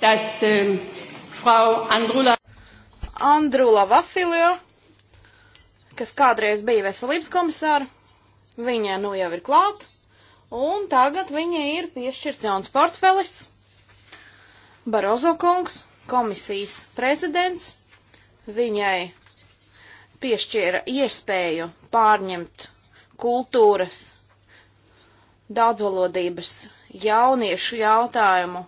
dass ähm, Frau Andrula. Andrula Vasiljo, kas kādreiz bija veselības komisāra, viņa nu jau ir klāt, un tagad viņa ir piešķirts jauns portfelis. Barozo kungs, komisijas prezidents, viņai piešķīra iespēju pārņemt kultūras daudzvalodības jauniešu jautājumu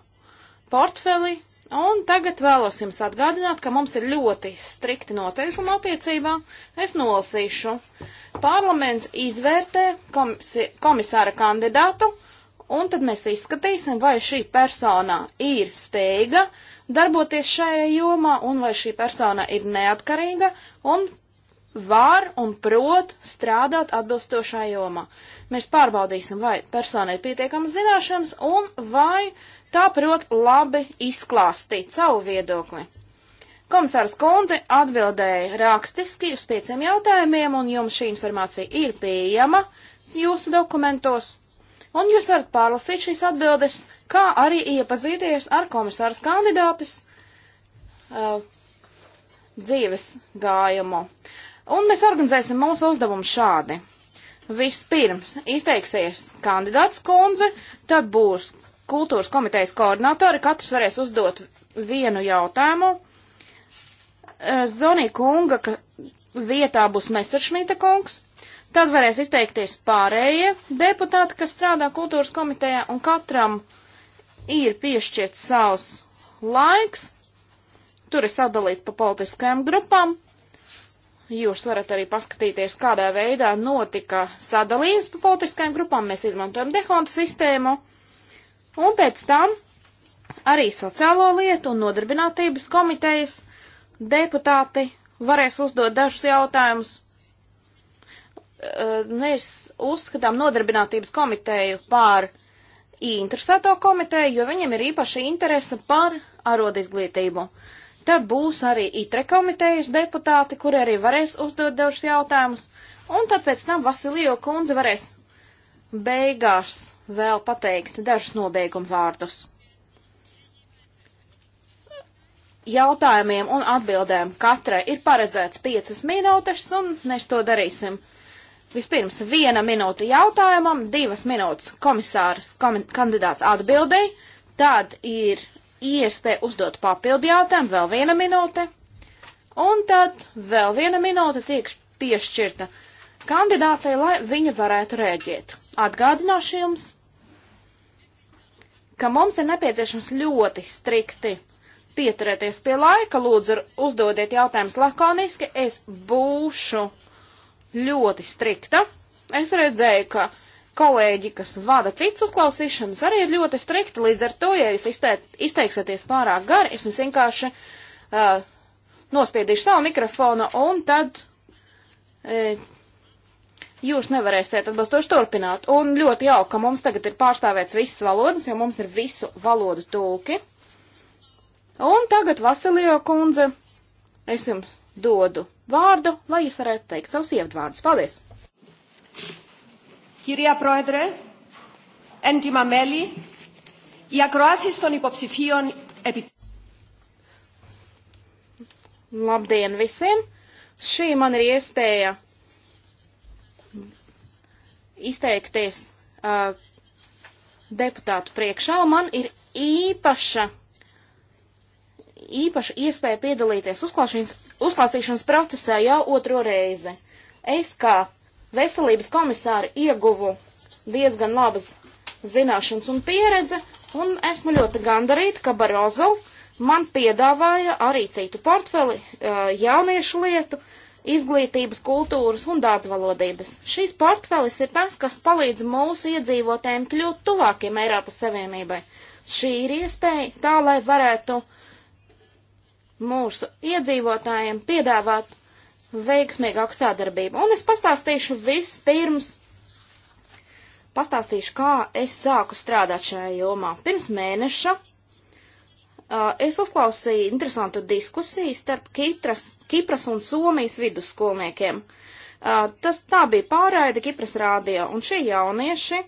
portfeli, un tagad vēlos jums atgādināt, ka mums ir ļoti strikti noteikumi attiecībā. Es nolasīšu. Parlaments izvērtē komisi komisāra kandidātu, un tad mēs izskatīsim, vai šī persona ir spējīga darboties šajā jomā, un vai šī persona ir neatkarīga, un var un prot strādāt atbilstošā jomā. Mēs pārbaudīsim, vai personai ir pietiekams zināšanas un vai Tā prot labi izklāstīt savu viedokli. Komisārs Kunze atbildēja rakstiski uz pieciem jautājumiem, un jums šī informācija ir pieejama jūsu dokumentos. Un jūs varat pārlasīt šīs atbildes, kā arī iepazīties ar komisārs kandidātes uh, dzīves gājumu. Un mēs organizēsim mūsu uzdevumu šādi. Vispirms izteiksies kandidāts kundze, tad būs kultūras komitejas koordinatori, katrs varēs uzdot vienu jautājumu. E, Zonī kunga vietā būs Messeršmīta kungs, tad varēs izteikties pārējie deputāti, kas strādā kultūras komitejā, un katram ir piešķirts savs laiks. Tur ir sadalīts pa politiskajām grupām. Jūs varat arī paskatīties, kādā veidā notika sadalījums pa politiskajām grupām. Mēs izmantojam dehonta sistēmu. Un pēc tam arī sociālo lietu un nodarbinātības komitejas deputāti varēs uzdot dažus jautājumus. Mēs uzskatām nodarbinātības komiteju par interesēto komiteju, jo viņiem ir īpaša interese par arodizglītību. Tad būs arī itre komitejas deputāti, kuri arī varēs uzdot dažus jautājumus, un tad pēc tam Vasilijo kundze varēs beigās vēl pateikt dažus nobeigumu vārdus. Jautājumiem un atbildēm katrai ir paredzēts piecas minūtes, un mēs to darīsim. Vispirms viena minūte jautājumam, divas minūtes komisārs kom kandidāts atbildēji, tad ir iespēja uzdot papildu jautājumu, vēl viena minūte, un tad vēl viena minūte tiek piešķirta kandidācei, lai viņa varētu rēģēt. Atgādināšu jums, ka mums ir nepieciešams ļoti strikti pieturēties pie laika. Lūdzu, uzdodiet jautājumus lakoniski. Es būšu ļoti strikta. Es redzēju, ka kolēģi, kas vada citu klausīšanas, arī ir ļoti strikti. Līdz ar to, ja jūs izteik, izteiksieties pārāk gari, es jums vienkārši uh, nospiedīšu savu mikrofonu un tad. Uh, jūs nevarēsiet atbilstoši turpināt. Un ļoti jauka, ka mums tagad ir pārstāvēts visas valodas, jo mums ir visu valodu tulki. Un tagad, Vasilijo kundze, es jums dodu vārdu, lai jūs varētu teikt savus ievadvārdus. Paldies! Κυρία Πρόεδρε, έντιμα μέλη, οι ακροάσεις των υποψηφίων επί... Labdien visiem! Šī man ir iespēja izteikties uh, deputātu priekšā. Man ir īpaša, īpaša iespēja piedalīties uzklāstīšanas procesā jau otro reizi. Es kā veselības komisāri ieguvu diezgan labas zināšanas un pieredze, un esmu ļoti gandarīta, ka Barozo man piedāvāja arī citu portfeli uh, jauniešu lietu, izglītības, kultūras un daudzvalodības. Šīs portfelis ir tas, kas palīdz mūsu iedzīvotēm kļūt tuvākiem Eiropas Savienībai. Šī ir iespēja tā, lai varētu mūsu iedzīvotājiem piedāvāt veiksmīgāku sadarbību. Un es pastāstīšu vispirms, pastāstīšu, kā es sāku strādāt šajā jomā. Pirms mēneša Uh, es uzklausīju interesantu diskusiju starp Kipras, Kipras un Somijas vidusskolniekiem. Uh, tas tā bija pārraida Kipras rādio, un šie jaunieši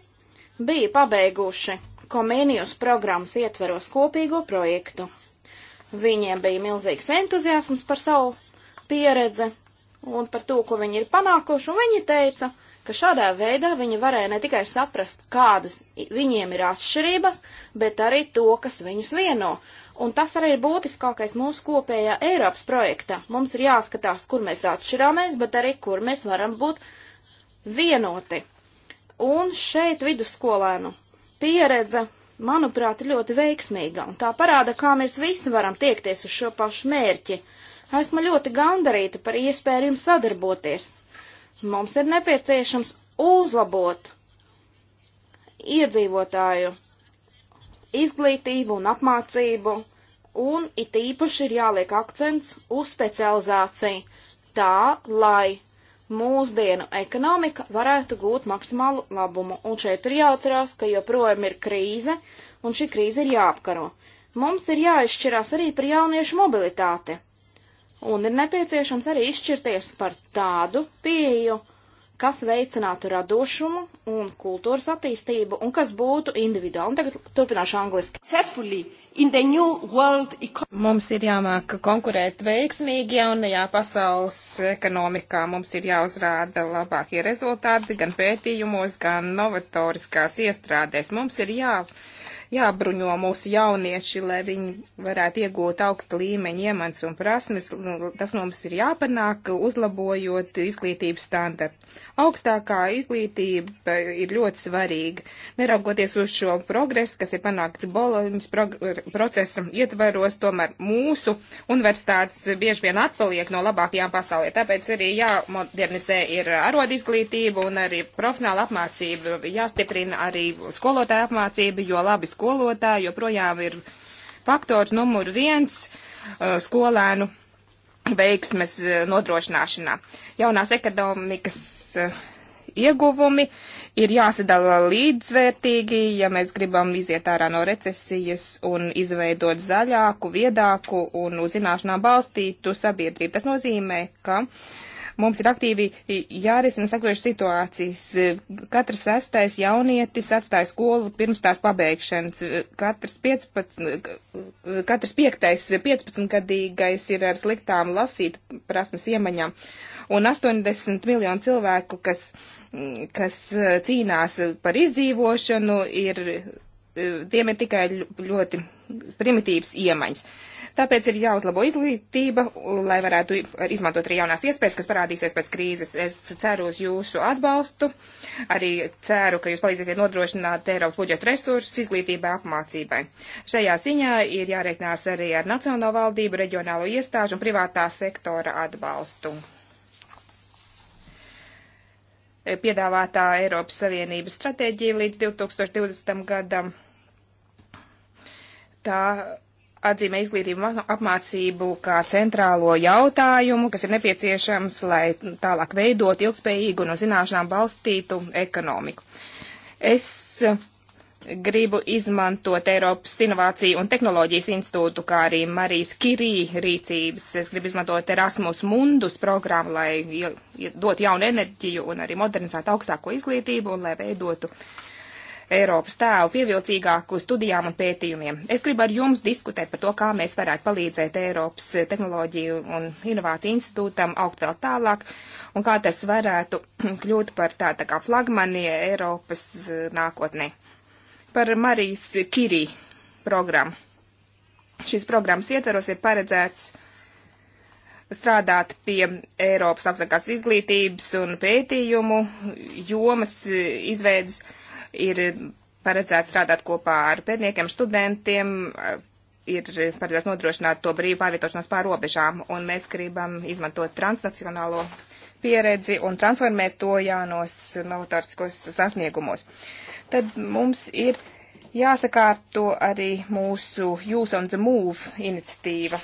bija pabeiguši komēnijus programmas ietveros kopīgo projektu. Viņiem bija milzīgs entuziasms par savu pieredzi un par to, ko viņi ir panākuši, un viņi teica, uh, ka šādā veidā viņi varēja ne tikai saprast, kādas viņiem ir atšķirības, bet arī to, kas viņus vieno. Un tas arī ir būtiskākais mūsu kopējā Eiropas projektā. Mums ir jāskatās, kur mēs atšķirāmies, bet arī kur mēs varam būt vienoti. Un šeit vidusskolēnu pieredze, manuprāt, ir ļoti veiksmīga, un tā parāda, kā mēs visi varam tiekties uz šo pašu mērķi. Esmu ļoti gandarīta par iespēju jums sadarboties Mums ir nepieciešams uzlabot iedzīvotāju izglītību un apmācību, un it īpaši ir jāliek akcents uz specializāciju, tā lai mūsdienu ekonomika varētu gūt maksimālu labumu. Un šeit ir jāatcerās, ka joprojām ir krīze, un šī krīze ir jāapkaro. Mums ir jāizšķirās arī par jauniešu mobilitāti un ir nepieciešams arī izšķirties par tādu pieju, kas veicinātu radošumu un kultūras attīstību un kas būtu individuāli. Un tagad turpināšu angliski. Mums ir jāmāk konkurēt veiksmīgi jaunajā pasaules ekonomikā. Mums ir jāuzrāda labākie rezultāti gan pētījumos, gan novatoriskās iestrādēs. Mums ir jāuzrāda jābruņo mūsu jaunieši, lai viņi varētu iegūt augsta līmeņa iemans un prasmes. Nu, tas mums ir jāpanāk, uzlabojot izglītības standartu. Augstākā izglītība ir ļoti svarīga. Neraugoties uz šo progresu, kas ir panākts Boloņas procesa ietvaros, tomēr mūsu universitātes bieži vien atpaliek no labākajām pasaulē. Tāpēc arī jāmodernizē ir arod izglītība un arī profesionāla apmācība. Jāstiprina arī skolotāja apmācība, jo labi skolotāji joprojām ir faktors numur viens uh, skolēnu veiksmes uh, nodrošināšanā. Jaunās ekonomikas Eh, ieguvumi ir jāsadala līdzvērtīgi, ja mēs gribam iziet ārā no recesijas un izveidot zaļāku, viedāku un uz zināšanām balstītu sabiedrību. Tas nozīmē, ka uh, Mums ir aktīvi jārisina sekojušas situācijas. Katrs sastais jaunietis atstāja skolu pirms tās pabeigšanas. Katrs, 15, katrs piektais 15-gadīgais ir ar sliktām lasīt prasmes iemaņām. Un 80 miljonu cilvēku, kas, kas cīnās par izdzīvošanu, ir tiem ir tikai ļoti primitīvs iemaņas. Tāpēc ir jāuzlabo izglītība, lai varētu izmantot arī jaunās iespējas, kas parādīsies pēc krīzes. Es ceru uz jūsu atbalstu, arī ceru, ka jūs palīdzēsiet nodrošināt Eiropas budžeta resursus izglītībai, apmācībai. Šajā ziņā ir jāreiknās arī ar Nacionālo valdību, reģionālo iestāžu un privātā sektora atbalstu piedāvātā Eiropas Savienības stratēģija līdz 2020. gadam. Tā atzīmē izglītību apmācību kā centrālo jautājumu, kas ir nepieciešams, lai tālāk veidot ilgspējīgu no zināšanām balstītu ekonomiku. Es eh, gribu izmantot Eiropas Inovāciju un Tehnoloģijas institūtu, kā arī Marijas Kirī rīcības. Es gribu izmantot Erasmus Mundus programmu, lai dot jaunu enerģiju un arī modernizētu augstāko izglītību un lai veidotu uh, Eiropas tēlu pievilcīgāku studijām un pētījumiem. Es gribu ar jums diskutēt par to, kā mēs varētu palīdzēt Eiropas tehnoloģiju un inovāciju institūtam augt vēl tālāk un kā tas varētu kļūt par tā, tā kā flagmani Eiropas eh, nākotnē. Par Marijas Kirī programmu. Šīs programmas ietveros ir paredzēts strādāt pie Eiropas augstākās izglītības un pētījumu jomas eh, izveidas. Uh, ir paredzēts strādāt kopā ar pētniekiem, studentiem, ir paredzēts nodrošināt to brīvu pārvietošanos pār robežām, un mēs gribam izmantot transnacionālo pieredzi un transformēt to jaunos novatoriskos sasniegumos. Tad mums ir jāsakārto arī mūsu Use on the Move iniciatīva.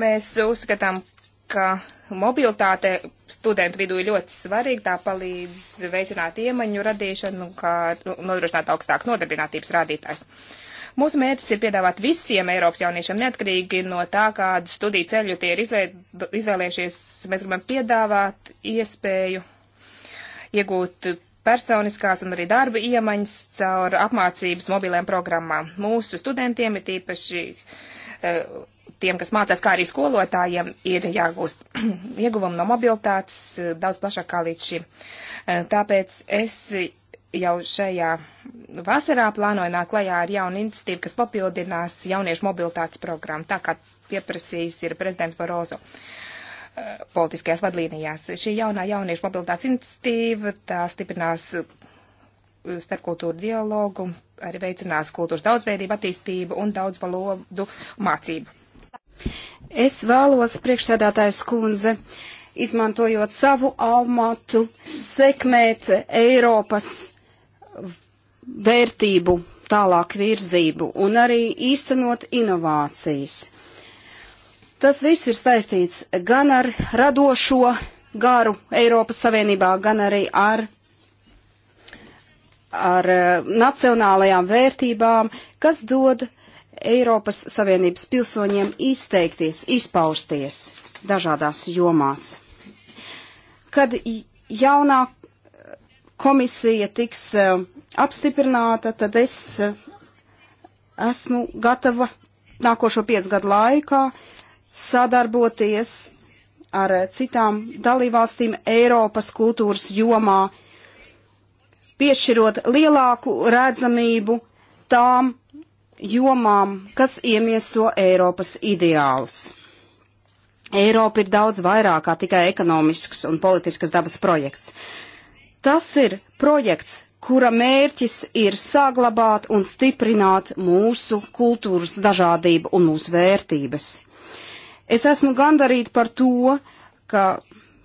Mēs uzskatām, ka mobilitāte studentu vidū ir ļoti svarīga, tā palīdz veicināt iemaņu radīšanu, kā nodrošināt augstāks nodarbinātības rādītājs. Mūsu mērķis ir piedāvāt visiem Eiropas jauniešiem, neatkarīgi no tā, kādu studiju ceļu tie ir izvēlējušies. Mēs gribam piedāvāt iespēju iegūt personiskās un arī darba iemaņas caur apmācības mobilēm programmām. Mūsu studentiem ir tīpaši eh, tiem, kas mācās, kā arī skolotājiem, ir jāgūst ieguvumi no mobilitātes eh, daudz plašāk kā līdz šim. Eh, tāpēc es jau šajā vasarā plānoju nāk klajā ar jaunu iniciatīvu, kas papildinās jauniešu mobilitātes programmu, tā kā pieprasījis ir prezidents Barozo eh, politiskajās vadlīnijās. Šī jaunā jauniešu mobilitātes iniciatīva, tā stiprinās starpkultūru dialogu, arī veicinās kultūras daudzveidību, attīstību un daudzvalodu mācību. Es vēlos priekšsēdētājs kundze, izmantojot savu almatu, sekmēt Eiropas vērtību tālāk virzību un arī īstenot inovācijas. Tas viss ir saistīts gan ar radošo garu Eiropas Savienībā, gan arī ar, ar eh, nacionālajām vērtībām, kas dod uh, Eiropas Savienības pilsoņiem izteikties, izpausties dažādās jomās. Kad jaunā komisija tiks eh, apstiprināta, tad es eh, esmu gatava nākošo piecu gadu laikā sadarboties ar eh, citām dalībvalstīm Eiropas kultūras jomā, piešķirot lielāku redzamību tām jomām, kas iemieso Eiropas ideālus. Eiropa ir daudz vairāk kā tikai ekonomisks un politisks dabas projekts. Tas ir projekts, kura mērķis ir saglabāt un stiprināt mūsu kultūras dažādību un mūsu vērtības. Es esmu gandarīta par to, ka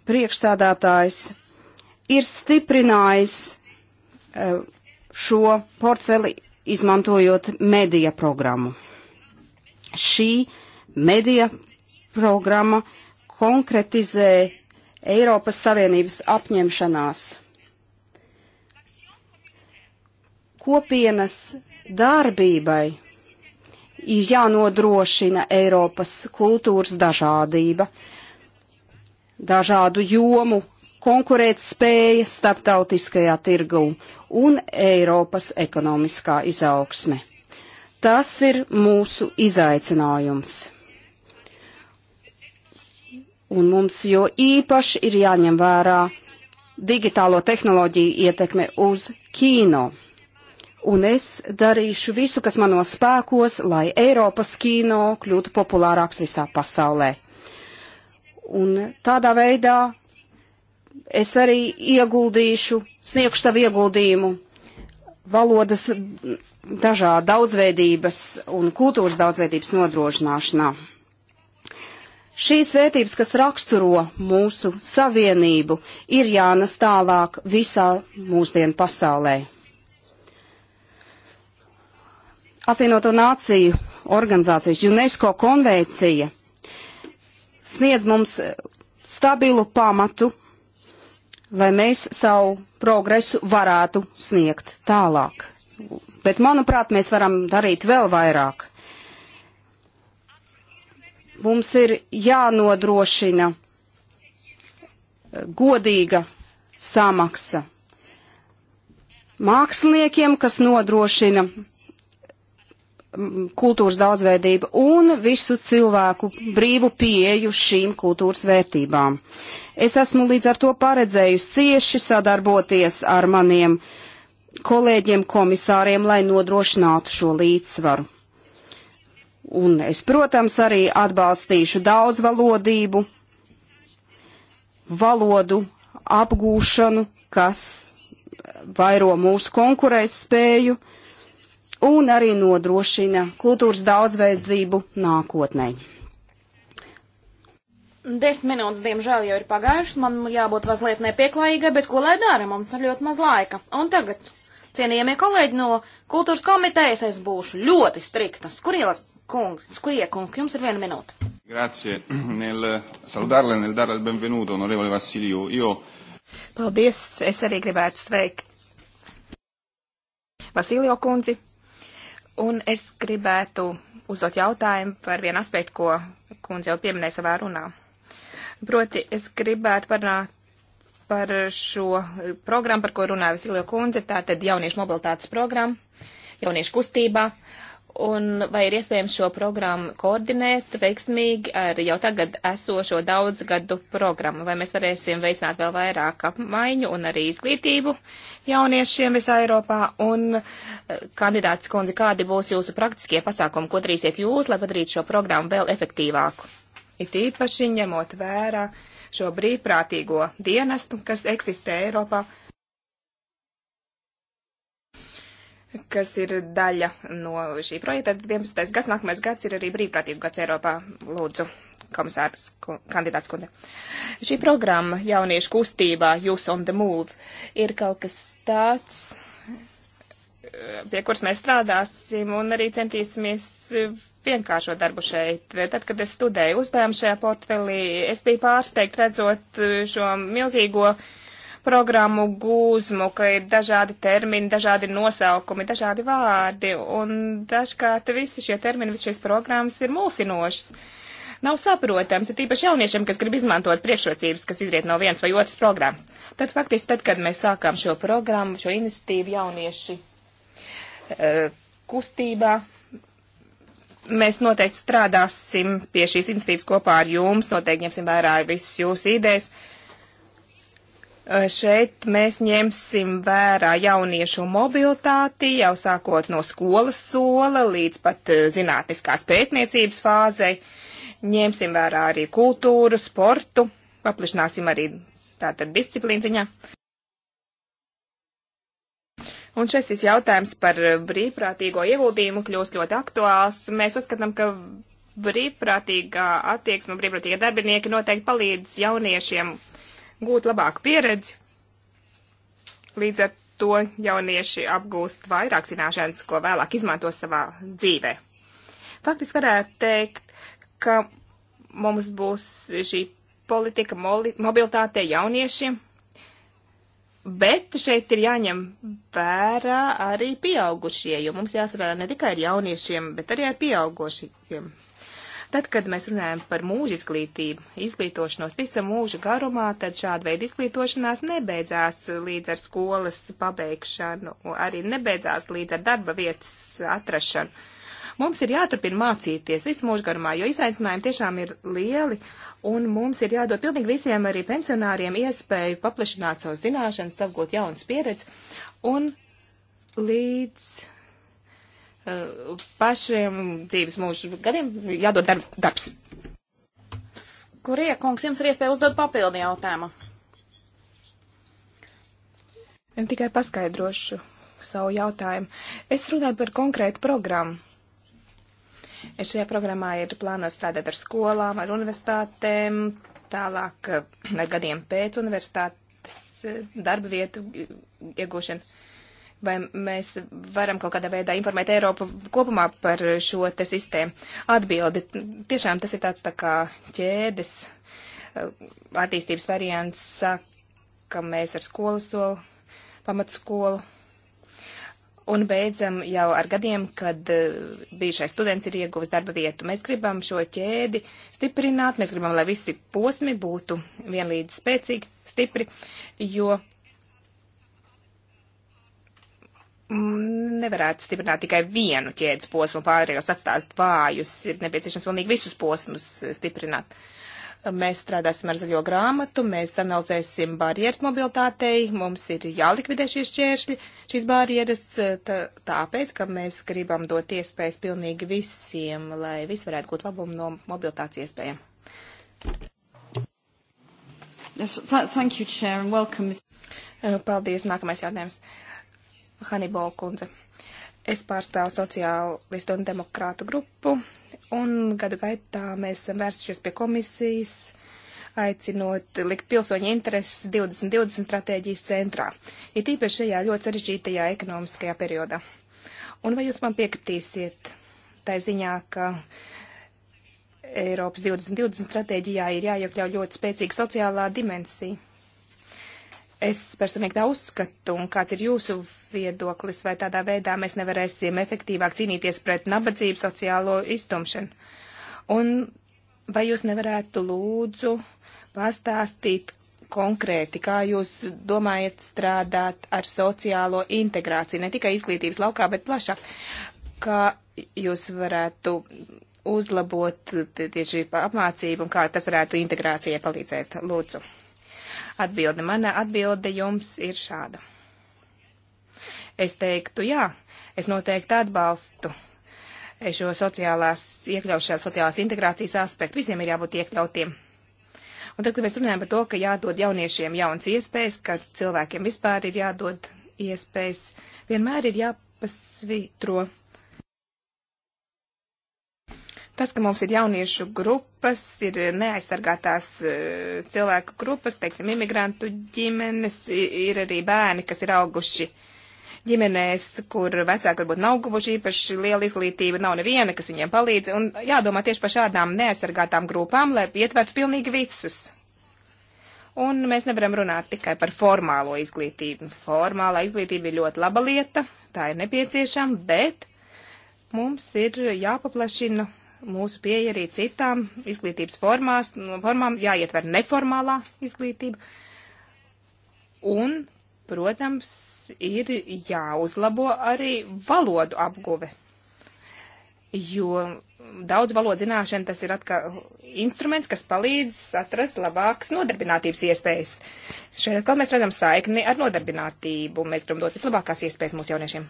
priekšstādātājs ir stiprinājis eh, šo portfeli izmantojot medija programmu. Šī medija programma konkretizē Eiropas Savienības apņemšanās kopienas darbībai ir jānodrošina Eiropas kultūras dažādība, dažādu jomu konkurēt spēja starptautiskajā tirgu un Eiropas ekonomiskā izaugsme. Tas ir mūsu izaicinājums. Un mums jo īpaši ir jāņem vērā digitālo tehnoloģiju ietekme uz kino. Un es darīšu visu, kas manos spēkos, lai Eiropas kino kļūtu populārāks visā pasaulē. Un tādā veidā es arī ieguldīšu, sniegšu savu ieguldījumu valodas dažā daudzveidības un kultūras daudzveidības nodrošināšanā. Šīs vērtības, kas raksturo mūsu savienību, ir jānes tālāk visā mūsdienu pasaulē. Apvienoto nāciju organizācijas UNESCO konvencija sniedz mums stabilu pamatu lai mēs savu progresu varētu sniegt tālāk. Bet, manuprāt, mēs varam darīt vēl vairāk. Mums ir jānodrošina eh, godīga samaksa māksliniekiem, kas nodrošina kultūras daudzveidību un visu cilvēku brīvu pieeju šīm kultūras vērtībām. Es esmu līdz ar to paredzējusi cieši sadarboties ar maniem kolēģiem komisāriem, lai nodrošinātu šo līdzsvaru. Un es, protams, arī atbalstīšu daudzvalodību, valodu apgūšanu, kas vairo mūsu konkurētspēju spēju un arī nodrošina kultūras daudzveidību nākotnē. Desmit minūtes, diemžēl, jau ir pagājušas. Man jābūt mazliet nepieklājīgai, bet ko lai dara? Mums ir ļoti maz laika. Un tagad, cienījamie kolēģi no kultūras komitejas, es būšu ļoti strikta. Skuriela kungs, skurie kungs, jums ir viena minūte. Grazie. Nel salutarle, nel darle il benvenuto, onorevole Vassiliju. Jo... Paldies, es arī gribētu sveikt Vasiljo kundzi. Un es gribētu uzdot jautājumu par vienu aspektu, ko kundze jau pieminēja savā runā. Proti, es gribētu parunāt par šo programmu, par ko runāja Vasilija kundze, tātad jauniešu mobilitātes programma, jauniešu kustībā. Uh, un vai ir iespējams šo programmu koordinēt veiksmīgi ar jau tagad esošo daudzgadu programmu, vai mēs varēsim veicināt vēl vairāk apmaiņu un arī izglītību jauniešiem visā Eiropā, un eh, kandidāts kundze, kādi būs jūsu praktiskie pasākumi, ko darīsiet jūs, lai padarītu šo programmu vēl efektīvāku? It īpaši ņemot vērā šo brīvprātīgo dienestu, kas eksistē Eiropā kas ir daļa no šī projekta. 11. gads, nākamais gads ir arī brīvprātīgu gads Eiropā. Lūdzu, komisārs, kandidāts kundze. Šī programma jauniešu kustībā, Youth on the Move, ir kaut kas tāds, pie kuras mēs strādāsim un arī centīsimies vienkāršo darbu šeit. Tad, kad es studēju uzdevumu šajā portfelī, es biju pārsteigt redzot šo milzīgo uh, programmu gūzmu, ka ir dažādi termini, dažādi nosaukumi, dažādi vārdi, un dažkārt visi šie termini, visas šīs programmas ir mulsinošas. Nav saprotams, ir tīpaši jauniešiem, kas grib izmantot priekšrocības, kas izriet no viens vai otras programmas. Tad faktiski, tad, kad mēs sākām šo programmu, šo iniciatīvu jaunieši eh, kustībā, mēs noteikti strādāsim pie šīs iniciatīvas kopā ar jums, noteikti ņemsim vērā visus jūsu idejas. Uh, Šeit mēs ņemsim vērā jauniešu mobilitāti jau sākot no skolas sola līdz pat zinātniskās pētniecības fāzei. Ņemsim vērā arī kultūru, sportu, paplišināsim arī tātad disciplīnu ziņā. Un šis jautājums par brīvprātīgo ieguldījumu kļūst ļoti aktuāls. Mēs uzskatām, ka brīvprātīgā attieksme, brīvprātīgie darbinieki noteikti palīdz jauniešiem uh, gūt labāku pieredzi. Līdz ar to jaunieši apgūst vairāk zināšanas, ko vēlāk izmanto savā dzīvē. Faktiski varētu teikt, ka mums būs šī politika mobilitātei jauniešiem, bet šeit ir jāņem vērā arī pieaugušie, jo mums jāsarādā ne tikai ar jauniešiem, bet arī ar pieaugušiem. Tad, kad mēs runājam par mūža izglītību, izglītošanos visa mūža garumā, tad šāda veida izglītošanās nebeidzās līdz ar skolas pabeigšanu, arī nebeidzās līdz ar darba vietas atrašanu. Mums ir jāturpina mācīties visu mūžu garumā, jo izaicinājumi tiešām ir lieli, un mums ir jādod pilnīgi visiem arī pensionāriem iespēju paplašināt savas zināšanas, apgūt jaunas pieredzes, un līdz pašiem dzīves mūžu gadiem jādod darb, darbs. Kurie, kungs, jums ir iespēja uzdot papildu jautājumu? Tikai paskaidrošu savu jautājumu. Es runāju par konkrētu programmu. Es šajā programmā ir plāno strādāt ar skolām, ar universitātēm, tālāk eh, ar gadiem pēc universitātes eh, darba vietu iegūšanu. Vai mēs varam kaut kādā veidā informēt Eiropu kopumā par šo te sistēmu? Atbildi. Tiešām tas ir tāds tā kā ķēdes eh, attīstības variants, sākam mēs ar skolas soli, pamatskolu. Un beidzam jau ar gadiem, kad eh, bijušais students ir ieguvis darba vietu. Mēs gribam šo ķēdi stiprināt, mēs gribam, lai visi posmi būtu vienlīdz spēcīgi, stipri, jo Mm, nevarētu stiprināt tikai vienu ķēdes posmu, pārējos atstāt vājus, ir nepieciešams pilnīgi visus posmus stiprināt. Mēs strādāsim ar zaļo grāmatu, mēs analizēsim barjeras mobilitātei, mums ir jālikvidē šie šķēršļi, šīs barjeras, tāpēc, ka mēs gribam dot iespējas pilnīgi visiem, lai visi varētu gūt labumu no mobilitātes iespējām. Yes, thank you, Chair, and welcome. Paldies, nākamais jautājums. Uh, Hannibal kundze. Es pārstāvu sociālistu un demokrātu grupu, un gadu gaitā mēs esam vērsušies pie komisijas, aicinot likt pilsoņu intereses 2020 stratēģijas centrā, ir tīpaši šajā ļoti sarežģītajā ekonomiskajā periodā. Un vai jūs man piekritīsiet tā ziņā, ka Eiropas 2020 stratēģijā ir jāiekļauj ļoti spēcīga sociālā dimensija? es personīgi tā uzskatu, un kāds ir jūsu viedoklis, vai tādā veidā mēs nevarēsim efektīvāk cīnīties pret nabadzību, sociālo iztumšanu. Un vai jūs nevarētu lūdzu pastāstīt konkrēti, kā jūs domājat strādāt ar sociālo integrāciju, ne tikai izglītības laukā, bet plašāk, kā jūs varētu uzlabot tieši apmācību un kā tas varētu integrācijai palīdzēt, lūdzu atbildi. Mana atbilde jums ir šāda. Es teiktu, jā, es noteikti atbalstu šo sociālās iekļaušanās, sociālās integrācijas aspektu. Visiem ir jābūt iekļautiem. Un tad, kad mēs runājam par to, ka jādod jauniešiem jauns iespējas, ka cilvēkiem vispār ir jādod iespējas, vienmēr ir jāpasvitro Tas, ka mums ir jauniešu grupas, ir neaizsargātās e, cilvēku grupas, teiksim, imigrantu ģimenes, ir arī bērni, kas ir auguši ģimenēs, kur vecāki varbūt nav guvuši īpaši liela izglītība, nav neviena, kas viņiem palīdz, un jādomā tieši par šādām neaizsargātām grupām, lai ietvertu pilnīgi visus. Un mēs nevaram runāt tikai par formālo izglītību. Formālā izglītība ir ļoti laba lieta, tā ir nepieciešama, bet mums ir jāpaplašina mūsu pieeja arī citām izglītības formās, formām jāietver neformālā izglītība. Un, protams, ir jāuzlabo arī valodu apguve. Jo daudz valodu zināšana tas ir atkal instruments, kas palīdz atrast labākas nodarbinātības iespējas. Šeit atkal mēs redzam saikni ar nodarbinātību. Mēs gribam dot vislabākās iespējas mūsu jauniešiem.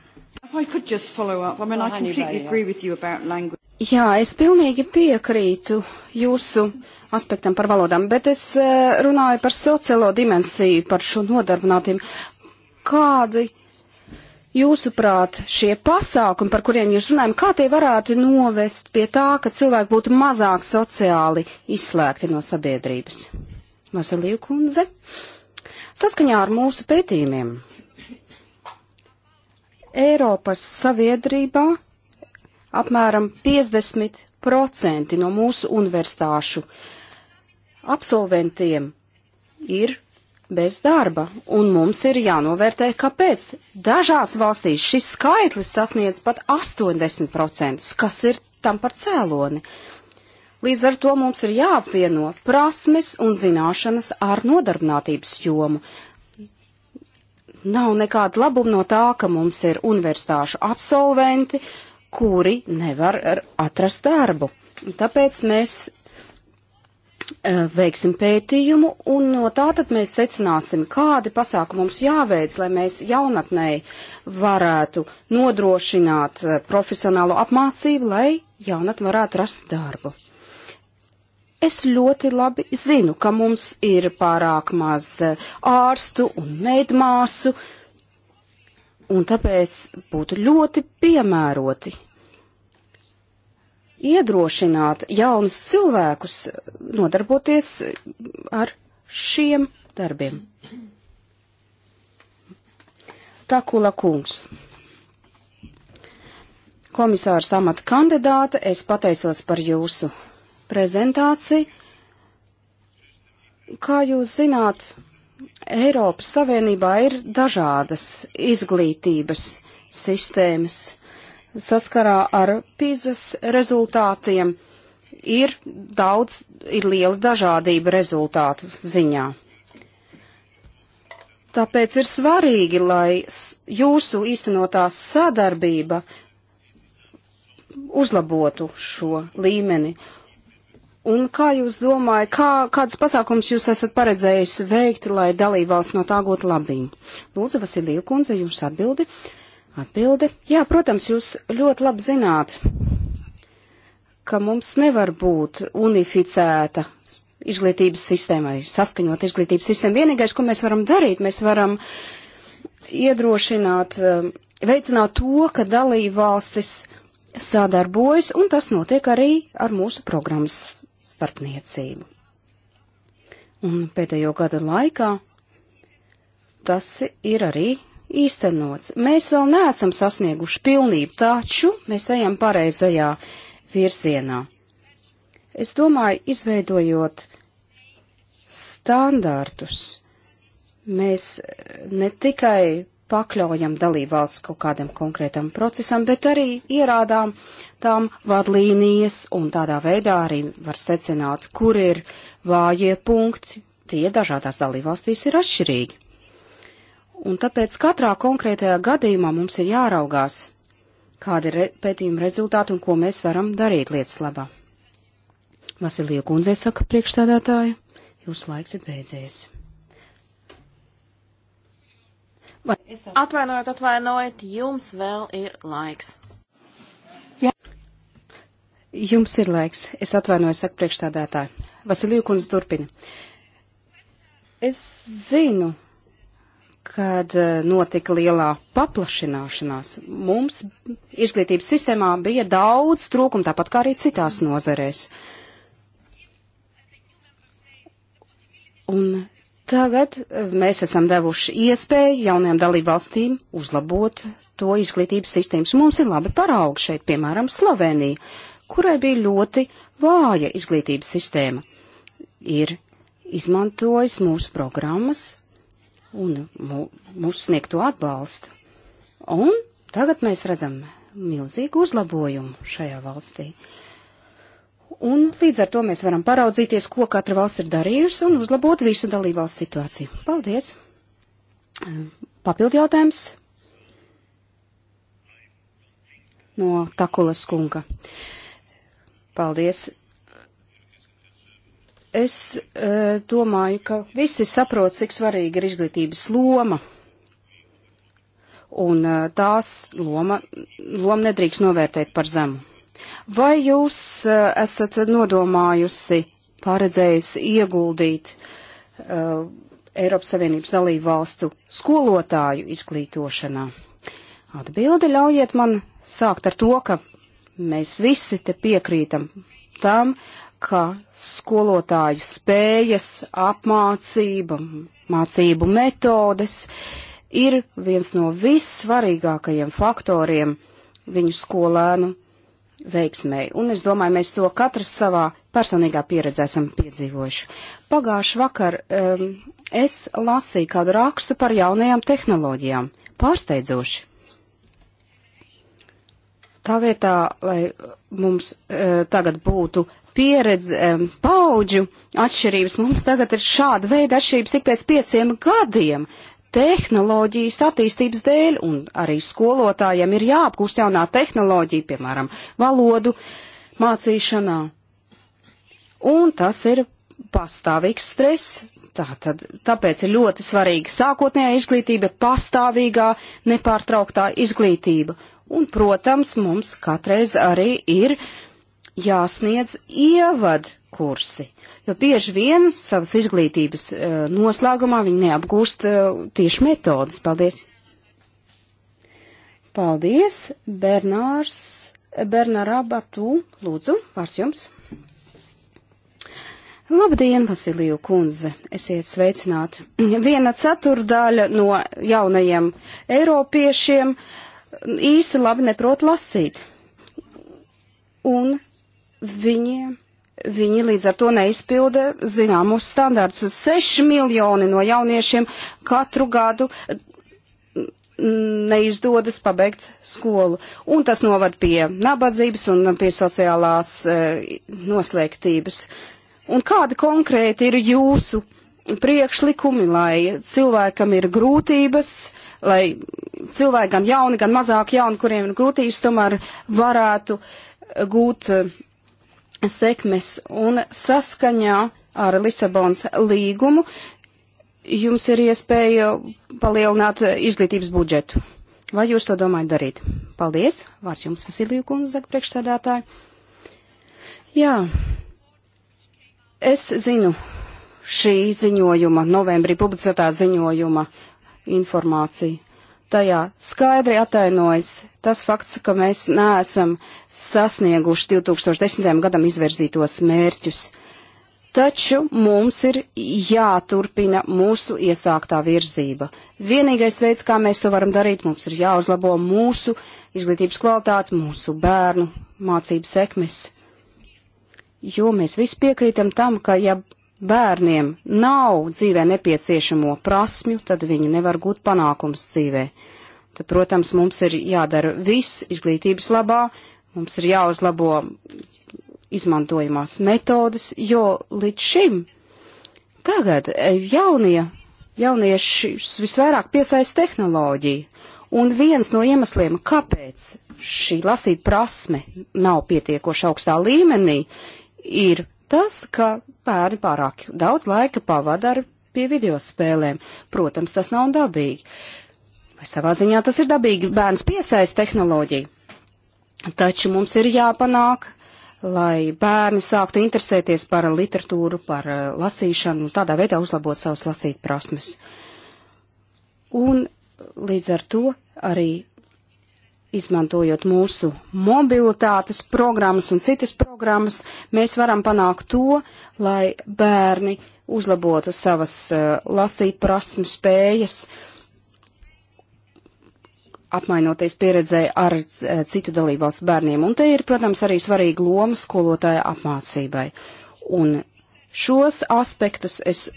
I mean, I Jā, es pilnīgi piekrītu jūsu aspektam par valodām, bet es eh, runāju par sociālo dimensiju, par šo nodarbinātību. Kādi jūsuprāt šie pasākumi, par kuriem jūs runājam, kā tie varētu novest pie tā, ka cilvēki būtu mazāk sociāli izslēgti no sabiedrības? Vasilīju kundze, saskaņā ar mūsu pētījumiem. Eiropas saviedrībā apmēram 50% no mūsu universitāšu absolventiem ir bez darba, un mums ir jānovērtē, kāpēc. Dažās valstīs šis skaitlis sasniedz pat 80%, kas ir tam par cēloni. Līdz ar to mums ir jāapvieno prasmes un zināšanas ar nodarbinātības jomu. Nav nekāda labuma no tā, ka mums ir universitāšu absolventi, uh, kuri nevar atrast darbu. Tāpēc mēs eh, veiksim pētījumu, un no tā tad mēs secināsim, kādi pasākumi mums jāveic, lai mēs jaunatnēji varētu nodrošināt eh, profesionālo apmācību, lai jaunatni varētu rast darbu. Es ļoti labi zinu, ka mums ir pārāk maz eh, ārstu un meidmāsu, uh, Un tāpēc būtu ļoti piemēroti iedrošināt jaunus cilvēkus nodarboties ar šiem darbiem. Takula kungs. Komisāra samata kandidāte, es pateicos par jūsu prezentāciju. Kā jūs zināt, Eiropas Savienībā ir dažādas izglītības sistēmas. Saskarā ar pīzes rezultātiem ir daudz, ir liela dažādība rezultātu ziņā. Tāpēc ir svarīgi, lai jūsu īstenotā sadarbība uzlabotu šo līmeni Un kā jūs domājat, kā, kādus pasākumus jūs esat paredzējis veikt, lai dalībvalsts no tā gūtu labību? Lūdzu, Vasilija Kunze, jums atbildi. Atbildi. Jā, protams, jūs ļoti labi zināt, ka mums nevar būt unificēta izglītības sistēmai, saskaņot izglītības sistēmu. Vienīgais, ko mēs varam darīt, mēs varam iedrošināt, um, veicināt to, ka dalība valstis sadarbojas, un tas notiek arī ar mūsu programmas starpniecību. Un pēdējo gada laikā tas ir arī īstenots. Mēs vēl neesam sasnieguši pilnību, taču mēs ejam pareizajā virzienā. Es domāju, izveidojot standārtus, mēs ne tikai pakļaujam dalībvalsts kaut kādam konkrētam procesam, bet arī ierādām tam vadlīnijas, un tādā veidā arī var secināt, kur ir vājie punkti, tie dažādās dalībvalstīs ir atšķirīgi. Un tāpēc katrā konkrētajā gadījumā mums ir jāraugās, kādi ir re pētījuma rezultāti un ko mēs varam darīt lietas labā. Vasilija kundzei saka priekšstādātāja, jūsu laiks ir beidzies. Vai... Atvainojiet, atvainojiet, jums vēl ir laiks. Jums ir laiks. Es atvainojos, saka priekšstādātāji. Vasiliju kundze turpina. Es zinu, kad eh, notika lielā paplašināšanās. Mums izglītības sistēmā bija daudz trūkumu, tāpat kā arī citās nozarēs. Un tagad eh, mēs esam devuši iespēju jaunajām dalībvalstīm uzlabot to izglītības sistēmas. Mums ir labi paraugi šeit, piemēram, Slovenija kurai bija ļoti vāja izglītības sistēma, ir izmantojis mūsu programmas un mūsu sniegto atbalstu. Un tagad mēs redzam milzīgu uzlabojumu šajā valstī. Un līdz ar to mēs varam paraudzīties, ko katra valsts ir darījusi un uzlabot visu dalībvalsts situāciju. Paldies! Papildu jautājums no Takulas kunga. Uh, Paldies. Es e, domāju, ka visi saprot, cik svarīga ir izglītības loma. Un e, tās loma, loma nedrīkst novērtēt par zemu. Vai jūs e, esat nodomājusi, paredzējusi ieguldīt e, Eiropas Savienības dalību valstu skolotāju izglītošanā? Atbildi ļaujiet man sākt ar to, ka Mēs visi te piekrītam tam, ka skolotāju spējas, apmācība, mācību metodes ir viens no vissvarīgākajiem faktoriem viņu skolēnu veiksmēji. Un es domāju, mēs to katrs savā personīgā pieredzē esam piedzīvojuši. Pagājuši vakar um, es lasīju kādu rakstu par jaunajām tehnoloģijām. Pārsteidzoši. Tā vietā, lai mums e, tagad būtu pieredze, e, paudžu atšķirības, mums tagad ir šāda veida atšķirības tik pēc pieciem gadiem tehnoloģijas attīstības dēļ, un arī skolotājiem ir jāapgūst jaunā tehnoloģija, piemēram, valodu mācīšanā. Un tas ir pastāvīgs stress. Tātad, tāpēc ir ļoti svarīga sākotnējā izglītība, pastāvīgā, nepārtrauktā izglītība. Un, protams, mums katreiz arī ir jāsniedz ievad kursi, jo bieži vien savas izglītības eh, noslēgumā viņi neapgūst eh, tieši metodas. Paldies! Paldies, Bernārs, Bernārā Batū, lūdzu, vārds jums! Labdien, Vasiliju kundze! Esiet sveicināti! Viena ceturdaļa no jaunajiem eiropiešiem uh, īsti labi neprot lasīt. Un viņiem viņi līdz ar to neizpilda zināmus standārtus. 6 miljoni no jauniešiem katru gadu neizdodas pabeigt skolu. Un tas novad pie nabadzības un pie sociālās e, noslēgtības. Un kādi konkrēti ir jūsu priekšlikumi, lai cilvēkam ir grūtības, lai cilvēki gan jauni, gan mazāk jauni, kuriem ir grūtības, tomēr varētu gūt eh, sekmes. Un saskaņā ar Lisabons līgumu jums ir iespēja palielināt eh, izglītības budžetu. Vai jūs to domājat darīt? Paldies! Vārds jums, Vasilija Kundze, saka priekšsēdētāji. Jā, es zinu, šī ziņojuma, novembrī publicētā ziņojuma informācija. Tajā skaidri atainojas tas fakts, ka mēs neesam sasnieguši 2010. gadam izverzītos mērķus. Taču mums ir jāturpina mūsu iesāktā virzība. Vienīgais veids, kā mēs to varam darīt, mums ir jāuzlabo mūsu izglītības kvalitāti, mūsu bērnu mācību sekmes. Jo mēs visi piekrītam tam, ka ja bērniem nav dzīvē nepieciešamo prasmju, tad viņi nevar gūt panākums dzīvē. Tad, protams, mums ir jādara viss izglītības labā, mums ir jāuzlabo izmantojamās metodas, jo līdz šim tagad eh, jaunie, jauniešus visvairāk piesaist tehnoloģiju. Un viens no iemesliem, kāpēc šī lasīt prasme nav pietiekoši augstā līmenī, ir tas, ka bērni pārāk daudz laika pavada ar pie video spēlēm. Protams, tas nav dabīgi. Vai savā ziņā tas ir dabīgi, bērns piesaist tehnoloģiju. Taču mums ir jāpanāk, lai bērni sāktu interesēties par literatūru, par eh, lasīšanu un tādā veidā uzlabot savas lasīt prasmes. Un eh, līdz ar to arī izmantojot mūsu mobilitātes programmas un citas programmas, mēs varam panākt to, lai bērni uzlabotu savas uh, lasīt prasmu spējas, apmainoties pieredzē ar uh, citu dalībvalsts bērniem. Un te ir, protams, arī svarīga loma skolotāja apmācībai. Un šos aspektus es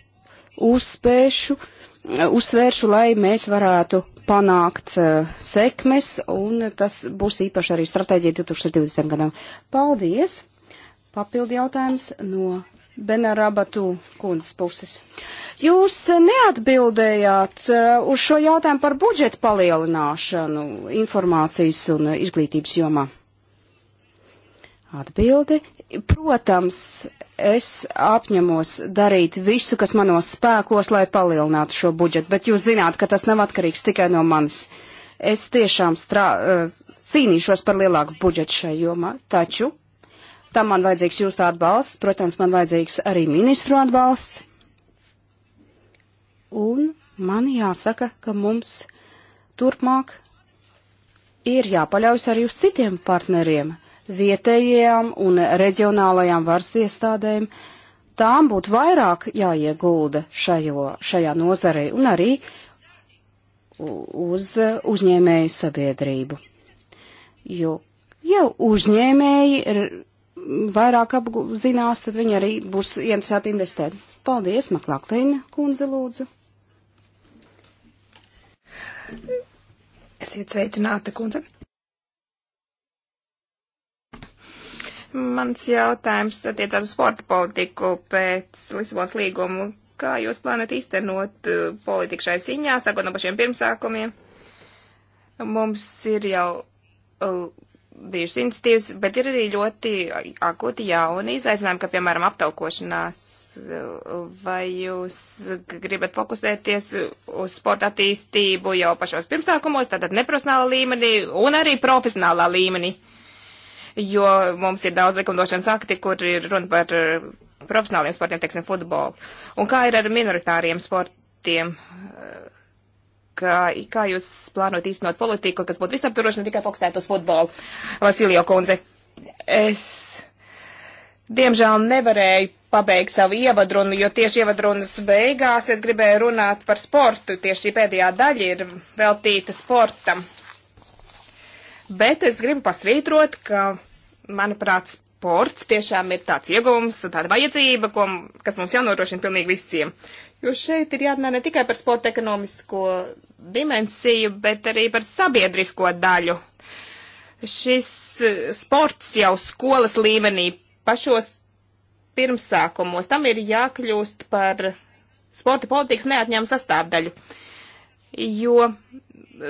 uzspēšu, uh, uzsvēršu, lai mēs varētu panākt uh, sekmes, un tas būs īpaši arī stratēģija 2020. gadam. Paldies! Papildi jautājums no Benarabatu kundzes puses. Jūs neatbildējāt uh, uz šo jautājumu par budžetu palielināšanu informācijas un izglītības jomā. Atbildi. Protams, es apņemos darīt visu, kas manos spēkos, lai palielinātu šo budžetu, bet jūs zināt, ka tas nav atkarīgs tikai no manis. Es tiešām strā, eh, cīnīšos par lielāku budžetu šai jomā, taču tam man vajadzīgs jūsu atbalsts, protams, man vajadzīgs arī ministru atbalsts. Un man jāsaka, ka mums turpmāk ir jāpaļaujas arī uz citiem partneriem, vietējām un reģionālajām varas iestādēm, tām būtu vairāk jāiegulda šajo, šajā nozarei un arī uz uzņēmēju sabiedrību. Jo jau uzņēmēji ir vairāk apzinās, tad viņi arī būs interesēti investēt. Paldies, Maklāklīna kundze, lūdzu. Esiet sveicināta, kundze. Mans jautājums attiecās uz sporta politiku pēc Lisabons līgumu. Kā jūs plānat īstenot uh, politiku šai ziņā, sākot no pašiem pirmsākumiem? Mums ir jau uh, bijušas iniciatīvas, bet ir arī ļoti akūti jauni izaicinājumi, kā piemēram aptaukošanās. Uh, vai jūs gribat fokusēties uz sporta attīstību jau pašos pirmsākumos, tātad neprofesionālā līmenī un arī profesionālā līmenī? Uh, jo mums ir daudz likumdošanas akti, kur ir runa par eh, profesionāliem sportiem, teiksim, futbolu. Un kā ir ar minoritāriem sportiem? Eh, kā, kā jūs plānot īstenot politiku, kas būtu visaptvaroša, ne tikai fokusēt uz futbolu? Vasilio kundze, es diemžēl nevarēju pabeigt savu ievadrunu, jo tieši ievadrunas beigās es gribēju runāt par sportu. Tieši šī pēdējā daļa ir veltīta sportam. Bet es gribu pasvītrot, ka, manuprāt, sports tiešām ir tāds ieguvums, tāda vajadzība, ko, kas mums jānodrošina pilnīgi visiem. Jo šeit ir jārunā ne tikai par sporta ekonomisko dimensiju, bet arī par sabiedrisko daļu. Šis e, sports jau skolas līmenī pašos pirmsākumos tam ir jākļūst par sporta politikas neatņēmu sastāvdaļu. Jo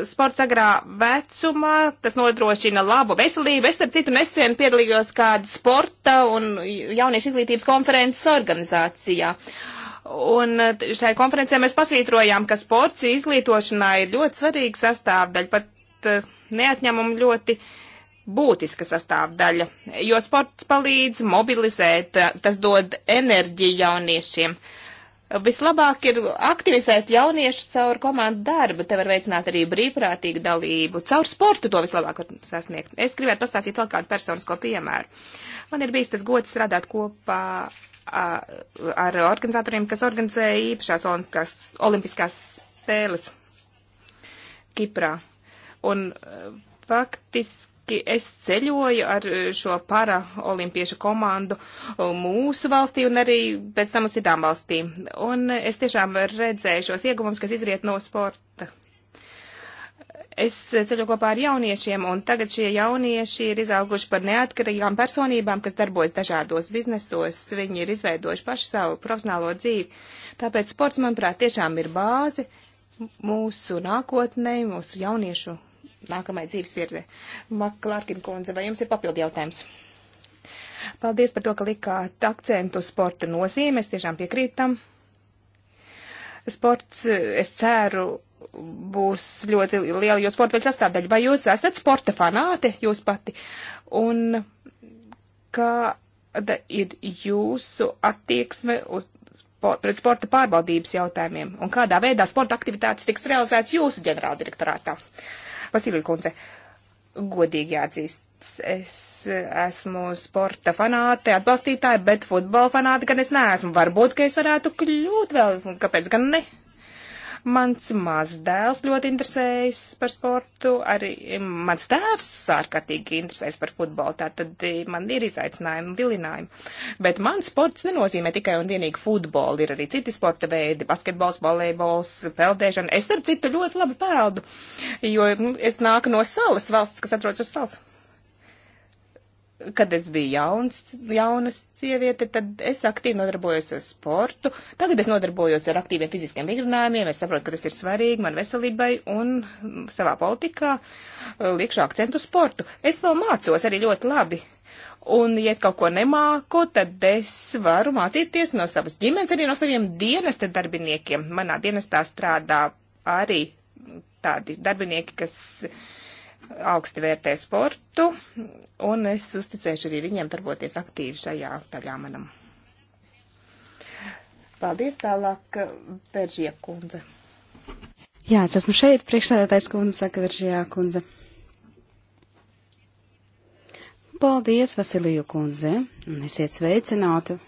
sports agrā vecumā, tas nodrošina labu veselību. Es, starp citu, nesen piedalījos kāda sporta un jauniešu izglītības konferences organizācijā. Un eh, šai konferencē mēs pasvītrojām, ka sports izglītošanā ir ļoti svarīga sastāvdaļa, pat eh, neatņemama ļoti būtiska sastāvdaļa, jo sports palīdz mobilizēt, eh, tas dod enerģiju jauniešiem. Uh, Vislabāk ir aktivizēt jauniešu caur komandu darbu. Te var veicināt arī brīvprātīgu dalību. Caur sportu to vislabāk var sasniegt. Es gribētu pastāstīt vēl kādu personisko piemēru. Man ir bijis tas gods strādāt kopā ar organizatoriem, kas organizēja īpašās olimpiskās, olimpiskās spēles Kiprā. Un e, faktiski faktiski es ceļoju ar eh, šo paraolimpiešu komandu eh, mūsu valstī un arī pēc tam uz citām valstīm. Un es tiešām redzēju šos ieguvumus, kas izriet no sporta. Es ceļoju kopā ar jauniešiem, un tagad šie jaunieši ir izauguši par neatkarīgām personībām, kas darbojas dažādos biznesos. Viņi ir izveidojuši pašu savu profesionālo dzīvi. Tāpēc sports, manuprāt, tiešām ir bāze mūsu nākotnē, mūsu jauniešu nākamai dzīves pieredzē. Maklārkin kundze, vai jums ir papildi jautājums? Paldies par to, ka likāt akcentu sporta nozīmē. Es tiešām piekrītu tam. Sports, es ceru, būs ļoti liela jūsu sporta veida sastāvdaļa. Vai jūs esat sporta fanāte jūs pati? Un kāda ir jūsu attieksme uz, sport, pret sporta pārvaldības jautājumiem? Un kādā veidā sporta aktivitātes tiks realizētas jūsu ģenerāldirektorātā? Vasilija kundze, godīgi jāatzīst, es esmu sporta fanāte, atbalstītāja, bet futbola fanāte gan es neesmu. Varbūt, ka es varētu kļūt vēl, kāpēc gan ne? Mans mazdēls ļoti interesējas par sportu, arī mans tēvs ārkārtīgi interesējas par futbolu, tā tad eh, man ir izaicinājumi un vilinājumi. Bet man sports nenozīmē tikai un vienīgi futbolu, ir arī citi sporta veidi, basketbols, volejbols, peldēšana. Es, starp citu, ļoti labi peldu, jo mm, es nāku no salas valsts, kas atrodas uz salas kad es biju jauns, jaunas sieviete, tad es aktīvi nodarbojos ar sportu. Tagad es nodarbojos ar aktīviem fiziskiem vingrinājumiem. Es saprotu, ka tas ir svarīgi man veselībai un savā politikā liekšu akcentu sportu. Es vēl mācos arī ļoti labi. Un, ja es kaut ko nemāku, tad es varu mācīties no savas ģimenes, arī no saviem dienesta darbiniekiem. Manā dienestā strādā arī tādi darbinieki, kas uh, augsti vērtē sportu, un es uzticēšu arī viņiem darboties aktīvi šajā daļā manam. Paldies tālāk, Veržie kundze. Jā, es esmu šeit, priekšsēdētājs kundze, saka Veržijā kundze. Paldies, Vasiliju kundze, un esiet sveicināti.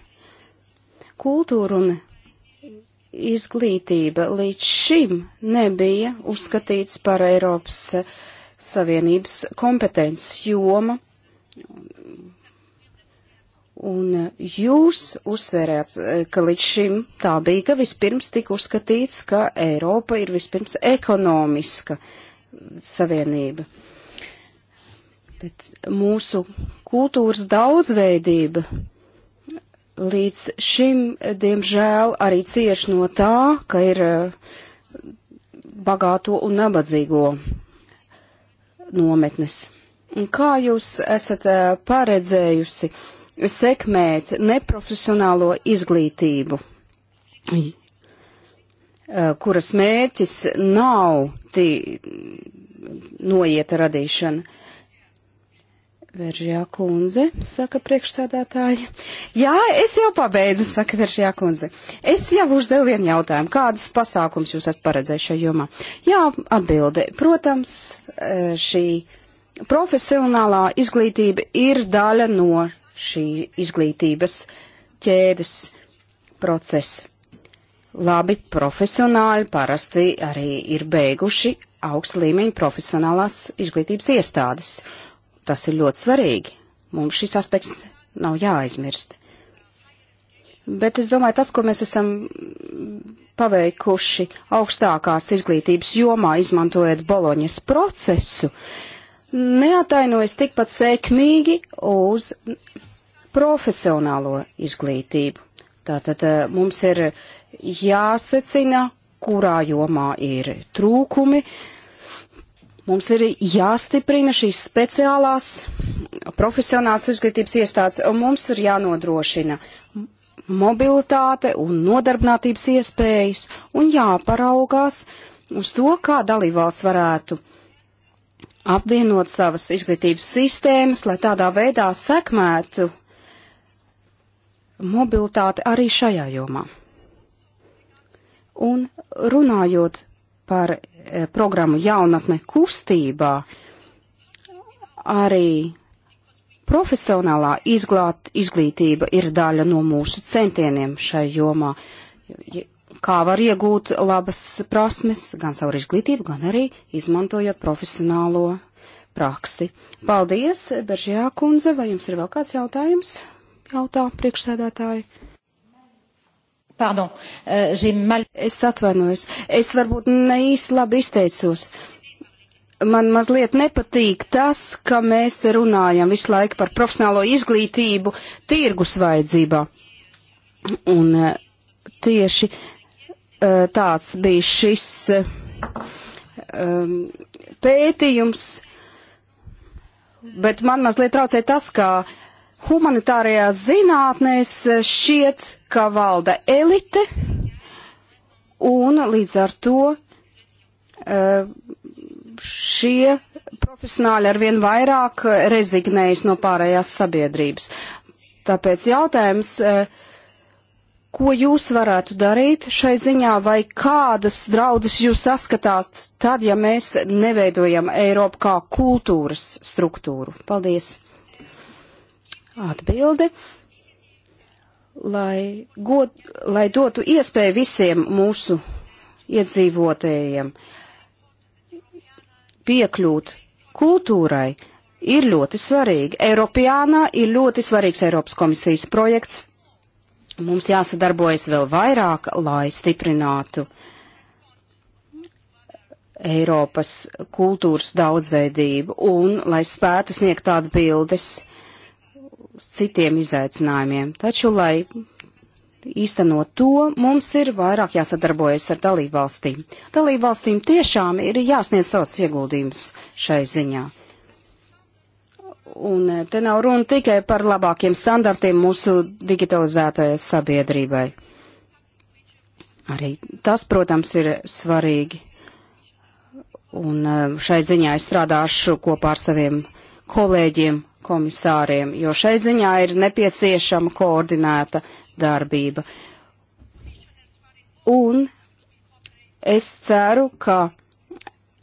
Kultūra un izglītība līdz šim nebija uzskatīts par Eiropas uh, Savienības kompetences joma. Un jūs uzsvērāt, eh, ka līdz šim tā bija, ka vispirms tika uzskatīts, ka Eiropa ir vispirms ekonomiska savienība. Bet mūsu kultūras daudzveidība līdz šim, diemžēl, arī cieš no tā, ka ir eh, bagāto un nabadzīgo nometnes. Un kā jūs esat paredzējusi sekmēt neprofesionālo izglītību, kuras mērķis nav tī noieta radīšana? Veržjā kundze, saka priekšsēdētāja. Jā, es jau pabeidzu, saka Veržjā kundze. Es jau uzdevu vienu jautājumu. Kādas pasākums jūs esat paredzējuši šajā jomā? Jā, atbilde. Protams, eh, šī profesionālā izglītība ir daļa no šī izglītības ķēdes procesa. Labi, profesionāļi parasti arī ir beiguši augsta līmeņa profesionālās izglītības iestādes Tas ir ļoti svarīgi. Mums šis aspekts nav jāaizmirst. Bet es domāju, tas, ko mēs esam paveikuši augstākās izglītības jomā, izmantojot Boloņas procesu, neatainojas tikpat sēkmīgi uz profesionālo izglītību. Tātad eh, mums ir jāsecina, kurā jomā ir trūkumi, uh, Mums ir jāstiprina šīs speciālās profesionālās izglītības iestādes, un mums ir jānodrošina mobilitāte un nodarbinātības iespējas, un jāparaugās uz to, kā dalībvalsts varētu apvienot savas izglītības sistēmas, lai tādā veidā sekmētu mobilitāti arī šajā jomā. Un runājot par E, programmu jaunatne kustībā arī profesionālā izglāt, izglītība ir daļa no mūsu centieniem šai jomā. Kā var iegūt labas prasmes, gan savu izglītību, gan arī izmantojot profesionālo praksi. Paldies, Beržijā kundze, vai jums ir vēl kāds jautājums? Jautā priekšsēdētāji. Pardon, uh, mal... Es atvainojos, es varbūt ne īsti labi izteicos. Man mazliet nepatīk tas, ka mēs te runājam visu laiku par profesionālo izglītību tirgus vajadzībā. Un uh, tieši uh, tāds bija šis um, pētījums, bet man mazliet traucē tas, ka uh, Humanitārajās zinātnēs šķiet, ka valda elite, un līdz ar to eh, šie profesionāļi arvien vairāk eh, rezignējas no pārējās sabiedrības. Tāpēc jautājums, eh, ko jūs varētu darīt šai ziņā, vai kādas draudus jūs saskatāt tad, ja mēs neveidojam Eiropu kā kultūras struktūru? Paldies! atbildi, lai, god, lai dotu iespēju visiem mūsu iedzīvotējiem piekļūt kultūrai, ir ļoti svarīgi. Eiropijānā ir ļoti svarīgs Eiropas komisijas projekts. Mums jāsadarbojas vēl vairāk, lai stiprinātu Eiropas kultūras daudzveidību un lai spētu sniegt atbildes citiem izaicinājumiem. Taču, lai īstenot to, mums ir vairāk jāsadarbojas ar dalībvalstīm. Dalībvalstīm tiešām ir jāsniedz savs ieguldījums šai ziņā. Un eh, te nav runa tikai par labākiem standartiem mūsu digitalizētajai sabiedrībai. Arī tas, protams, ir svarīgi. Un eh, šai ziņā es strādāšu kopā ar saviem kolēģiem komisāriem, jo šai ziņā ir nepieciešama koordinēta darbība. Un es ceru, ka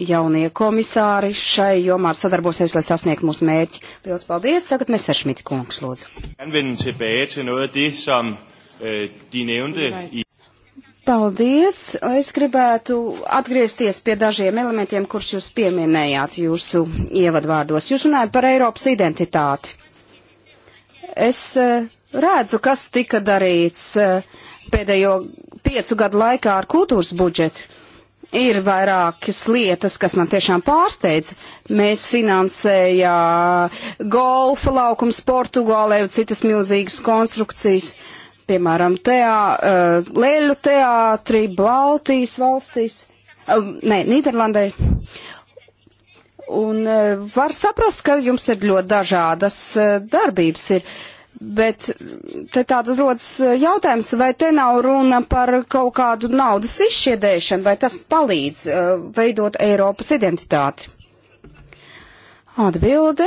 jaunie komisāri šai jomā sadarbosies, lai sasniegtu mūsu mērķi. Lielas paldies! Tagad mēs ar Šmita kungs lūdzu. Paldies! Es gribētu atgriezties pie dažiem elementiem, kurus jūs pieminējāt jūsu ievadvārdos. Jūs runājat par Eiropas identitāti. Es eh, redzu, kas tika darīts eh, pēdējo piecu gadu laikā ar kultūras budžetu. Ir vairākas lietas, kas man tiešām pārsteidz. Mēs finansējām golfa laukums Portugālē un citas milzīgas konstrukcijas. Uh, piemēram, teā, eh, Lēļu teātri Baltijas valstīs, eh, nē, Nīderlandē. Un eh, var saprast, ka jums ir ļoti dažādas darbības ir. Bet te tāda rodas jautājums, vai te nav runa par kaut kādu naudas izšķiedēšanu, vai tas palīdz uh, veidot Eiropas identitāti? Atbilde.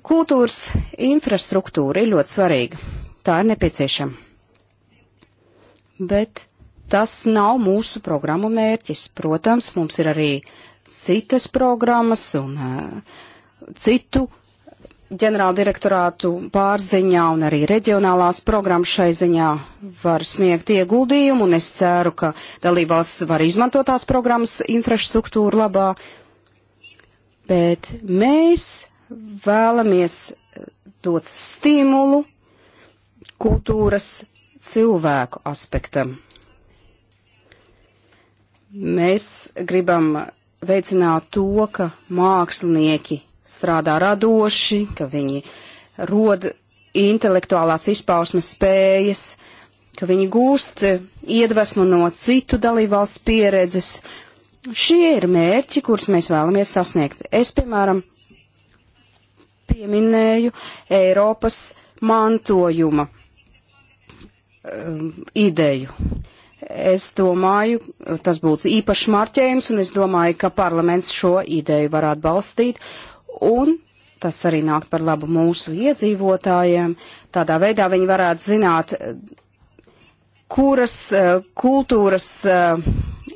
Kultūras infrastruktūra ir ļoti svarīga. Tā ir nepieciešama bet tas nav mūsu programmu mērķis. Protams, mums ir arī citas programmas un uh, citu ģenerāldirektorātu pārziņā un arī reģionālās programmas šai ziņā var sniegt ieguldījumu, un es ceru, ka dalībvalsts var izmantot tās programmas infrastruktūru labā. Bet mēs vēlamies dot stimulu kultūras cilvēku aspektam. Mēs gribam veicināt to, ka mākslinieki strādā radoši, ka viņi rod intelektuālās izpausmes spējas, ka viņi gūst iedvesmu no citu dalībvalstu pieredzes. Šie ir mērķi, kurus mēs vēlamies sasniegt. Es, piemēram, pieminēju Eiropas mantojuma um, ideju. Es domāju, tas būtu īpašs marķējums, un es domāju, ka parlaments šo ideju var atbalstīt, un tas arī nāk par labu mūsu iedzīvotājiem. Tādā veidā viņi varētu zināt, kuras uh, kultūras uh,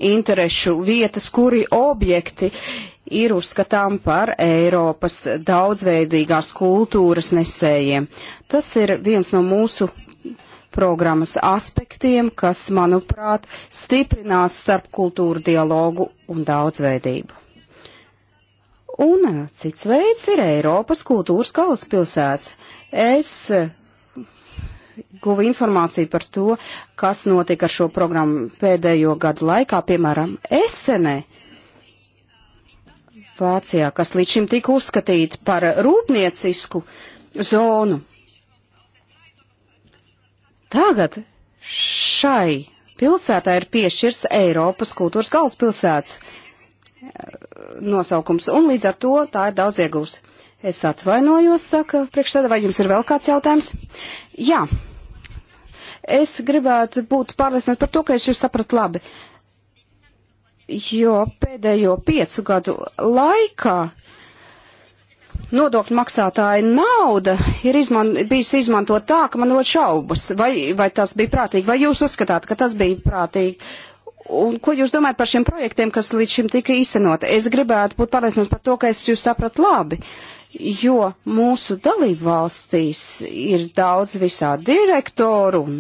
interešu vietas, kuri objekti ir uzskatām par Eiropas daudzveidīgās kultūras nesējiem. Tas ir viens no mūsu programmas aspektiem, kas, manuprāt, stiprinās starp kultūru dialogu un daudzveidību. Un eh, cits veids ir Eiropas kultūras galvaspilsēts. Es eh, guva informāciju par to, kas notika ar šo programmu pēdējo gadu laikā, piemēram, Esenē. Vācijā, kas līdz šim tika uzskatīta par rūpniecisku zonu. Tagad šai pilsētā ir piešķirs Eiropas kultūras galvaspilsētas eh, nosaukums, un līdz ar to tā ir daudz iegūst. Es atvainojos, saka priekšsēdā, vai jums ir vēl kāds jautājums? Jā. Es gribētu būt pārliecināts par to, ka es jūs sapratu labi. Jo pēdējo piecu gadu laikā nodokļu maksātāja nauda ir izman, bijusi izmantot tā, ka man ļoti šaubas, vai, vai tas bija prātīgi, vai jūs uzskatāt, ka tas bija prātīgi. Un ko jūs domājat par šiem projektiem, kas līdz šim tika īstenot? Es gribētu būt pārliecināts par to, ka es jūs sapratu labi, jo mūsu dalību valstīs ir daudz visā direktoru un,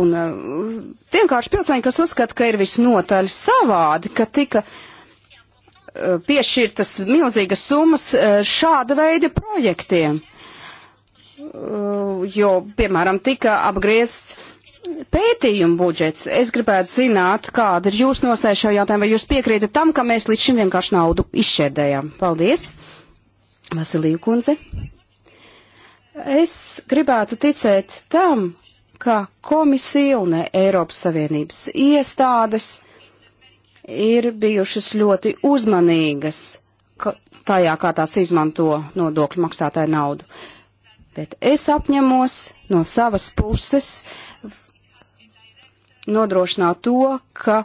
un uh, vienkārši pilsoņi, kas uzskata, ka ir visnotaļ savādi, ka tika Eh, piešķirtas milzīgas summas eh, šāda veida projektiem, eh, jo, piemēram, tika apgriezts pētījumu budžets. Es gribētu zināt, kāda ir jūsu nostāja šajā jautājumā, vai jūs piekrītat tam, ka mēs līdz šim vienkārši naudu izšķērdējām. Paldies, Vasilija kundze. Es gribētu ticēt tam, ka komisija un Eiropas Savienības iestādes ir bijušas ļoti uzmanīgas tajā, kā tās izmanto nodokļu maksātāju naudu. Bet es apņemos no savas puses nodrošināt to, ka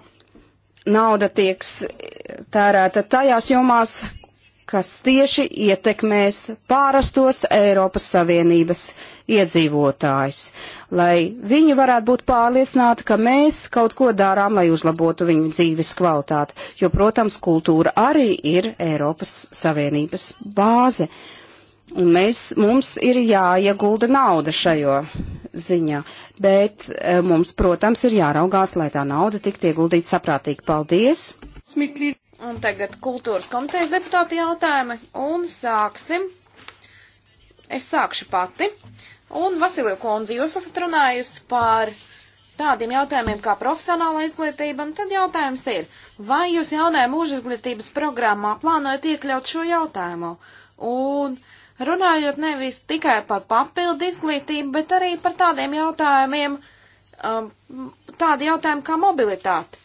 nauda tieks tērēta tajās jomās, kas tieši ietekmēs pārastos Eiropas Savienības iedzīvotājs, lai viņi varētu būt pārliecināti, ka mēs kaut ko darām, lai uzlabotu viņu dzīves kvalitāti, jo, protams, kultūra arī ir Eiropas Savienības bāze. Un mēs, mums ir jāiegulda nauda šajo ziņā, bet eh, mums, protams, ir jāraugās, lai tā nauda tiktu ieguldīta saprātīgi. Paldies! Mitlī. Un tagad kultūras komitejas deputāti jautājumi. Un sāksim. Es sākšu pati. Un Vasilija Kondzi, jūs esat runājusi par tādiem jautājumiem kā profesionāla izglītība, un tad jautājums ir, vai jūs jaunajā mūža izglītības programmā plānojat iekļaut šo jautājumu? Un runājot nevis tikai par papildu izglītību, bet arī par tādiem jautājumiem, um, tādi jautājumi kā mobilitāte.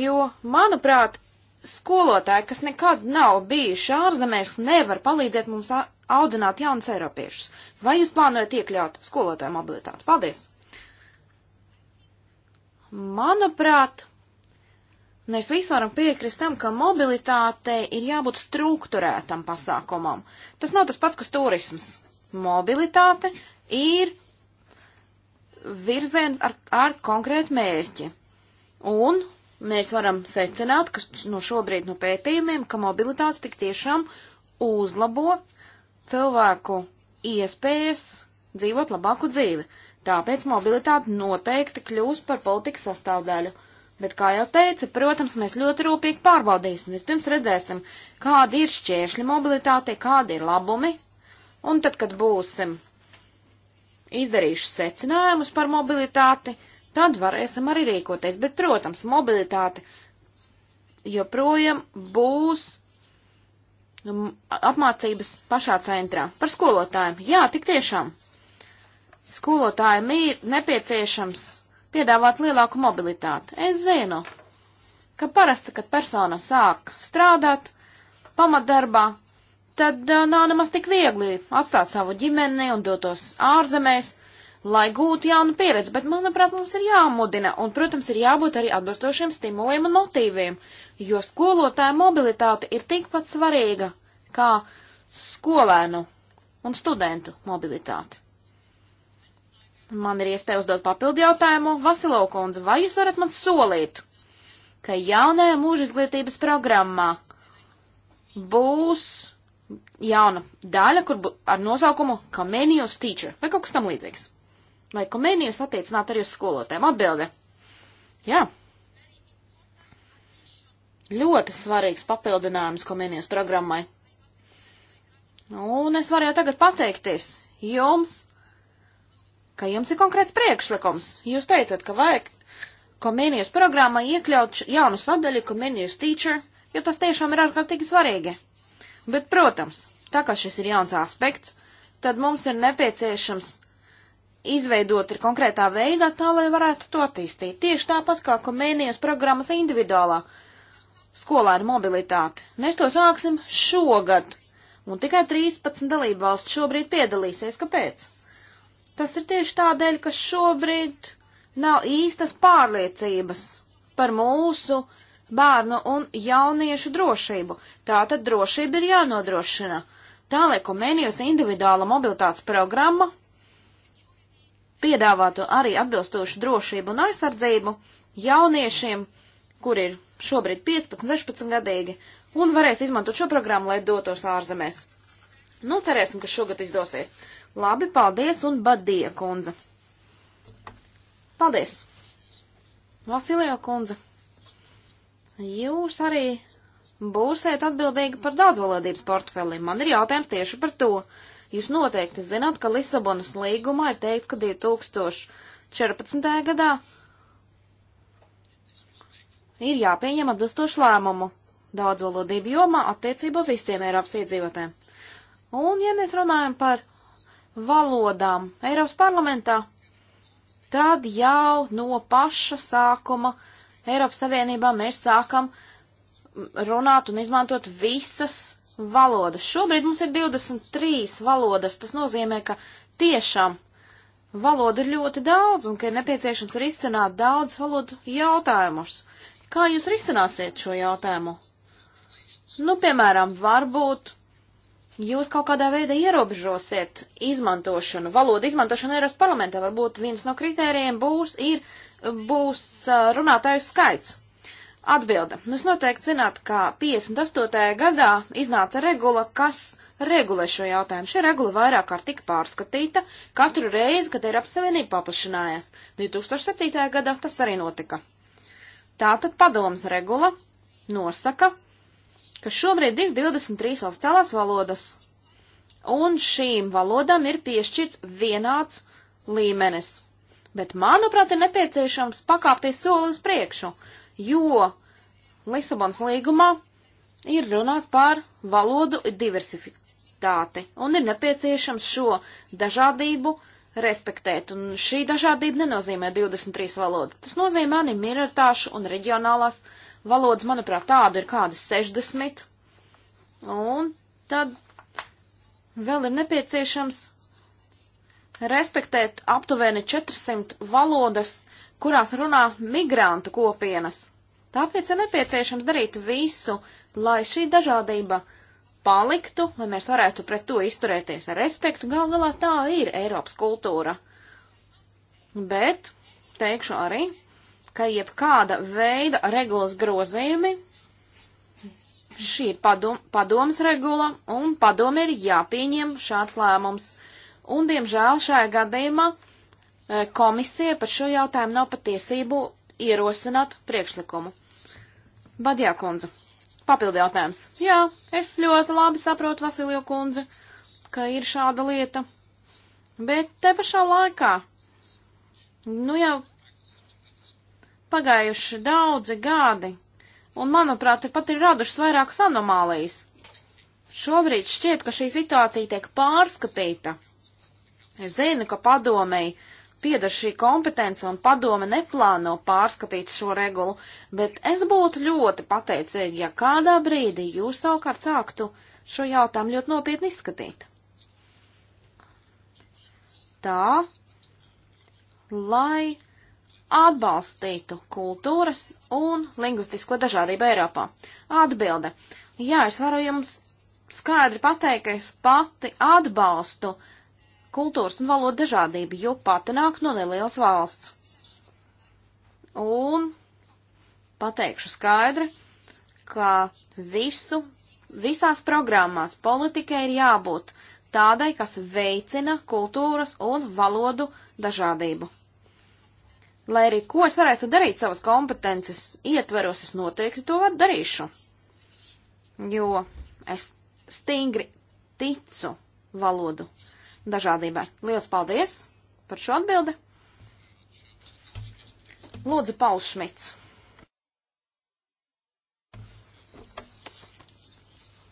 Jo, manuprāt, skolotāji, kas nekad nav bijuši ārzemēs, nevar palīdzēt mums audzināt jaunus eiropiešus. Vai jūs plānojat iekļaut skolotāju mobilitāti? Paldies! Manuprāt, mēs visi varam piekrist tam, ka mobilitātei ir jābūt struktūrētam pasākumam. Tas nav tas pats, kas turisms. Mobilitāte ir virziens ar, ar konkrētu mērķi. Un mēs varam secināt, ka no šobrīd no pētījumiem, ka mobilitāte tik tiešām uzlabo cilvēku iespējas dzīvot labāku dzīvi. Tāpēc mobilitāte noteikti kļūs par politikas sastāvdaļu. Bet, kā jau teicu, protams, mēs ļoti rūpīgi pārbaudīsim. Vispirms redzēsim, kādi ir šķēršļi mobilitātei, kādi ir labumi. Un tad, kad būsim izdarījuši secinājumus par mobilitāti, uh, tad varēsim arī rīkoties. Bet, protams, mobilitāte joprojām būs nu, apmācības pašā centrā. Par skolotājiem. Jā, tik tiešām. Skolotājiem ir nepieciešams piedāvāt lielāku mobilitāti. Es zinu, ka parasti, kad persona sāk strādāt pamatdarbā, tad nav nemaz tik viegli atstāt savu ģimeni un dotos ārzemēs lai gūtu jaunu pieredzi, bet, manuprāt, mums ir jāmudina, un, protams, ir jābūt arī atbilstošiem stimuliem un motīviem, jo skolotāja mobilitāte ir tikpat svarīga kā skolēnu un studentu mobilitāte. Man ir iespēja uzdot papildu jautājumu, Vasilo kundze, vai jūs varat man solīt, ka jaunajā mūža izglītības programmā būs jauna daļa, kur ar nosaukumu Comenius Teacher vai kaut kas tam līdzīgs? lai komēnijas attiecinātu arī uz skolotēm? Atbilde. Jā. Ļoti svarīgs papildinājums komēnijas programmai. Un es varu jau tagad pateikties jums, ka jums ir konkrēts priekšlikums. Jūs teicat, ka vajag komēnijas programmā iekļaut jaunu sadaļu komēnijas teacher, jo tas tiešām ir ārkārtīgi svarīgi. Bet, protams, tā kā šis ir jauns aspekts, tad mums ir nepieciešams izveidot ir konkrētā veidā tā, lai varētu to attīstīt. Tieši tāpat kā komēnijas programmas individuālā skolēnu mobilitāte. Mēs to sāksim šogad, un tikai 13 dalību valsts šobrīd piedalīsies. Kāpēc? Tas ir tieši tādēļ, ka šobrīd nav īstas pārliecības par mūsu bērnu un jauniešu drošību. Tātad drošība ir jānodrošina. Tā, lai komēnijas individuāla mobilitātes programma piedāvātu arī atbilstošu drošību un aizsardzību jauniešiem, kur ir šobrīd 15, 16 gadīgi, un varēs izmantot šo programmu, lai dotos ārzemēs. Nu, cerēsim, ka šogad izdosies. Labi, paldies un badie, kundze. Paldies. Vasilijo kundze. Jūs arī būsiet atbildīgi par daudzvalodības portfeli. Man ir jautājums tieši par to. Uh, Jūs noteikti zināt, ka Lisabonas līgumā ir teikt, ka 2014. gadā ir jāpieņem atbilstoši lēmumu daudzvalodību jomā attiecībā uz visiem Eiropas iedzīvotēm. Un, ja mēs runājam par valodām Eiropas parlamentā, tad jau no paša sākuma Eiropas Savienībā mēs sākam runāt un izmantot visas valodas. Šobrīd mums ir 23 valodas, tas nozīmē, ka tiešām valodu ir ļoti daudz un ka ir nepieciešams risināt daudz valodu jautājumus. Kā jūs risināsiet šo jautājumu? Nu, piemēram, varbūt jūs kaut kādā veidā ierobežosiet izmantošanu, valodu izmantošanu Eiropas parlamentā. Varbūt viens no kritērijiem būs, ir, būs runātāju skaits. Atbilde. Jūs noteikti zināt, ka 58. gadā iznāca regula, kas regulē šo jautājumu. Šī regula vairāk kārt tika pārskatīta katru reizi, kad Eiropas Savienība paplašinājās. 2007. gadā tas arī notika. Tātad padomas regula nosaka, ka šobrīd ir 23 oficiālās valodas, un šīm valodām ir piešķirts vienāds līmenis. Bet, manuprāt, ir nepieciešams pakāpties soli uz priekšu, jo Lisabonas līgumā ir runāts par valodu diversifikāti un ir nepieciešams šo dažādību respektēt. Un šī dažādība nenozīmē 23 valodas. Tas nozīmē arī minoritāšu un reģionālās valodas, manuprāt, tādu ir kādi 60. Un tad vēl ir nepieciešams respektēt aptuveni 400 valodas, kurās runā migrantu kopienas. Tāpēc ir nepieciešams darīt visu, lai šī dažādība paliktu, lai mēs varētu pret to izturēties ar respektu. Gal galā tā ir Eiropas kultūra. Bet teikšu arī, ka jebkāda veida regulas grozījumi, šī ir padom, padomas regula, un padomi ir jāpieņem šāds lēmums. Un, diemžēl, šajā gadījumā Eh, komisija par šo jautājumu nav patiesību ierosināt priekšlikumu. Badjā kundze, papildi jautājums. Jā, es ļoti labi saprotu, Vasilija kundze, ka ir šāda lieta. Bet te pašā laikā, nu jau pagājuši daudzi gadi, un manuprāt, pat ir radušas vairākas anomālijas. Šobrīd šķiet, ka šī situācija tiek pārskatīta. Es zinu, ka padomēji pieder šī kompetence un padome neplāno pārskatīt šo regulu, bet es būtu ļoti pateicīgi, ja kādā brīdī jūs savukārt sāktu šo jautājumu ļoti nopietni izskatīt. Tā, lai atbalstītu kultūras un lingvistisko dažādību Eiropā. Atbilde. Jā, es varu jums skaidri pateikt, ka es pati atbalstu uh, kultūras un valodu dažādība, jo pati nāk no nelielas valsts. Un pateikšu skaidri, ka visu, visās programmās politikai ir jābūt tādai, kas veicina kultūras un valodu dažādību. Lai arī ko es varētu darīt savas kompetences ietveros, es noteikti to darīšu. Jo es stingri ticu valodu dažādībai. Lielas paldies par šo atbildi. Lūdzu, Pauls Šmits.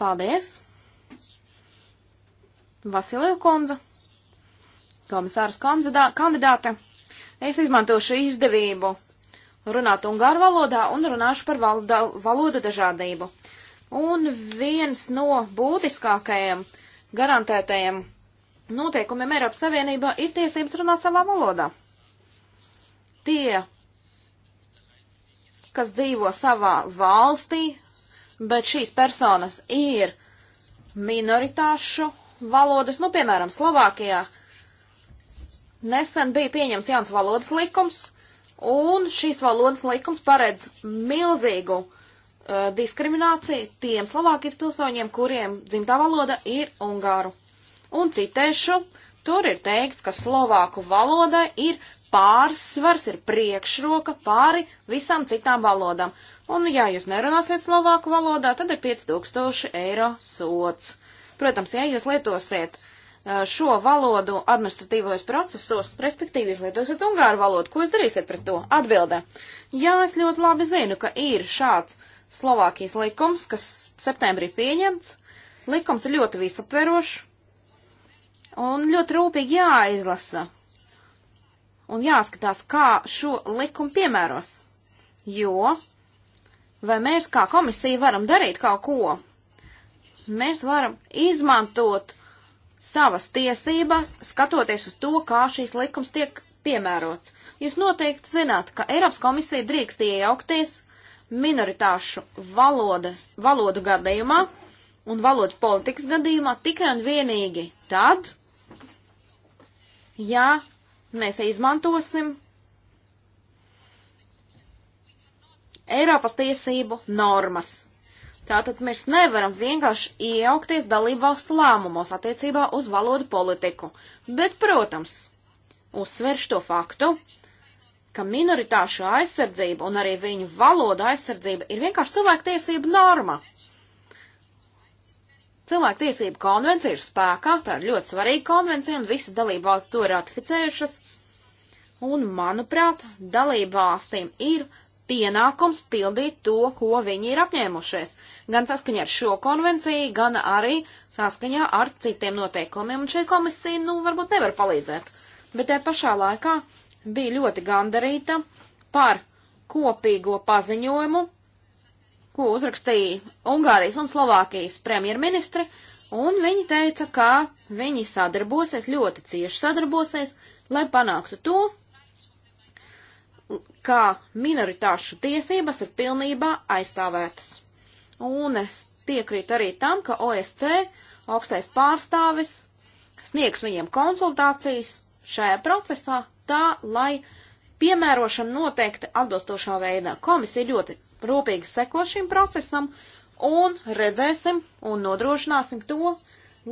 Paldies. Vasilija Konza, komisārs kandidāte. Es izmantošu izdevību runāt ungāru valodā un runāšu par valoda, valodu dažādību. Un viens no būtiskākajiem garantētajiem noteikumiem Eiropas Savienībā ir tiesības runāt savā valodā. Tie, kas dzīvo savā valstī, bet šīs personas ir minoritāšu valodas, nu, piemēram, Slovākijā nesen bija pieņemts jauns valodas likums, un šīs valodas likums paredz milzīgu uh, diskrimināciju tiem Slovākijas pilsoņiem, kuriem dzimtā valoda ir ungāru un citēšu, tur ir teikts, ka slovāku valodai ir pārsvars, ir priekšroka pāri visām citām valodām. Un ja jūs nerunāsiet slovāku valodā, tad ir 5000 eiro sots. Protams, ja jūs lietosiet uh, šo valodu administratīvos procesos, respektīvi izlietosiet ungāru valodu. Ko jūs darīsiet pret to? Atbilde. Jā, es ļoti labi zinu, ka ir šāds Slovākijas likums, kas septembrī pieņemts. Likums ir ļoti visaptverošs, un ļoti rūpīgi jāizlasa un jāskatās, kā šo likumu piemēros. Jo vai mēs kā komisija varam darīt kaut ko? Mēs varam izmantot savas tiesības, skatoties uz to, kā šīs likums tiek piemērots. Jūs noteikti zināt, ka Eiropas komisija drīkst iejaukties minoritāšu valodas, valodu gadījumā un valodu politikas gadījumā tikai un vienīgi tad, ja mēs izmantosim Eiropas tiesību normas. Tātad mēs nevaram vienkārši iejaukties dalību valstu lēmumos attiecībā uz valodu politiku. Bet, protams, uzsverš to faktu, ka minoritāšu aizsardzība un arī viņu valoda aizsardzība ir vienkārši cilvēktiesība norma. Cilvēktiesība konvencija ir spēkā, tā ir ļoti svarīga konvencija, un visas dalību valsts to ir ratificējušas. Un, manuprāt, dalību valstīm ir pienākums pildīt to, ko viņi ir apņēmušies, gan saskaņā ar šo konvenciju, gan arī saskaņā ar citiem noteikumiem, un šeit komisija, nu, varbūt nevar palīdzēt. Bet te pašā laikā bija ļoti gandarīta par kopīgo paziņojumu ko uzrakstīja Ungārijas un Slovākijas premjerministri, un viņi teica, ka viņi sadarbosies, ļoti cieši sadarbosies, lai panāktu to, kā minoritāšu tiesības ir pilnībā aizstāvētas. Un es piekrītu arī tam, ka OSC augstais pārstāvis sniegs viņiem konsultācijas šajā procesā tā, lai piemērošana noteikti atbilstošā veidā. Komisija ļoti rūpīgi seko šim procesam un redzēsim un nodrošināsim to,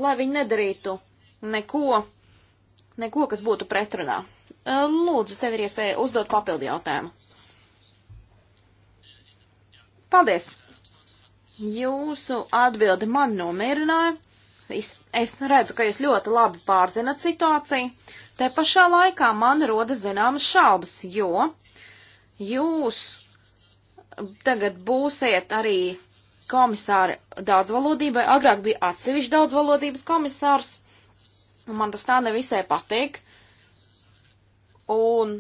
lai viņi nedarītu neko, neko kas būtu pretrunā. Lūdzu, tev ir iespēja uzdot papildu jautājumu. Paldies! Jūsu atbildi man nomierināja. Es, es redzu, ka jūs ļoti labi pārzinat situāciju. Te pašā laikā man rodas zināmas šaubas, jo jūs tagad būsiet arī komisāri daudzvalodībai. Agrāk bija atsevišķi daudzvalodības komisārs, un man tas tā nevisai patīk. Un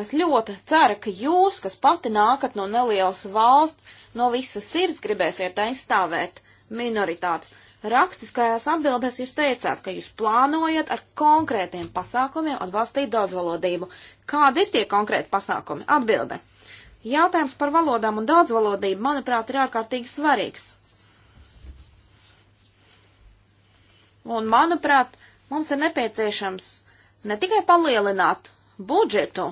es ļoti ceru, ka jūs, kas pati nākat no nelielas valsts, no visas sirds gribēsiet aizstāvēt minoritātes. Rakstiskajās atbildēs jūs teicāt, ka jūs plānojat ar konkrētiem pasākumiem atbalstīt daudzvalodību. Kādi ir tie konkrēti pasākumi? Atbilde. Uh, Jautājums par valodām un daudzvalodību, manuprāt, ir ārkārtīgi svarīgs. Un, manuprāt, mums ir nepieciešams ne tikai palielināt budžetu,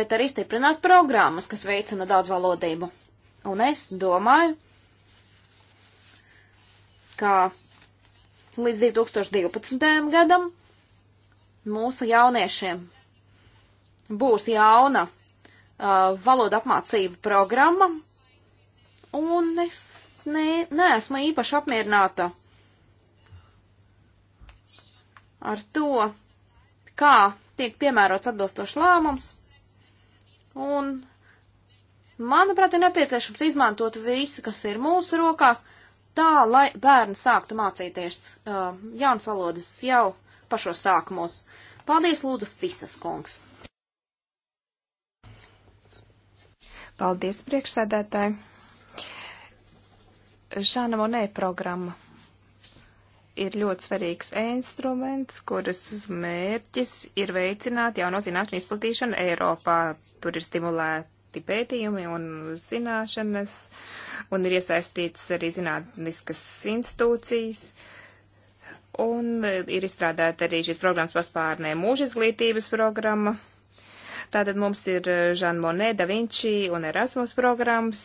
bet arī stiprināt programmas, kas veicina daudzvalodību. Un es domāju, ka līdz 2012. gadam mūsu jauniešiem būs jauna uh, valoda apmācība programma, un es ne, neesmu īpaši apmierināta ar to, kā tiek piemērots atbilstošs lēmums, un, manuprāt, ir nepieciešams izmantot visu, kas ir mūsu rokās, tā, lai bērni sāktu mācīties uh, jaunas valodas jau pašos sākumos. Paldies, lūdzu, Fisas kungs! Paldies, priekšsēdētāji. Žāna Monē programma ir ļoti svarīgs instruments, kuras mērķis ir veicināt jauno zināšanu izplatīšanu Eiropā. Tur ir stimulēti pētījumi un zināšanas, un ir iesaistīts arī zinātniskas institūcijas. Un ir izstrādāta arī šīs programmas paspārnē mūža izglītības programma. Tātad mums ir Žan eh, Monē, Da Vinci un Erasmus programmas.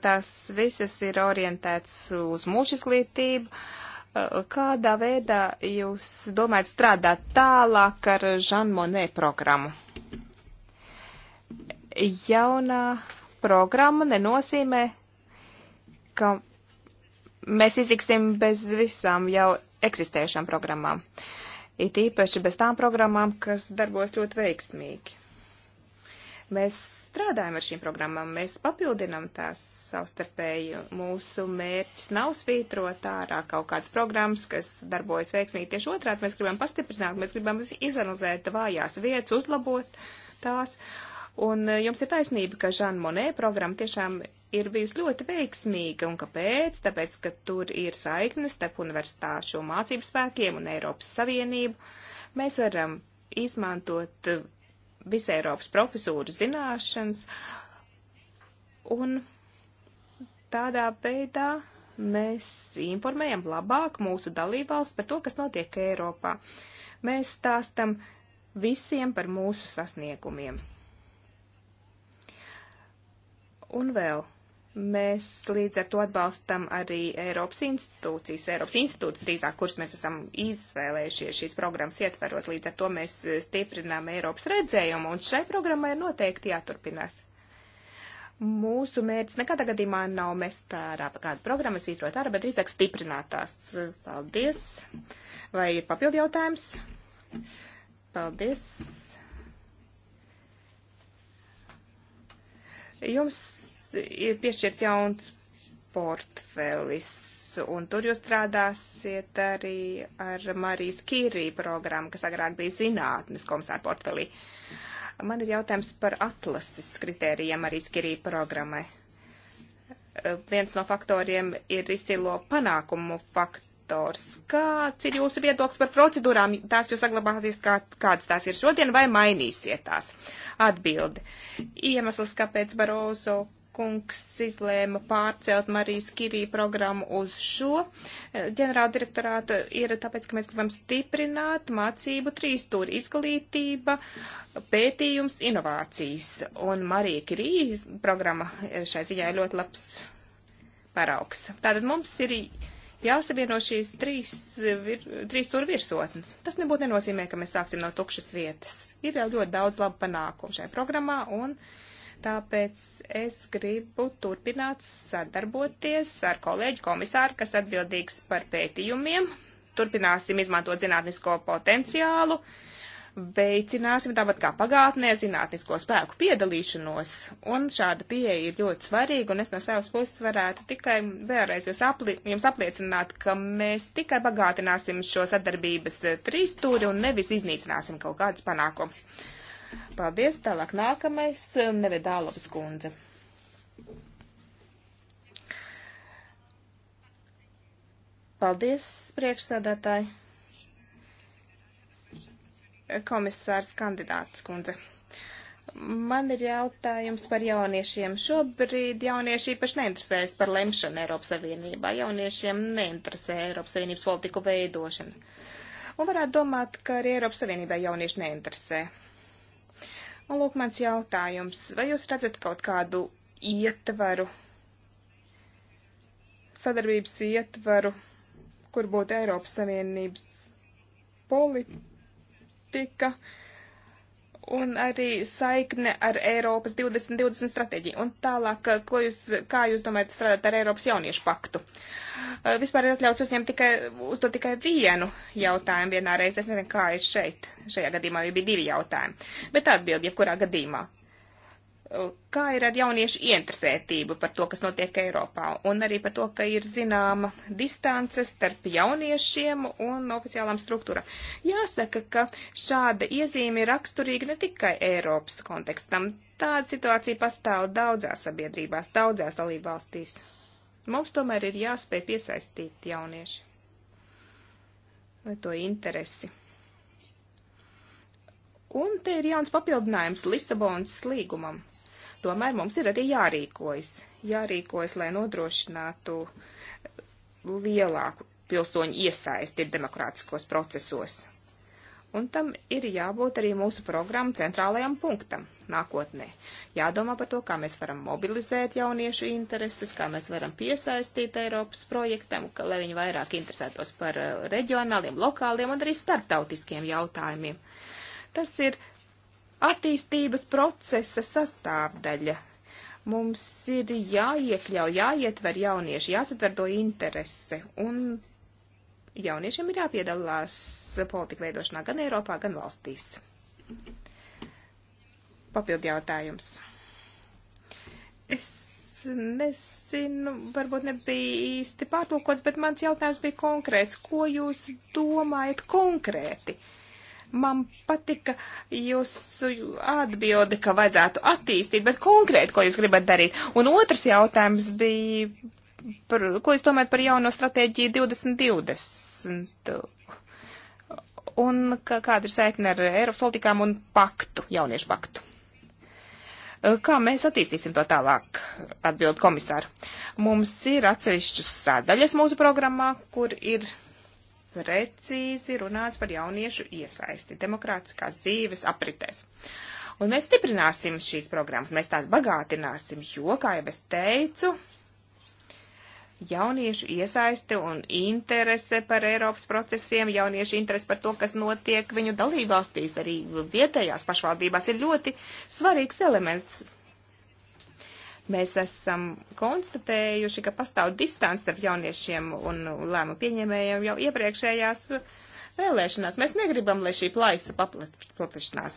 Tās visas ir orientēts uz mūžizglītību. Eh, kādā veidā jūs domājat strādāt tālāk ar Žan Monē programmu? Jaunā programma nenozīmē, ka mēs iztiksim bez visām jau eksistējušām programmām. It īpaši bez tām programmām, kas darbos ļoti veiksmīgi. Mēs strādājam ar šīm programmām, mēs papildinam tās savstarpēji. Mūsu mērķis nav svītrot ārā kaut kādas programmas, kas darbojas veiksmīgi tieši otrādi. Mēs gribam pastiprināt, mēs gribam izanalizēt vājās vietas, uzlabot tās. Un eh, jums ir taisnība, ka Žana Monē programma tiešām ir bijusi ļoti veiksmīga. Un kāpēc? Tāpēc, ka tur ir saiknes starp universitāšu mācību spēkiem un Eiropas Savienību. Mēs varam izmantot visai Eiropas profesūras zināšanas, un tādā veidā mēs informējam labāk mūsu dalībvalsts par to, kas notiek Eiropā. Mēs stāstam visiem par mūsu sasniegumiem. Un vēl Mēs līdz ar to atbalstam arī Eiropas institūcijas, Eiropas institūcijas drīzāk, kuras mēs esam izvēlējušies šīs programmas ietveros, līdz ar to mēs eh, stiprinām Eiropas redzējumu, un šai programmai noteikti jāturpinās. Mūsu mērķis nekādā gadījumā nav mest ārā kādu programmu, svītrot ārā, bet drīzāk stiprināt tās. Paldies! Vai ir papildi jautājums? Paldies! Jums ir piešķirts jauns portfelis, un tur jūs strādāsiet arī ar Marijas Kīrī programmu, kas agrāk bija zinātnes komisāra portfelī. Man ir jautājums par atlases kritērijiem Marijas Kīrī programmai. Viens no faktoriem ir izcilo panākumu faktu investors. Kāds ir jūsu viedoklis par procedūrām? Tās jūs saglabāties, kā, kādas tās ir šodien, vai mainīsiet tās? Atbildi. Iemesls, kāpēc Barozo kungs izlēma pārcelt Marijas Kirī programmu uz šo ģenerāla direktorātu, ir tāpēc, ka mēs gribam stiprināt mācību trīstūri - izglītība, pētījums, inovācijas. Un Marija Kirī programma šai ziņā ir ļoti labs paraugs. Tātad mums ir jāsavieno šīs trīs, vir, trīs stūri virsotnes. Tas nebūtu nenozīmē, ka mēs sāksim no tukšas vietas. Ir jau ļoti daudz labu panākumu šai programmā un. Uh, Tāpēc es gribu turpināt sadarboties ar kolēģi komisāru, kas atbildīgs par pētījumiem. Turpināsim izmantot zinātnisko potenciālu, veicināsim tāpat kā pagātnē zinātnisko spēku piedalīšanos. Un šāda pieeja ir ļoti svarīga, un es no savas puses varētu tikai vēlreiz jūs apli jums apliecināt, ka mēs tikai bagātināsim šo sadarbības trīsstūri un nevis iznīcināsim kaut kādus panākums. Paldies. Tālāk nākamais eh, Nevedālovs kundze. Paldies, priekšsēdētāji. Komisārs kandidāts kundze. Man ir jautājums par jauniešiem. Šobrīd jaunieši īpaši neinteresējas par lemšanu Eiropas Savienībā. Jauniešiem neinteresē Eiropas Savienības politiku veidošana. Un varētu domāt, ka arī Eiropas Savienībā jaunieši neinteresē. Un lūk, mans jautājums, vai jūs redzat kaut kādu ietvaru, sadarbības ietvaru, kur būtu Eiropas Savienības politika un arī saikne ar Eiropas 2020 stratēģiju? Un tālāk, ko jūs, kā jūs domājat strādāt ar Eiropas jauniešu paktu? Uh, Eh, vispār ir atļauts uzņemt tikai, uzdot tikai vienu jautājumu vienā reizē. Es nezinu, kā ir šeit. Šajā gadījumā bija divi jautājumi. Bet atbildi, jebkurā gadījumā. Eh, kā ir ar jauniešu interesētību par to, kas notiek Eiropā, un arī par to, ka ir zināma distance starp jauniešiem un oficiālām struktūrām? Jāsaka, ka šāda iezīme ir raksturīga ne tikai Eiropas kontekstam. Tāda situācija pastāv daudzās sabiedrībās, daudzās dalībvalstīs. valstīs. Mums tomēr ir jāspēj piesaistīt jaunieši to interesi. Un te ir jauns papildinājums Lisabonas līgumam. Tomēr mums ir arī jārīkojas. Jārīkojas, lai nodrošinātu lielāku pilsoņu iesaisti demokrātiskos procesos. Un tam ir jābūt arī mūsu programmu centrālajam punktam nākotnē. Jādomā par to, kā mēs varam mobilizēt jauniešu intereses, kā mēs varam piesaistīt Eiropas projektam, ka, lai viņi vairāk interesētos par eh, reģionāliem, lokāliem un arī starptautiskiem jautājumiem. Tas ir attīstības procesa sastāvdaļa. Mums ir jāiekļauj, jāietver jaunieši, jāsatver to interese, un jauniešiem ir jāpiedalās politika veidošanā gan Eiropā, gan valstīs. Papildu jautājums. Es nezinu, varbūt nebija īsti pārtulkots, bet mans jautājums bija konkrēts. Ko jūs domājat konkrēti? Man patika jūsu atbildi, ka vajadzētu attīstīt, bet konkrēti, ko jūs gribat darīt. Un otrs jautājums bija par, ko jūs domājat par jauno stratēģiju 2020? Un kāda ir saikne ar Eiropas politikām un paktu, jauniešu paktu? Kā mēs attīstīsim to tālāk, atbild komisāra. Mums ir atsevišķas sadaļas mūsu programmā, kur ir precīzi runāts par jauniešu iesaisti demokrātiskās dzīves apritēs. Un mēs stiprināsim šīs programmas, mēs tās bagātināsim, jo, kā jau es teicu, uh, jauniešu iesaiste un interese par Eiropas procesiem, jauniešu interese par to, kas notiek viņu dalībvalstīs, arī vietējās pašvaldībās, ir ļoti svarīgs elements. Mēs esam konstatējuši, ka pastāv distance starp jauniešiem un lēmu pieņēmējiem jau iepriekšējās vēlēšanās. Mēs negribam, lai šī plaisa paplašinās.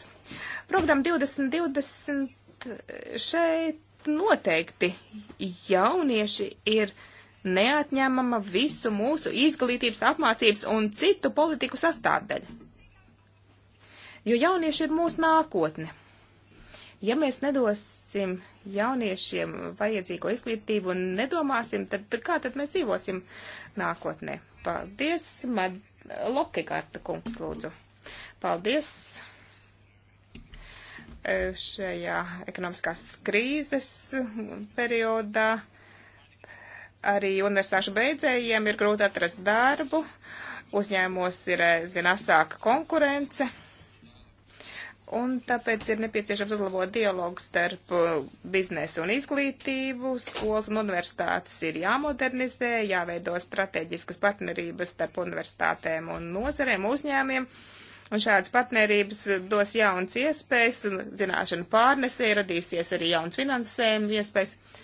Programma 2020 šeit noteikti jaunieši ir neatņemama visu mūsu izglītības, apmācības un citu politiku sastāvdaļa. Jo jaunieši ir mūsu nākotne. Ja mēs nedosim jauniešiem vajadzīgo izglītību un nedomāsim, tad, tad kā tad mēs dzīvosim nākotnē? Paldies, Mad Lokegārta kungs, lūdzu. Paldies šajā ekonomiskās krīzes periodā arī universitāšu beidzējiem ir grūti atrast darbu, uzņēmumos ir eh, aizvien asāka konkurence, un tāpēc ir nepieciešams uzlabot dialogu starp eh, biznesu un izglītību, skolas un universitātes ir jāmodernizē, jāveido strateģiskas partnerības starp universitātēm un nozarēm, uzņēmiem. Un šādas partnerības eh, dos jaunas iespējas, zināšanu pārnesē, radīsies arī jauns finansējuma iespējas. Uh,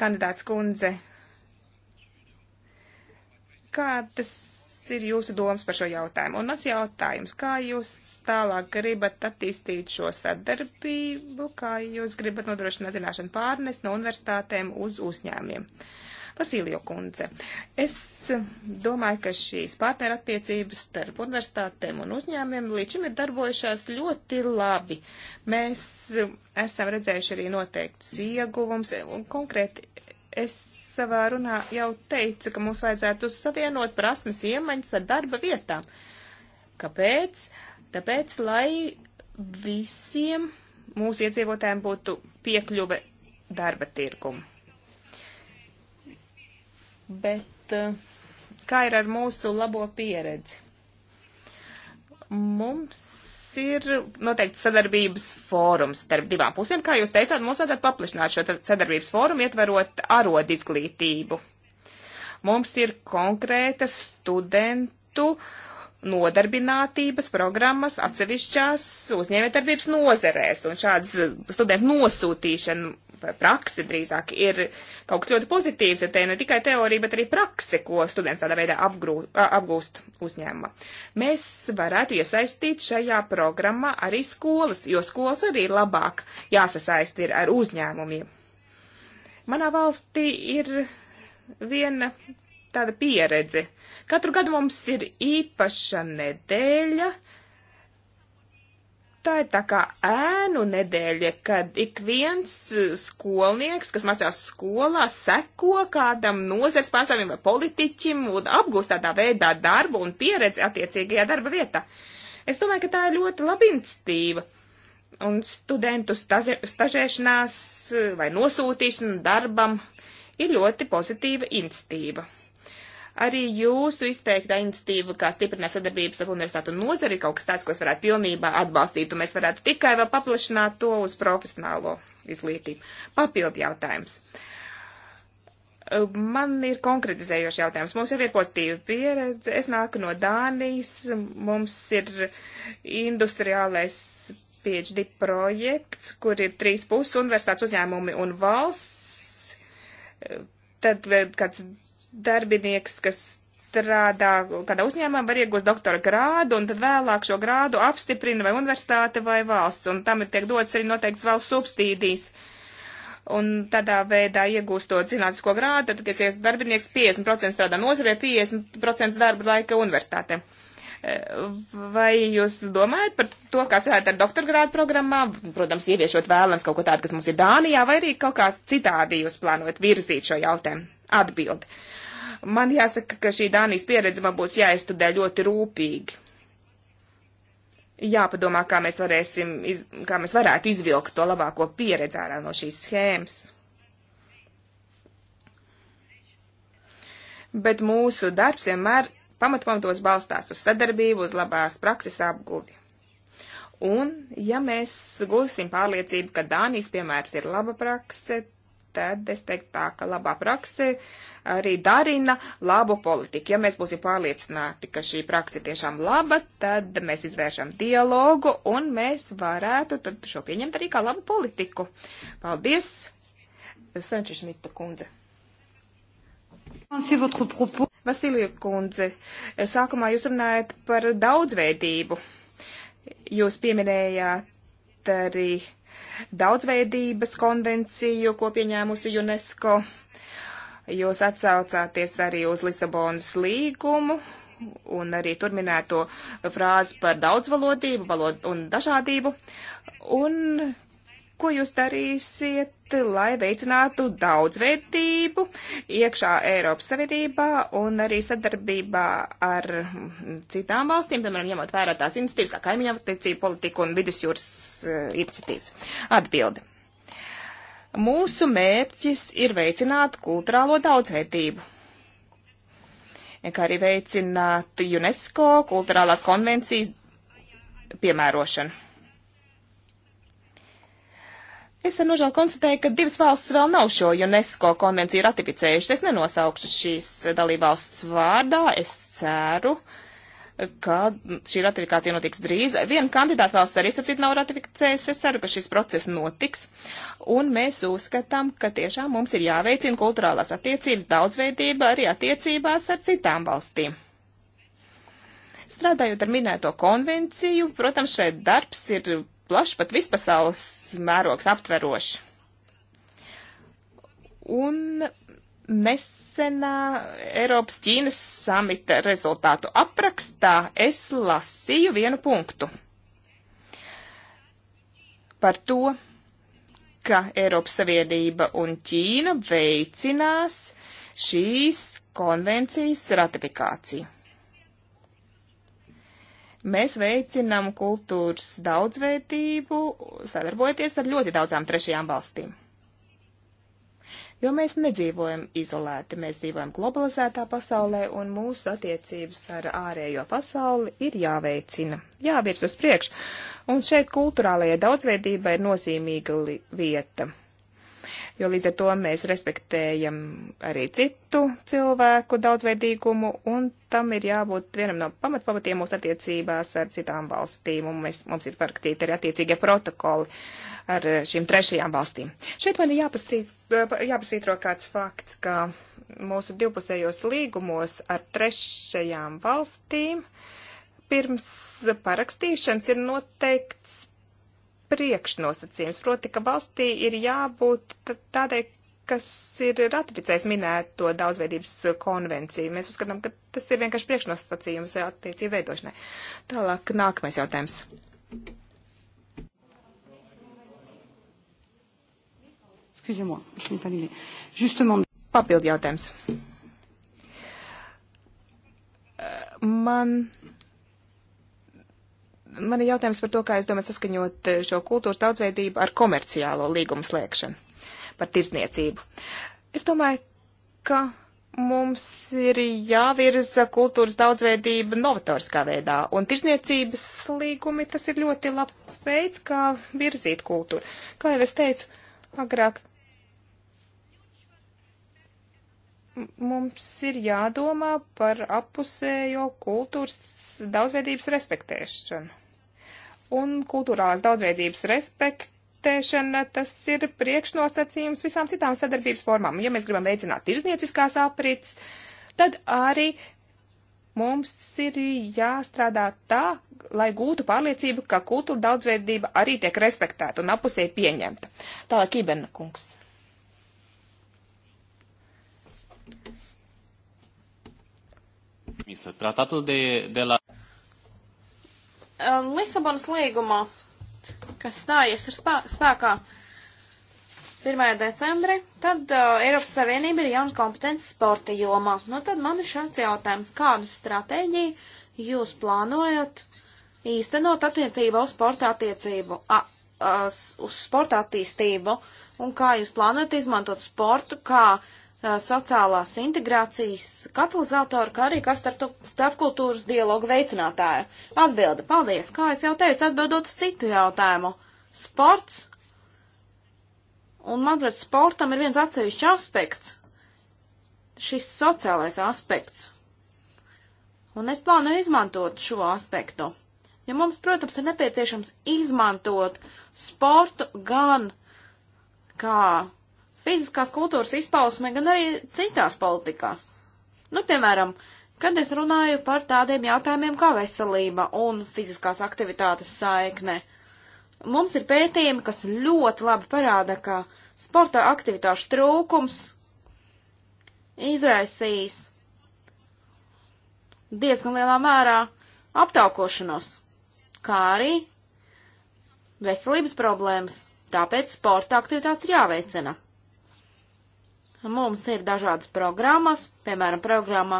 kandidāts kundze, kādas ir jūsu domas par šo jautājumu? Un mans jautājums, kā jūs tālāk gribat attīstīt šo sadarbību, kā jūs gribat nodrošināt zināšanu pārnes no universitātēm uz uzņēmiem? Uh, Vasīlio kundze, es domāju, ka šīs partnerattiecības starp universitātēm un uzņēmiem līdz šim ir darbojušās ļoti labi. Mēs esam redzējuši arī noteiktus ieguvums, un konkrēti es savā runā jau teicu, ka mums vajadzētu savienot prasmes iemaņas ar darba vietām. Kāpēc? Tāpēc, lai visiem mūsu iedzīvotājiem būtu piekļuve darba tirkumu bet eh, kā ir ar mūsu labo pieredzi? Mums ir noteikti sadarbības fórums starp divām pusēm. Kā jūs teicāt, mums vajadzētu paplašināt šo sadarbības fórumu, ietverot arod izglītību. Mums ir konkrēta studentu uh, nodarbinātības programmas atsevišķās uzņēmētarbības nozerēs. Un šāds eh, studentu nosūtīšana vai prakse drīzāk ir kaut kas ļoti pozitīvs, ja te ne tikai teorija, bet arī prakse, ko students tādā veidā apgrū, apgūst uzņēmuma. Mēs varētu iesaistīt šajā programmā arī skolas, jo skolas arī ir labāk jāsasaist ir ar uzņēmumiem. Manā valstī ir viena tāda pieredze. Katru gadu mums ir īpaša nedēļa. Tā ir tā kā ēnu nedēļa, kad ik viens e, skolnieks, kas mācās skolā, seko kādam nozars pārstāvim vai politiķim un apgūst tādā veidā darbu un pieredzi attiecīgajā darba vietā. Es domāju, ka tā ir ļoti laba institīva un studentu stažēšanās e, vai nosūtīšana darbam ir ļoti pozitīva institīva. Arī jūsu izteiktā iniciatīva, kā stiprināt sadarbības ar universitātu nozari, kaut kas tāds, ko es varētu pilnībā atbalstīt, un mēs varētu tikai vēl paplašināt to uz profesionālo izglītību. Papildu jautājums. Man ir konkretizējošs jautājums. Mums jau ir pozitīva pieredze. Es nāku no Dānijas. Mums ir industriālais PhD projekts, kur ir trīs puses universitātes uzņēmumi un valsts. Tad eh, kāds darbinieks, kas strādā kādā uzņēmumā, var iegūst doktora grādu, un tad vēlāk šo grādu apstiprina vai universitāte vai valsts, un tam ir tiek dots arī noteikts valsts subsīdijas. Un tādā veidā iegūstot zinātnisko grādu, tad, kad es darbinieks 50% strādā nozarē, 50% darba laika universitāte. Eh, vai jūs domājat par to, kā strādāt ar doktorgrādu programmām? Protams, ieviešot vēlams kaut ko tādu, kas mums ir Dānijā, vai arī kaut kā citādi jūs plānojat virzīt šo jautājumu? Atbildi. Uh, Man jāsaka, ka šī Dānijas pieredze man būs jāizstudē ļoti rūpīgi. Jāpadomā, kā mēs, varēsim, iz, kā mēs varētu izvilkt to labāko pieredzi ārā no šīs schēmas. Bet mūsu darbs vienmēr pamatpamatos balstās uz sadarbību, uz labās prakses apguvi. Un, ja mēs gūsim pārliecību, ka Dānijas piemērs ir laba prakse, tad es teiktu tā, ka labā prakse uh, arī darina labu politiku. Ja mēs būsim pārliecināti, ka šī praksa ir tiešām laba, tad mēs izvēršam dialogu un mēs varētu tad šo pieņemt arī kā labu politiku. Paldies, Sanča Šmita kundze. Vasilija kundze, sākumā jūs runājat par daudzveidību. Jūs pieminējāt arī daudzveidības konvenciju, ko pieņēmusi UNESCO. Jūs atsaucāties arī uz Lisabonas līgumu un arī tur minēto frāzi par daudzvalodību valod un dažādību. Un ko jūs darīsiet, lai veicinātu daudzveidību iekšā Eiropas Savienībā un arī sadarbībā ar citām valstīm, piemēram, ņemot vērā tās iniciatīvas, kā kaimiņa attiecību politiku un vidusjūras eh, iniciatīvas? Atbildi. Mūsu mērķis ir veicināt kultūrālo daudzveidību kā arī veicināt UNESCO kulturālās konvencijas piemērošanu. Es ar nožēlu konstatēju, ka divas valsts vēl nav šo UNESCO konvenciju ratificējušas. Es nenosaukšu šīs dalībvalsts vārdā. Es ceru, uh, ka šī ratifikācija notiks drīz. Viena kandidāta valsts arī sapcīt nav ratificējusi. Es ceru, ka šis process notiks. Un mēs uzskatām, ka tiešām mums ir jāveicina kulturālās attiecības daudzveidība arī attiecībās ar citām valstīm. Strādājot ar minēto konvenciju, protams, šeit darbs ir plašs, pat vispasaules mērogs aptverošs. Un nesenā Eiropas Ķīnas samita rezultātu aprakstā es lasīju vienu punktu par to, ka Eiropas Savienība un Ķīna veicinās šīs konvencijas ratifikāciju. Mēs veicinām kultūras daudzveidību, sadarbojoties ar ļoti daudzām trešajām valstīm jo mēs nedzīvojam izolēti, mēs dzīvojam globalizētā pasaulē, un mūsu attiecības ar ārējo pasauli ir jāveicina, jāvirz uz priekšu, un šeit kulturālajai daudzveidībai ir nozīmīga vieta jo līdz ar to mēs respektējam arī citu cilvēku daudzveidīgumu, un tam ir jābūt vienam no pamatpamatiem mūsu attiecībās ar citām valstīm, un mēs, mums ir parakstīti arī attiecīgie protokoli ar šīm trešajām valstīm. Šeit man ir jāpasvītro kāds fakts, ka mūsu divpusējos līgumos ar trešajām valstīm pirms parakstīšanas ir noteikts priekšnosacījums, proti, ka valstī ir jābūt tādai, kas ir ratificējis minēto daudzveidības konvenciju. Mēs uzskatām, ka tas ir vienkārši priekšnosacījums attiecību veidošanai. Tālāk nākamais jautājums. Papildu jautājums. Man Man ir jautājums par to, kā es domāju saskaņot eh, šo kultūras daudzveidību ar komerciālo līgumu slēgšanu par tirzniecību. Es domāju, ka mums ir jāvirza kultūras daudzveidība novatoriskā veidā, un tirzniecības līgumi tas ir ļoti labs veids, kā virzīt kultūru. Kā jau es teicu agrāk, mums ir jādomā par apusējo kultūras daudzveidības respektēšanu un kultūrālās daudzveidības respektēšana, tas ir priekšnosacījums visām citām sadarbības formām. Ja mēs gribam veicināt tirznieciskās aprits, tad arī mums ir jāstrādā tā, lai gūtu pārliecību, ka kultūra daudzveidība arī tiek respektēta un apusēji pieņemta. Tālāk, Ibena kungs. Tratatul de, de la Um, Lisabonas līgumā, kas stājies ar spā, spēkā 1. decembri, tad uh, Eiropas Savienība ir jauns kompetences sporta jomā. Nu tad man ir šāds jautājums, kādu stratēģiju jūs plānojat īstenot attiecībā uz sporta attiecību, a, a, uz sporta attīstību un kā jūs plānojat izmantot sportu kā uh, sociālās integrācijas katalizatoru, kā arī kā starpkultūras dialogu veicinātāju. Atbilde, paldies, kā es jau teicu, atbildot uz citu jautājumu. Sports, un manuprāt, sportam ir viens atsevišķs aspekts, šis sociālais aspekts. Un es plānoju izmantot šo aspektu. Ja mums, protams, ir nepieciešams izmantot sportu gan kā fiziskās kultūras izpausme, gan arī citās politikās. Nu, piemēram, kad es runāju par tādiem jautājumiem kā veselība un fiziskās aktivitātes saikne, mums ir pētījumi, kas ļoti labi parāda, ka sporta aktivitāšu trūkums izraisīs diezgan lielā mērā aptaukošanos, kā arī veselības problēmas. Tāpēc sporta aktivitātes jāveicina. Mums ir dažādas programmas, piemēram, programma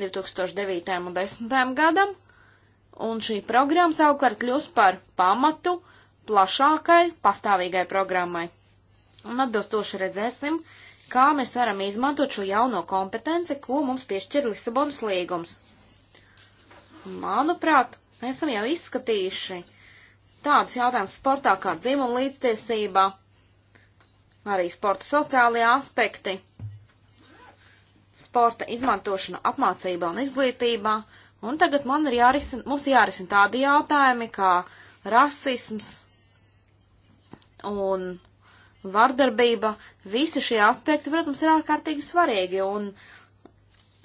2009. un 2010. gadam, un šī programma savukārt kļūs par pamatu plašākai pastāvīgai programmai. Un atbilstoši redzēsim, kā mēs varam izmantot šo jauno kompetenci, ko mums piešķir Lisabonas līgums. Manuprāt, mēs esam jau izskatījuši tādus jautājumus sportā kā dzimuma līdztiesība, arī sporta sociālajie aspekti sporta izmantošanu apmācībā un izglītībā, un tagad man ir jārisina, mums ir jārisina tādi jautājumi kā rasisms un vardarbība. Visi šie aspekti, protams, ir ārkārtīgi svarīgi, un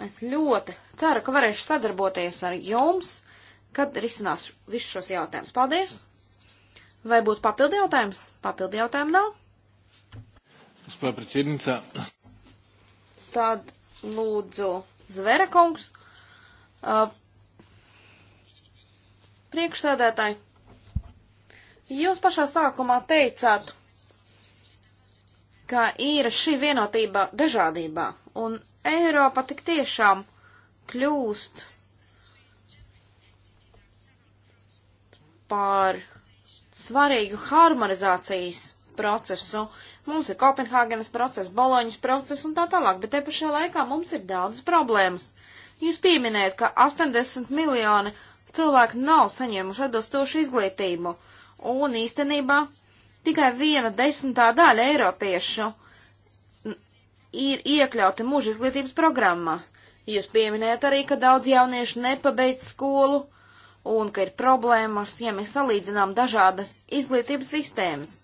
es ļoti ceru, ka varēšu sadarboties ar jums, kad risinās visus šos jautājumus. Paldies! Vai būtu papildi jautājums? Papildi jautājumu nav. Tad lūdzu Zverakungs. Uh, priekšsēdētāji, jūs pašā sākumā teicāt, ka ir šī vienotība dažādībā, un Eiropa tik tiešām kļūst par svarīgu harmonizācijas procesu. Uh, Mums ir Kopenhāgenes process, Boloņas process un tā tālāk, bet te pašā laikā mums ir daudz problēmas. Jūs pieminējat, ka 80 miljoni cilvēku nav saņēmuši atbilstošu izglītību, un īstenībā tikai viena desmitā daļa eiropiešu ir iekļauti mūža izglītības programmās. Jūs pieminējat arī, ka daudz jauniešu nepabeidz skolu un ka ir problēmas, ja mēs salīdzinām dažādas izglītības sistēmas.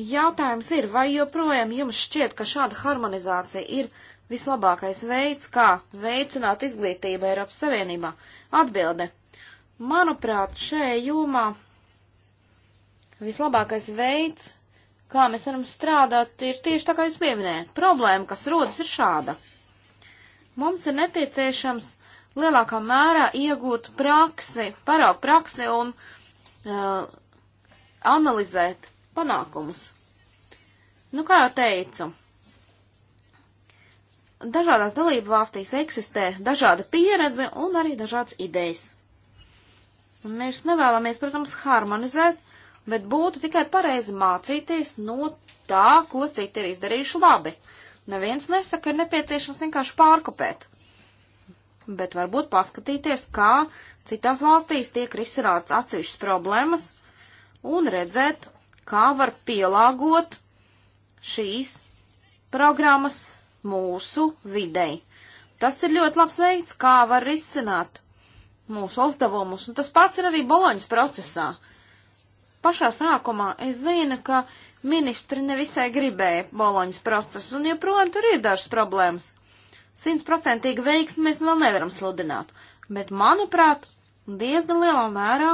Jautājums ir, vai joprojām jums šķiet, ka šāda harmonizācija ir vislabākais veids, kā veicināt izglītību Eiropas Savienībā? Atbilde. Manuprāt, šajā jomā vislabākais veids, kā mēs varam strādāt, ir tieši tā, kā jūs pieminējat. Problēma, kas rodas, ir šāda. Mums ir nepieciešams lielākā mērā iegūt praksi, paraugu praksi un uh, analizēt panākumus. Nu, kā jau teicu, dažādās dalību valstīs eksistē dažāda pieredze un arī dažādas idejas. Un mēs nevēlamies, protams, harmonizēt, bet būtu tikai pareizi mācīties no tā, ko citi ir izdarījuši labi. Neviens nesaka, ir nepieciešams vienkārši pārkopēt, bet varbūt paskatīties, kā citās valstīs tiek risināts atsevišķas problēmas un redzēt, kā var pielāgot šīs programmas mūsu videi. Tas ir ļoti labs veids, kā var risināt mūsu uzdevumus, un tas pats ir arī Boloņas procesā. Pašā sākumā es zinu, ka ministri nevisai gribēja Boloņas procesu, un joprojām tur ir dažas problēmas. Simtprocentīgi veiksmi mēs vēl nevaram sludināt, bet, manuprāt, diezgan lielā mērā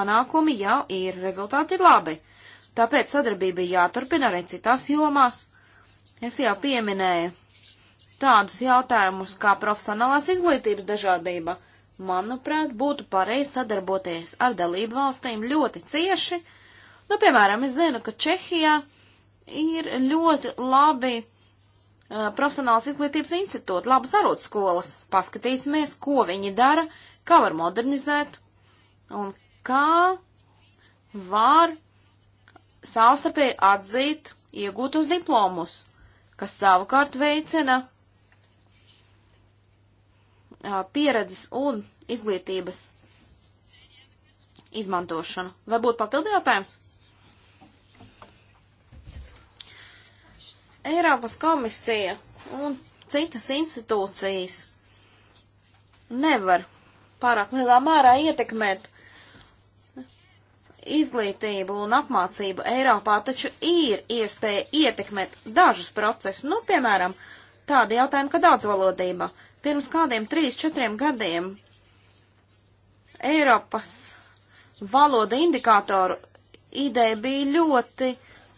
panākumi jau ir, rezultāti ir labi. Tāpēc sadarbība ir jāturpina arī citās jomās. Es jau pieminēju tādus jautājumus kā profesionālās izglītības dažādība. Manuprāt, būtu pareizi sadarboties ar dalību valstīm ļoti cieši. Nu, piemēram, es zinu, ka Čehijā ir ļoti labi uh, profesionālās izglītības institūti, labas arotskolas. Paskatīsimies, ko viņi dara, kā var modernizēt un kā var savstarpēji atzīt iegūtus diplomus, kas savukārt veicina pieredzes un izglītības izmantošanu. Vai būtu papildu jautājums? Eiropas komisija un citas institūcijas nevar pārāk lielā mērā ietekmēt izglītību un apmācību Eiropā taču ir iespēja ietekmēt dažus procesus, nu, piemēram, tādi jautājumi, kā daudzvalodība. Pirms kādiem 3-4 gadiem Eiropas valoda indikātoru ideja bija ļoti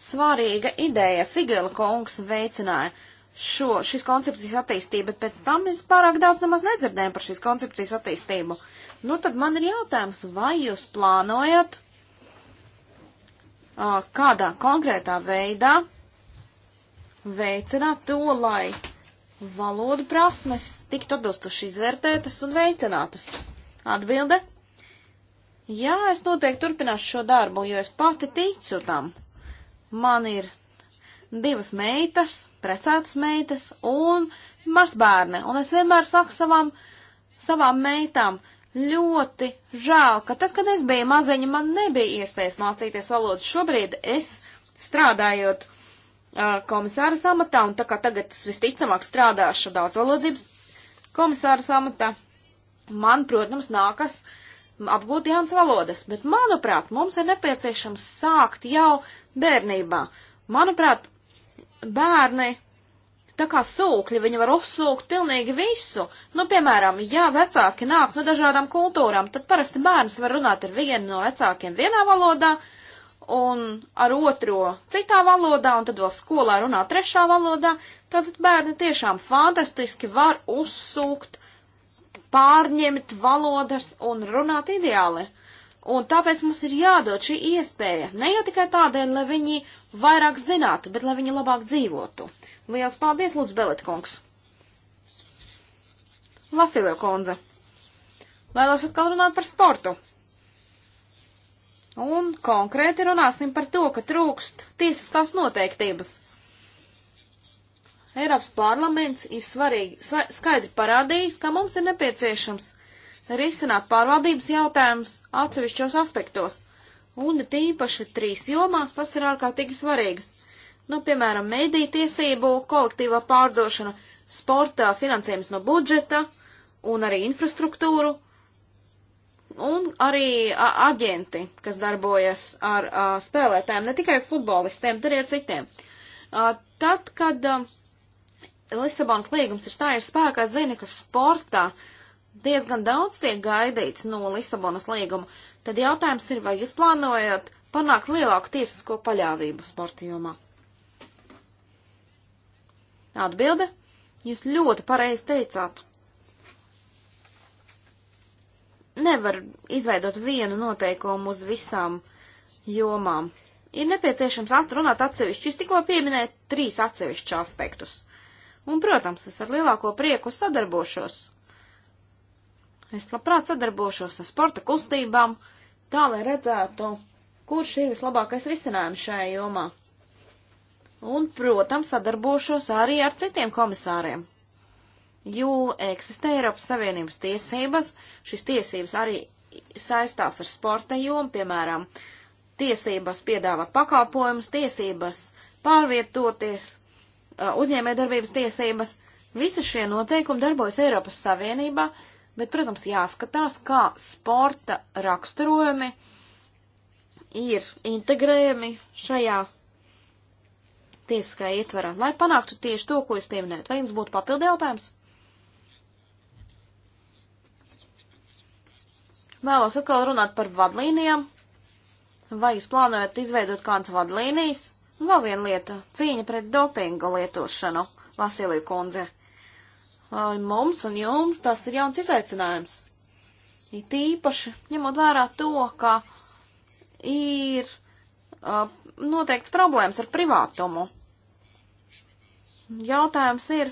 svarīga ideja. Figela kungs veicināja šo, šīs koncepcijas attīstību, bet pēc tam mēs pārāk daudz nemaz nedzirdējām par šīs koncepcijas attīstību. Nu, tad man ir jautājums, vai jūs plānojat kādā konkrētā veidā veicināt to, lai valodu prasmes tiktu atbilstoši izvērtētas un veicinātas? Atbilde? Jā, es noteikti turpināšu šo darbu, jo es pati ticu tam. Man ir divas meitas, precētas meitas un mazbērni, un es vienmēr saku savām, savām meitām, uh, ļoti žēl, ka tad, kad es biju maziņa, man nebija iespējas mācīties valodu. Šobrīd es strādājot uh, komisāra samatā, un tā kā tagad es visticamāk strādāšu daudzvalodības komisāra samatā, man, protams, nākas apgūt jaunas valodas, bet, manuprāt, mums ir nepieciešams sākt jau bērnībā. Manuprāt, bērni tā kā sūkļi, viņi var uzsūkt pilnīgi visu. Nu, piemēram, ja vecāki nāk no dažādām kultūrām, tad parasti bērns var runāt ar vienu no vecākiem vienā valodā un ar otro citā valodā, un tad vēl skolā runā trešā valodā, tad bērni tiešām fantastiski var uzsūkt, pārņemt valodas un runāt ideāli. Un tāpēc mums ir jādod šī iespēja, ne jau tikai tādēļ, lai viņi vairāk zinātu, bet lai viņi labāk dzīvotu. Liels paldies, Lūdzu, Beletkungs! Vasilija Konze, vēlos atkal runāt par sportu. Un konkrēti runāsim par to, ka trūkst tiesiskās noteiktības. Eiropas parlaments ir svarīgi, sva, skaidri parādījis, ka mums ir nepieciešams risināt pārvaldības jautājumus atsevišķos aspektos, un tīpaši trīs jomās tas ir ārkārtīgi svarīgs. Nu, piemēram, mediju tiesību, kolektīvā pārdošana, sportā finansējums no budžeta un arī infrastruktūru un arī a, aģenti, kas darbojas ar a, spēlētājiem, ne tikai futbolistiem, bet arī ar citiem. A, tad, kad a, Lisabonas līgums ir stājies spēkā, zinu, ka sportā diezgan daudz tiek gaidīts no Lisabonas līguma, tad jautājums ir, vai jūs plānojat panākt lielāku tiesisko paļāvību sporta jomā? Atbilde. Jūs ļoti pareizi teicāt. Nevar izveidot vienu noteikumu uz visām jomām. Ir nepieciešams atrunāt atsevišķi. Jūs tikko pieminējat trīs atsevišķus aspektus. Un, protams, es ar lielāko prieku sadarbošos. Es labprāt sadarbošos ar sporta kustībām, tā lai redzētu, kurš ir vislabākais risinājums šajā jomā un, protams, sadarbošos arī ar citiem komisāriem. Jo eksistē Eiropas Savienības tiesības, šis tiesības arī saistās ar sporta jomu, piemēram, tiesības piedāvāt pakalpojumus, tiesības pārvietoties, uzņēmējdarbības tiesības. Visi šie noteikumi darbojas Eiropas Savienībā, bet, protams, jāskatās, kā sporta raksturojumi ir integrējami šajā tiesiskā ietvarā, lai panāktu tieši to, ko jūs pieminējat. Vai jums būtu papildi jautājums? Vēlos atkal runāt par vadlīnijām. Vai jūs plānojat izveidot kādas vadlīnijas? Vēl viena lieta - cīņa pret dopingu lietošanu, Vasilija kundze. Mums un jums tas ir jauns izaicinājums. It īpaši ņemot vērā to, ka ir uh, noteikts problēmas ar privātumu. Jautājums ir,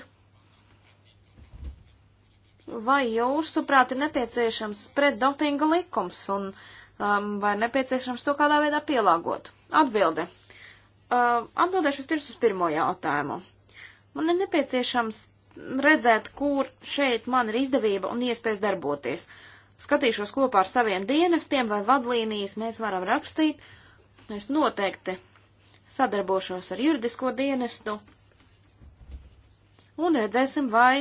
vai jūsuprāt ir nepieciešams pretdopinga likums un um, vai nepieciešams to kādā veidā pielāgot? Atbilde. Uh, atbildēšu pirms uz pirmo jautājumu. Man ir nepieciešams redzēt, kur šeit man ir izdevība un iespējas darboties. Skatīšos kopā ar saviem dienestiem vai vadlīnijas mēs varam rakstīt. Es noteikti sadarbošos ar juridisko dienestu un redzēsim, vai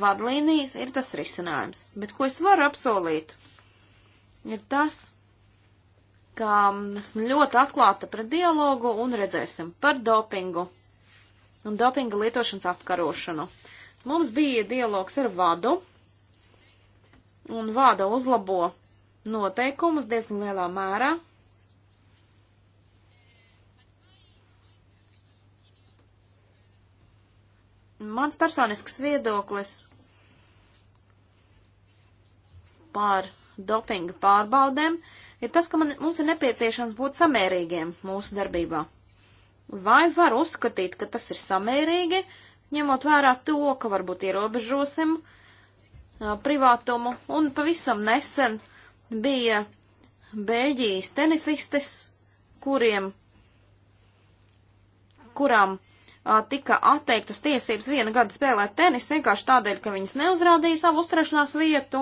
vadlīnijas ir tas risinājums. Bet ko es varu apsolīt, ir tas, ka esmu ļoti atklāta pret dialogu un redzēsim par dopingu un dopinga lietošanas apkarošanu. Mums bija dialogs ar vadu, un vada uzlabo noteikumus diezgan lielā mērā, Mans personisks viedoklis par dopinga pārbaudēm ir tas, ka man, mums ir nepieciešams būt samērīgiem mūsu darbībā. Vai var uzskatīt, ka tas ir samērīgi, ņemot vērā to, ka varbūt ierobežosim uh, privātumu, un pavisam nesen bija Bēļģijas tenisistes, kuriem, kurām tika atteiktas tiesības viena gada spēlēt tenis vienkārši tādēļ, ka viņas neuzrādīja savu uzturēšanās vietu.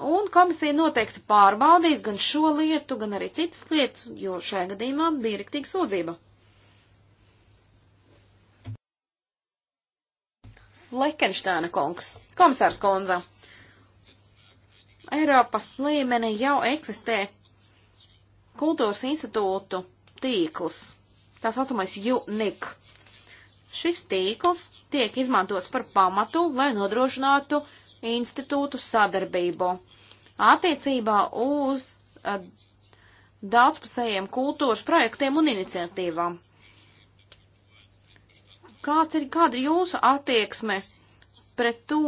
Un komisija noteikti pārbaudīs gan šo lietu, gan arī citas lietas, jo šajā gadījumā bija riktīga sūdzība. Lekenštāna kungs, komisārs kundze. Eiropas līmenī jau eksistē kultūras institūtu tīkls, tā saucamais UNIC. Šis tīkls tiek izmantots par pamatu, lai nodrošinātu institūtu sadarbību attiecībā uz uh, daudzpusējiem kultūras projektiem un iniciatīvām. Kāds ir, kāda ir jūsu attieksme pret to,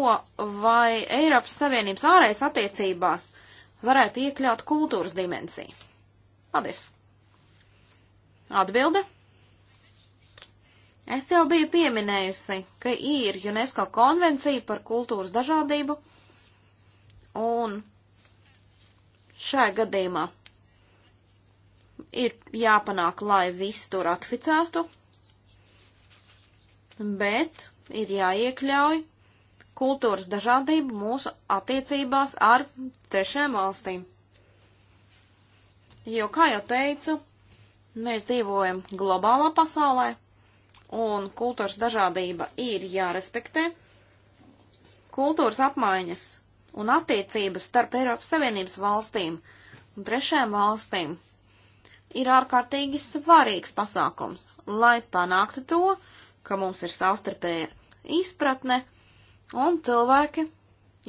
vai Eiropas Savienības ārējas attiecībās varētu iekļaut kultūras dimensiju? Paldies! Atbilde. Es jau biju pieminējusi, ka ir UNESCO konvencija par kultūras dažādību, un šajā gadījumā ir jāpanāk, lai visi to ratificētu, bet ir jāiekļauj kultūras dažādību mūsu attiecībās ar trešajām valstīm. Jo, kā jau teicu, mēs dzīvojam globālā pasaulē, un kultūras dažādība ir jārespektē. Kultūras apmaiņas un attiecības starp Eiropas Savienības valstīm un trešajām valstīm ir ārkārtīgi svarīgs pasākums, lai panāktu to, ka mums ir savstarpēja izpratne un cilvēki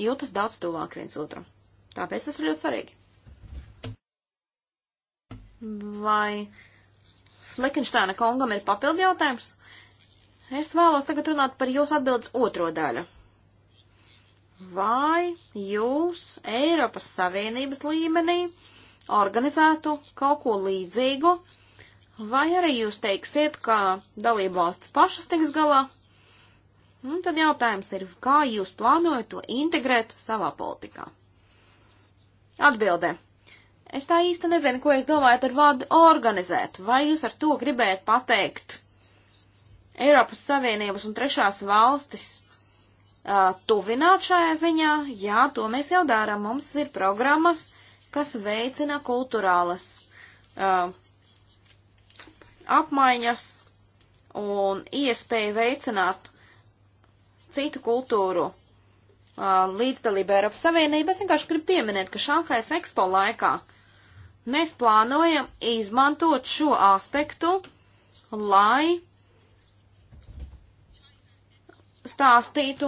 jūtas daudz tuvāk viens otram. Tāpēc tas ir ļoti svarīgi. Vai Flekenštāna kungam ir papildu jautājums? Es vēlos tagad runāt par jūsu atbildes otro daļu. Vai jūs Eiropas Savienības līmenī organizētu kaut ko līdzīgu, vai arī jūs teiksiet, ka dalību valsts pašas tiks galā? Un nu, tad jautājums ir, kā jūs plānojat to integrēt savā politikā? Atbildē. Es tā īsti nezinu, ko es domāju ar vārdu organizēt. Vai jūs ar to gribējat pateikt Eiropas Savienības un trešās valstis uh, tuvināt šajā ziņā, jā, to mēs jau dārām. Mums ir programmas, kas veicina kulturālas uh, apmaiņas un iespēju veicināt citu kultūru uh, līdzdalību Eiropas Savienībā. Es vienkārši gribu pieminēt, ka Šanhais Expo laikā mēs plānojam izmantot šo aspektu, lai stāstītu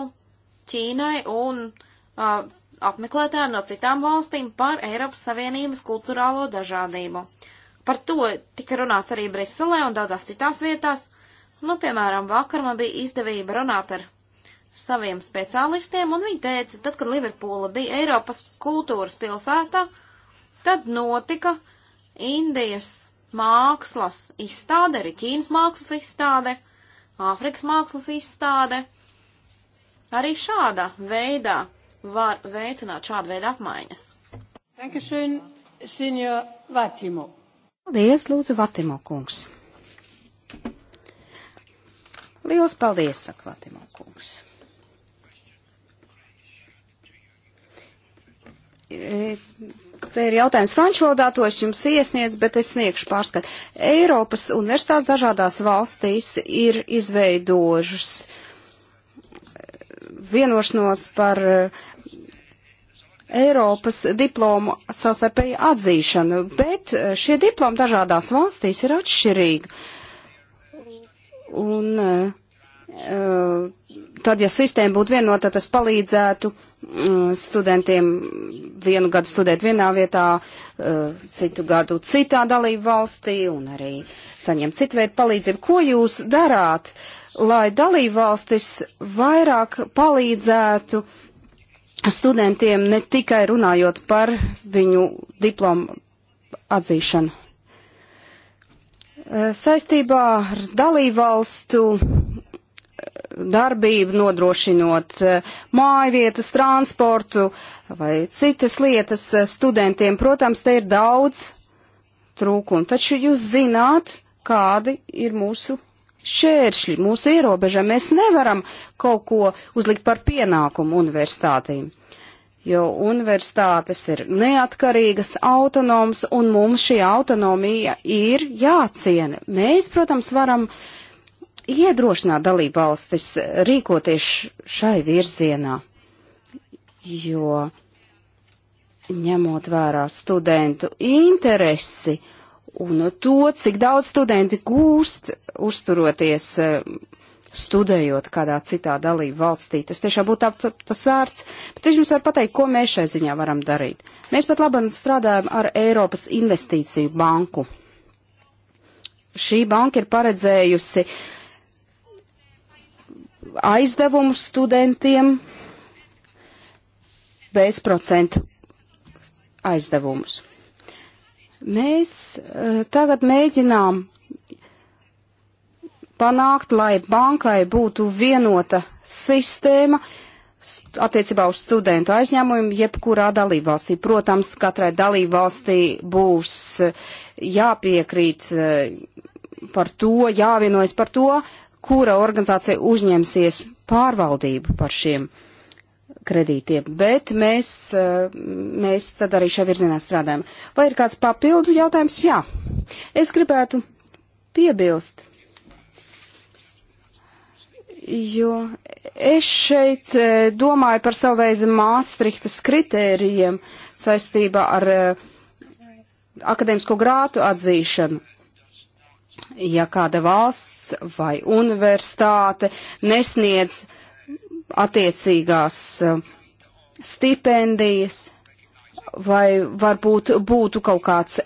Ķīnai un uh, apmeklētājiem no citām valstīm par Eiropas Savienības kultūrālo dažādību. Par to tika runāts arī Briselē un daudzās citās vietās. Nu, piemēram, vakar man bija izdevība runāt ar saviem speciālistiem, un viņi teica, tad, kad Liverpūla bija Eiropas kultūras pilsētā, tad notika Indijas mākslas izstāde, arī Ķīnas mākslas izstāde, Āfrikas mākslas izstāde, uh, Arī šādā veidā var veicināt šādu veidu apmaiņas. Dankeschön, senior Vatimo. Paldies, lūdzu, Vatimo kungs. Liels paldies, saka Vatimo kungs. E, te ir jautājums franču valodā, to es jums iesniedzu, bet es sniegšu pārskatu. Eiropas universitātes dažādās valstīs ir izveidojušas uh, vienošanos par eh, Eiropas diplomu savstarpēju atzīšanu, bet eh, šie diplomi dažādās valstīs ir atšķirīgi. Un eh, tad, ja sistēma būtu vienota, tas palīdzētu mm, studentiem vienu gadu studēt vienā vietā, citu gadu citā dalību valstī un arī saņemt citu veidu palīdzību. Ko jūs darāt? Uh, lai dalībvalstis vairāk palīdzētu studentiem ne tikai runājot par viņu diplomu atzīšanu. Eh, saistībā ar dalībvalstu eh, darbību nodrošinot eh, mājvietas, transportu vai citas lietas studentiem, protams, te ir daudz trūkumu. Taču jūs zināt, kādi ir mūsu šēršļi mūsu ierobežam. Mēs nevaram kaut ko uzlikt par pienākumu universitātīm, jo universitātes ir neatkarīgas, autonomas, un mums šī autonomija ir jāciena. Mēs, protams, varam iedrošināt dalībvalstis rīkoties šai virzienā, jo ņemot vērā studentu interesi, uh, un to, cik daudz studenti gūst, uzturoties, eh, studējot kādā citā dalību valstī. Tas tiešām būtu tā, tas vērts, bet es jums varu pateikt, ko mēs šai ziņā varam darīt. Mēs pat labam strādājam ar Eiropas investīciju banku. Šī banka ir paredzējusi aizdevumu studentiem bezprocentu aizdevumus. Mēs eh, tagad mēģinām panākt, lai bankai būtu vienota sistēma attiecībā uz studentu aizņēmumu jebkurā dalībvalstī. Protams, katrai dalībvalstī būs eh, jāpiekrīt eh, par to, jāvienojas par to, kura organizācija uzņemsies pārvaldību par šiem uh, kredītiem, bet mēs, eh, mēs tad arī šajā virzienā strādājam. Vai ir kāds papildu jautājums? Jā. Es gribētu piebilst, jo es šeit eh, domāju par savu veidu māstrihtas kritērijiem saistībā ar eh, akadēmisko grātu atzīšanu ja kāda valsts vai universitāte nesniedz attiecīgās um, stipendijas, vai varbūt būtu kaut kāds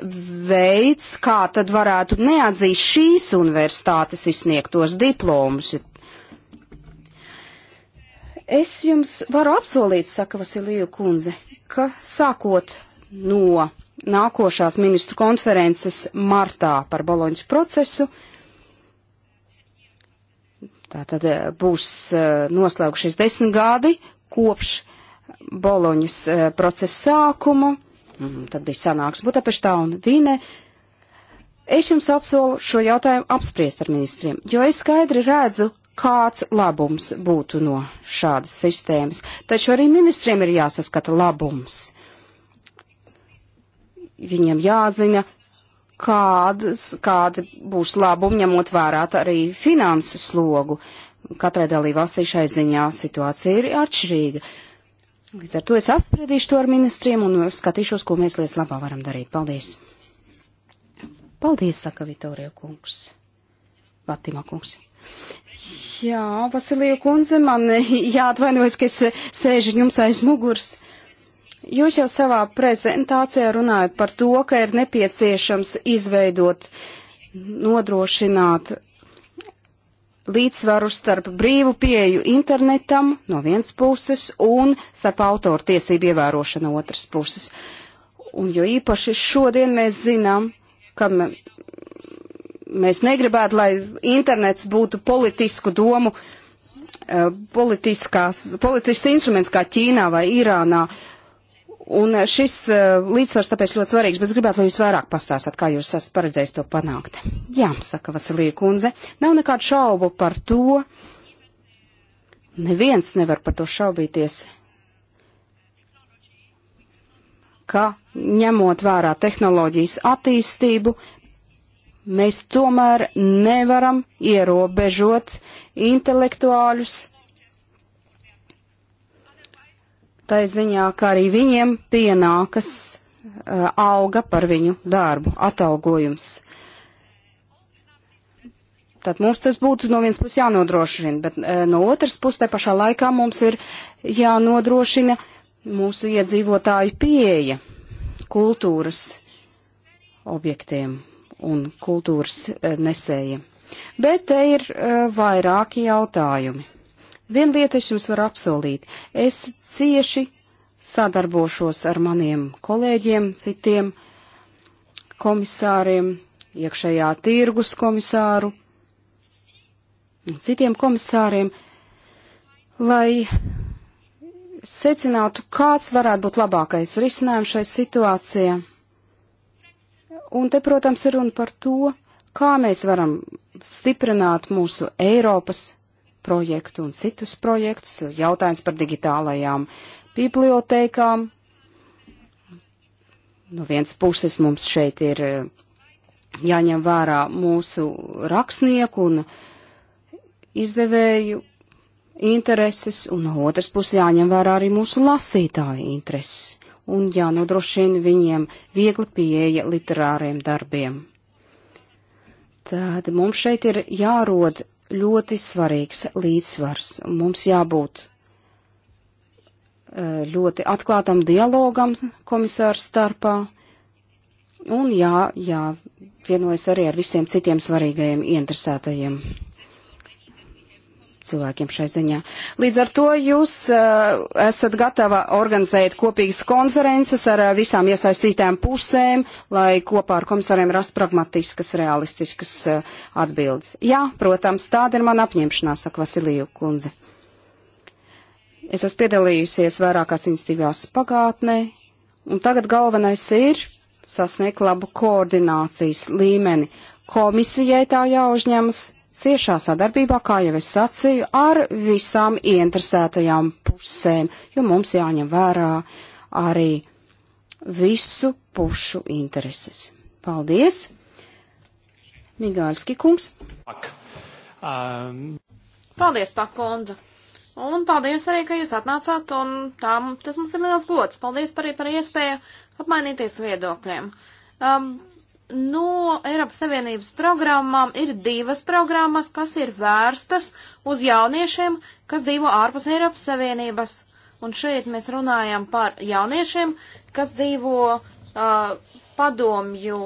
veids, kā tad varētu neatzīt šīs universitātes izsniegtos diplomus. Es jums varu apsolīt, saka Vasilija kundze, ka sākot no nākošās ministru konferences martā par Boloņas procesu, Tātad eh, būs eh, noslēgušies desmit gadi kopš Boloņas eh, procesa sākumu, mm, tad bija sanāks Budapeštā un Vīne. Es jums apsolu šo jautājumu apspriest ar ministriem, jo es skaidri redzu, kāds labums būtu no šādas sistēmas. Taču arī ministriem ir jāsaskata labums. Viņiem jāzina, kādas, kādi būs labumi, ņemot vērā arī finansu slogu. Katrai dalībvalstī šai ziņā situācija ir atšķirīga. Līdz ar to es apspriedīšu to ar ministriem un skatīšos, ko mēs lietas labā varam darīt. Paldies! Paldies, saka Vitorija kungs. Vatima kungs. Jā, Vasilija kundze, man jāatvainojas, ka es sēžu jums aiz muguras. Jūs jau savā prezentācijā runājat par to, ka ir nepieciešams izveidot, nodrošināt līdzsvaru starp brīvu pieeju internetam no vienas puses un starp autoru tiesību ievērošanu no otras puses. Un jo īpaši šodien mēs zinām, ka mēs negribētu, lai internets būtu politisku domu, eh, politisks instruments kā Ķīnā vai Irānā, Un eh, šis eh, līdzsvars tāpēc ļoti svarīgs, bet es gribētu, lai jūs vairāk pastāstāt, kā jūs esat paredzējis to panākt. Jā, saka Vasilija kundze, nav nekādu šaubu par to. Neviens nevar par to šaubīties, ka ņemot vērā tehnoloģijas attīstību, mēs tomēr nevaram ierobežot intelektuāļus tai ziņā, ka arī viņiem pienākas uh, alga par viņu darbu, atalgojums. Tad mums tas būtu no vienas puses jānodrošina, bet uh, no otras puses te pašā laikā mums ir jānodrošina mūsu iedzīvotāju pieeja kultūras objektiem un kultūras uh, nesējiem. Bet te ir uh, vairāki jautājumi. Vienu lietu es jums varu apsolīt. Es cieši sadarbošos ar maniem kolēģiem, citiem komisāriem, iekšējā tirgus komisāru un citiem komisāriem, lai secinātu, kāds varētu būt labākais risinājums šai situācijai. Un te, protams, ir runa par to, kā mēs varam stiprināt mūsu Eiropas projektu un citus projektus, jautājums par digitālajām bibliotekām. No nu, vienas puses mums šeit ir eh, jāņem vērā mūsu rakstnieku un izdevēju intereses, un no otras puses jāņem vērā arī mūsu lasītāju intereses, un jānodrošina viņiem viegli pieeja literāriem darbiem. Tad mums šeit ir jārod ļoti svarīgs līdzsvars. Mums jābūt eh, ļoti atklātam dialogam komisāru starpā un jā, jā, vienojas arī ar visiem citiem svarīgajiem interesētajiem cilvēkiem šai ziņā. Līdz ar to jūs uh, esat gatava organizēt kopīgas konferences ar uh, visām iesaistītām pusēm, lai kopā ar komisāriem rast pragmatiskas, realistiskas uh, atbildes. Jā, protams, tāda ir mana apņemšanās, saka Vasiliju kundze. Es esmu piedalījusies vairākās institīvās pagātnē, un tagad galvenais ir sasniegt labu koordinācijas līmeni. Komisijai tā jāuzņemas, ciešā sadarbībā, kā jau es sacīju, ar visām ieinteresētajām pusēm, jo mums jāņem vērā arī visu pušu intereses. Paldies! Migālski kungs. Pak. Um. Paldies, Pakondza. Un paldies arī, ka jūs atnācāt, un tām, tas mums ir liels gods. Paldies arī par iespēju apmainīties viedokļiem. Um, no Eiropas Savienības programmām ir divas programmas, kas ir vērstas uz jauniešiem, kas dzīvo ārpus Eiropas Savienības. Un šeit mēs runājam par jauniešiem, kas dzīvo uh, padomju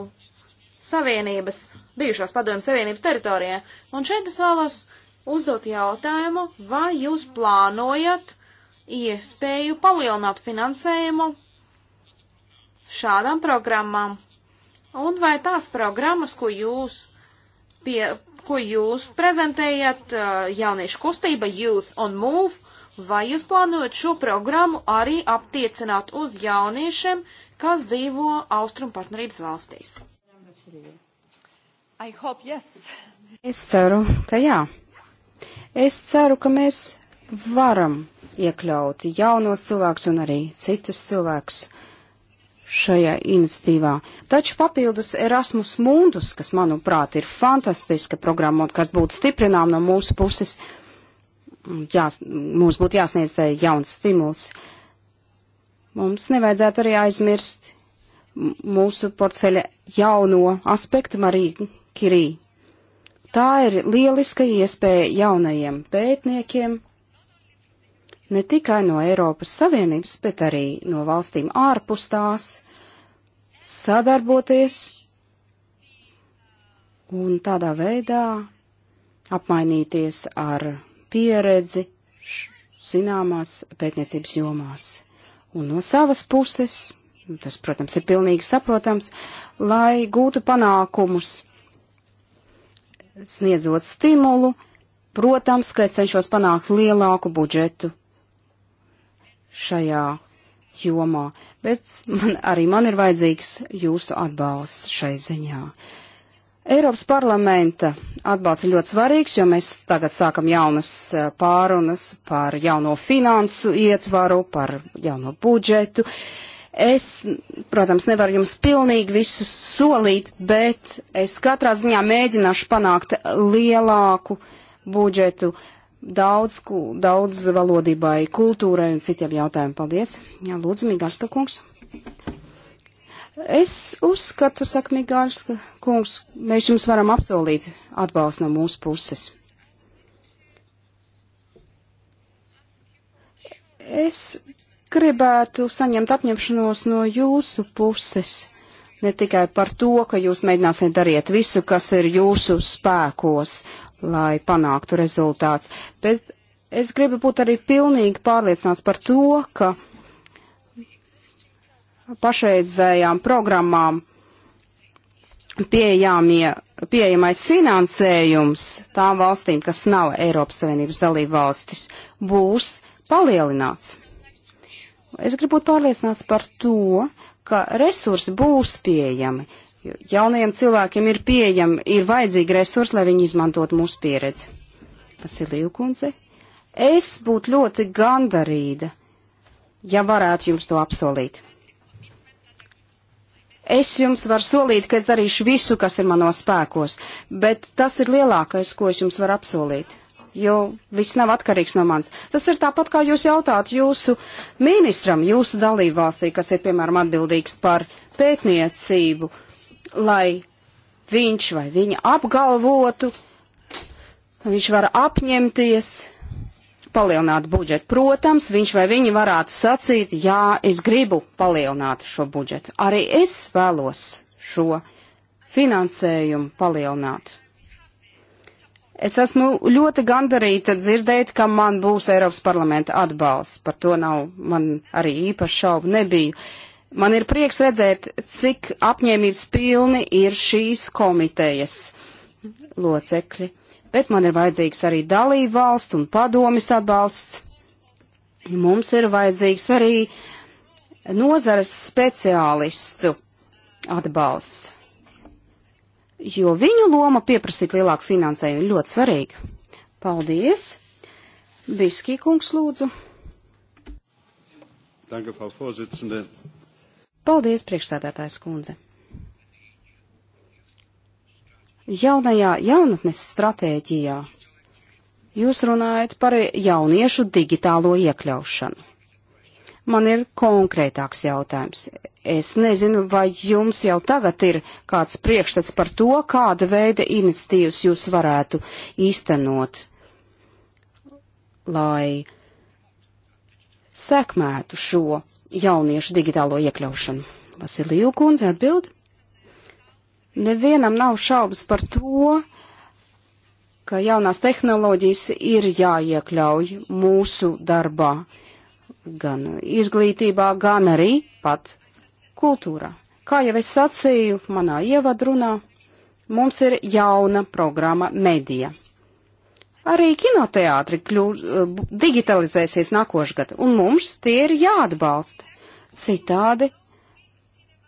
Savienības, bijušās padomju Savienības teritorijā. Un šeit es vēlos uzdot jautājumu, vai jūs plānojat iespēju palielināt finansējumu šādām programmām? Un vai tās programmas, ko jūs, pie, ko jūs prezentējat, uh, jauniešu kustība Youth on Move, vai jūs plānojat šo programmu arī attiecināt uz jauniešiem, kas dzīvo Austrum partnerības valstīs? Hope, yes. Es ceru, ka jā. Es ceru, ka mēs varam iekļaut jaunos cilvēkus un arī citus cilvēkus šajā iniciatīvā. Taču papildus Erasmus Mundus, kas, manuprāt, ir fantastiska programma un kas būtu stiprinām no mūsu puses, jās, mums būtu jāsniedz tā jauns stimuls. Mums nevajadzētu arī aizmirst mūsu portfeļa jauno aspektu Marija Kirī. Tā ir lieliska iespēja jaunajiem pētniekiem ne tikai no Eiropas Savienības, bet arī no valstīm ārpus tās sadarboties un tādā veidā apmainīties ar pieredzi zināmās pētniecības jomās. Un no savas puses, tas, protams, ir pilnīgi saprotams, lai gūtu panākumus, sniedzot stimulu, protams, ka es cenšos panākt lielāku budžetu šajā jomā, bet man, arī man ir vajadzīgs jūsu atbalsts šai ziņā. Eiropas parlamenta atbalsts ir ļoti svarīgs, jo mēs tagad sākam jaunas eh, pārunas par jauno finansu ietvaru, par jauno budžetu. Es, protams, nevaru jums pilnīgi visu solīt, bet es katrā ziņā mēģināšu panākt lielāku budžetu uh, daudz, daudz valodībai, kultūrai un citiem jautājumiem. Paldies! Jā, lūdzu, Migārska kungs! Es uzskatu, saka Migārska kungs, mēs jums varam apsolīt atbalstu no mūsu puses. Es gribētu saņemt apņemšanos no jūsu puses, ne tikai par to, ka jūs mēģināsiet darīt visu, kas ir jūsu spēkos, lai panāktu rezultāts. Bet es gribu būt arī pilnīgi pārliecināts par to, ka pašreizējām programmām pieejamie, pieejamais finansējums tām valstīm, kas nav Eiropas Savienības dalība valstis, būs palielināts. Es gribu būt pārliecināts par to, ka resursi būs pieejami, jaunajiem cilvēkiem ir pieejami, ir vajadzīgi resursi, lai viņi izmantot mūsu pieredzi. Vasiliju kundze, es būtu ļoti gandarīda, ja varētu jums to apsolīt. Es jums varu solīt, ka es darīšu visu, kas ir manos spēkos, bet tas ir lielākais, ko es jums varu apsolīt, jo viss nav atkarīgs no mans. Tas ir tāpat, kā jūs jautāt jūsu ministram, jūsu dalībvalstī, kas ir, piemēram, atbildīgs par pētniecību, lai viņš vai viņa apgalvotu, ka viņš var apņemties palielināt budžetu. Protams, viņš vai viņa varētu sacīt, jā, es gribu palielināt šo budžetu. Arī es vēlos šo finansējumu palielināt. Es esmu ļoti gandarīta dzirdēt, ka man būs Eiropas parlamenta atbalsts. Par to nav man arī īpaši šaubu nebija. Uh, Man ir prieks redzēt, cik apņēmības pilni ir šīs komitejas locekļi, bet man ir vajadzīgs arī dalību valsts un padomis atbalsts. Mums ir vajadzīgs arī nozares speciālistu atbalsts, jo viņu loma pieprasīt lielāku finansējumu ir ļoti svarīga. Paldies! Biskī kungs lūdzu. Danke, Frau Vorsitzende. Paldies, priekšsēdētājs kundze. Jaunajā jaunatnes stratēģijā jūs runājat par jauniešu digitālo iekļaušanu. Man ir konkrētāks jautājums. Es nezinu, vai jums jau tagad ir kāds priekšstats par to, kāda veida iniciatīvas jūs varētu īstenot, lai sekmētu šo jauniešu digitālo iekļaušanu. Vasiliju kundze atbild. Nevienam nav šaubas par to, ka jaunās tehnoloģijas ir jāiekļauj mūsu darbā, gan izglītībā, gan arī pat kultūrā. Kā jau es sacīju manā ievadrunā, mums ir jauna programma medija. Arī kinoteātri kļū, eh, digitalizēsies nākošgad, un mums tie ir jāatbalsta. Citādi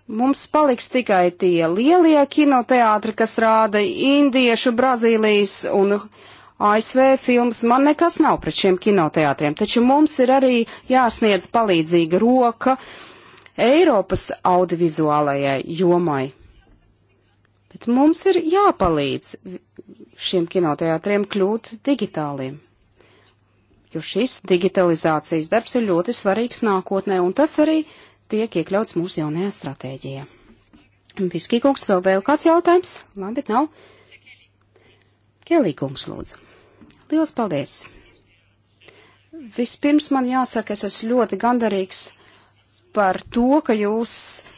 mums paliks tikai tie lielie kinoteātri, kas rāda indiešu, Brazīlijas un ASV filmas. Man nekas nav pret šiem kinoteātriem, taču mums ir arī jāsniedz palīdzīga roka Eiropas audiovizuālajai jomai. Bet mums ir jāpalīdz šiem kinoteātriem kļūt digitāliem. Jo šis digitalizācijas darbs ir ļoti svarīgs nākotnē, un tas arī tiek iekļauts mūsu jaunajā stratēģijā. Biskīkungs, vēl vēl kāds jautājums? Labi, nav. Kelīkungs, lūdzu. Lielas paldies! Vispirms man jāsaka, es esmu ļoti gandarīgs par to, ka jūs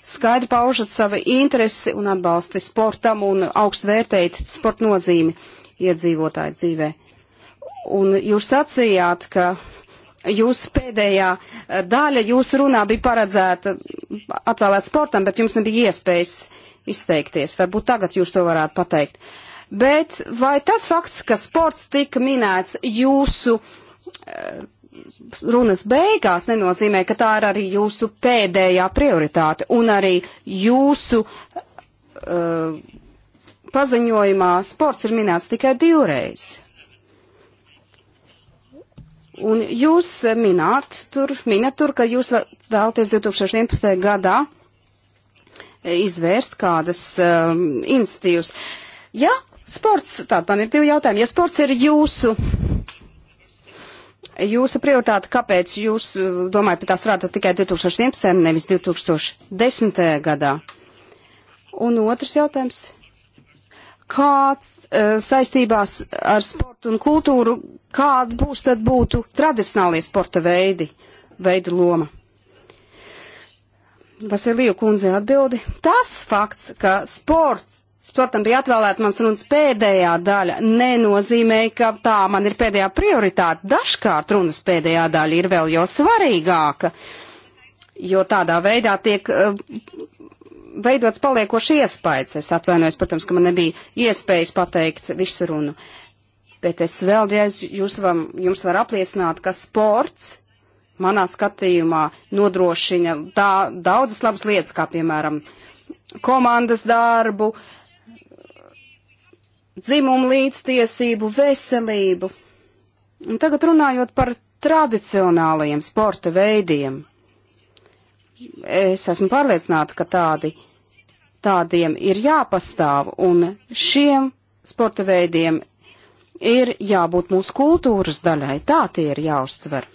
skaidri paužat savu interesi un atbalsti sportam un augstu vērtējat sporta nozīmi iedzīvotāju dzīvē. Un jūs sacījāt, ka jūsu pēdējā daļa jūsu runā bija paredzēta atvēlēt sportam, bet jums nebija iespējas izteikties. Varbūt tagad jūs to varētu pateikt. Bet vai tas fakts, ka sports tika minēts jūsu runas beigās nenozīmē, ka tā ir arī jūsu pēdējā prioritāte un arī jūsu uh, paziņojumā sports ir minēts tikai divreiz. Un jūs minat tur, minat tur, ka jūs vēlaties 2011. gadā izvērst kādas um, institīvas. Ja sports, tātad man ir divi jautājumi, ja sports ir jūsu Jūsu prioritāte, kāpēc jūs uh, domājat, ka tā strādā tikai 2011. nevis 2010. gadā? Un otrs jautājums. Kāds uh, saistībās ar sportu un kultūru, kāda būs tad būtu tradicionālie sporta veidi, veidu loma? Vasilija kundze atbildi. Tas fakts, ka sports sportam bija atvēlēta mans runas pēdējā daļa, nenozīmē, ka tā man ir pēdējā prioritāte. Dažkārt runas pēdējā daļa ir vēl jau svarīgāka, jo tādā veidā tiek uh, veidots paliekošs iespējas. Es atvainojos, protams, ka man nebija iespējas pateikt visu runu. Bet es vēlreiz jūs vam, jums varu apliecināt, ka sports manā skatījumā nodrošina tā, daudzas labas lietas, kā piemēram komandas darbu, uh, dzimumu līdztiesību, veselību. Un tagad runājot par tradicionālajiem sporta veidiem, es esmu pārliecināta, ka tādi, tādiem ir jāpastāv, un šiem sporta veidiem ir jābūt mūsu kultūras daļai, tā tie ir jāuztver.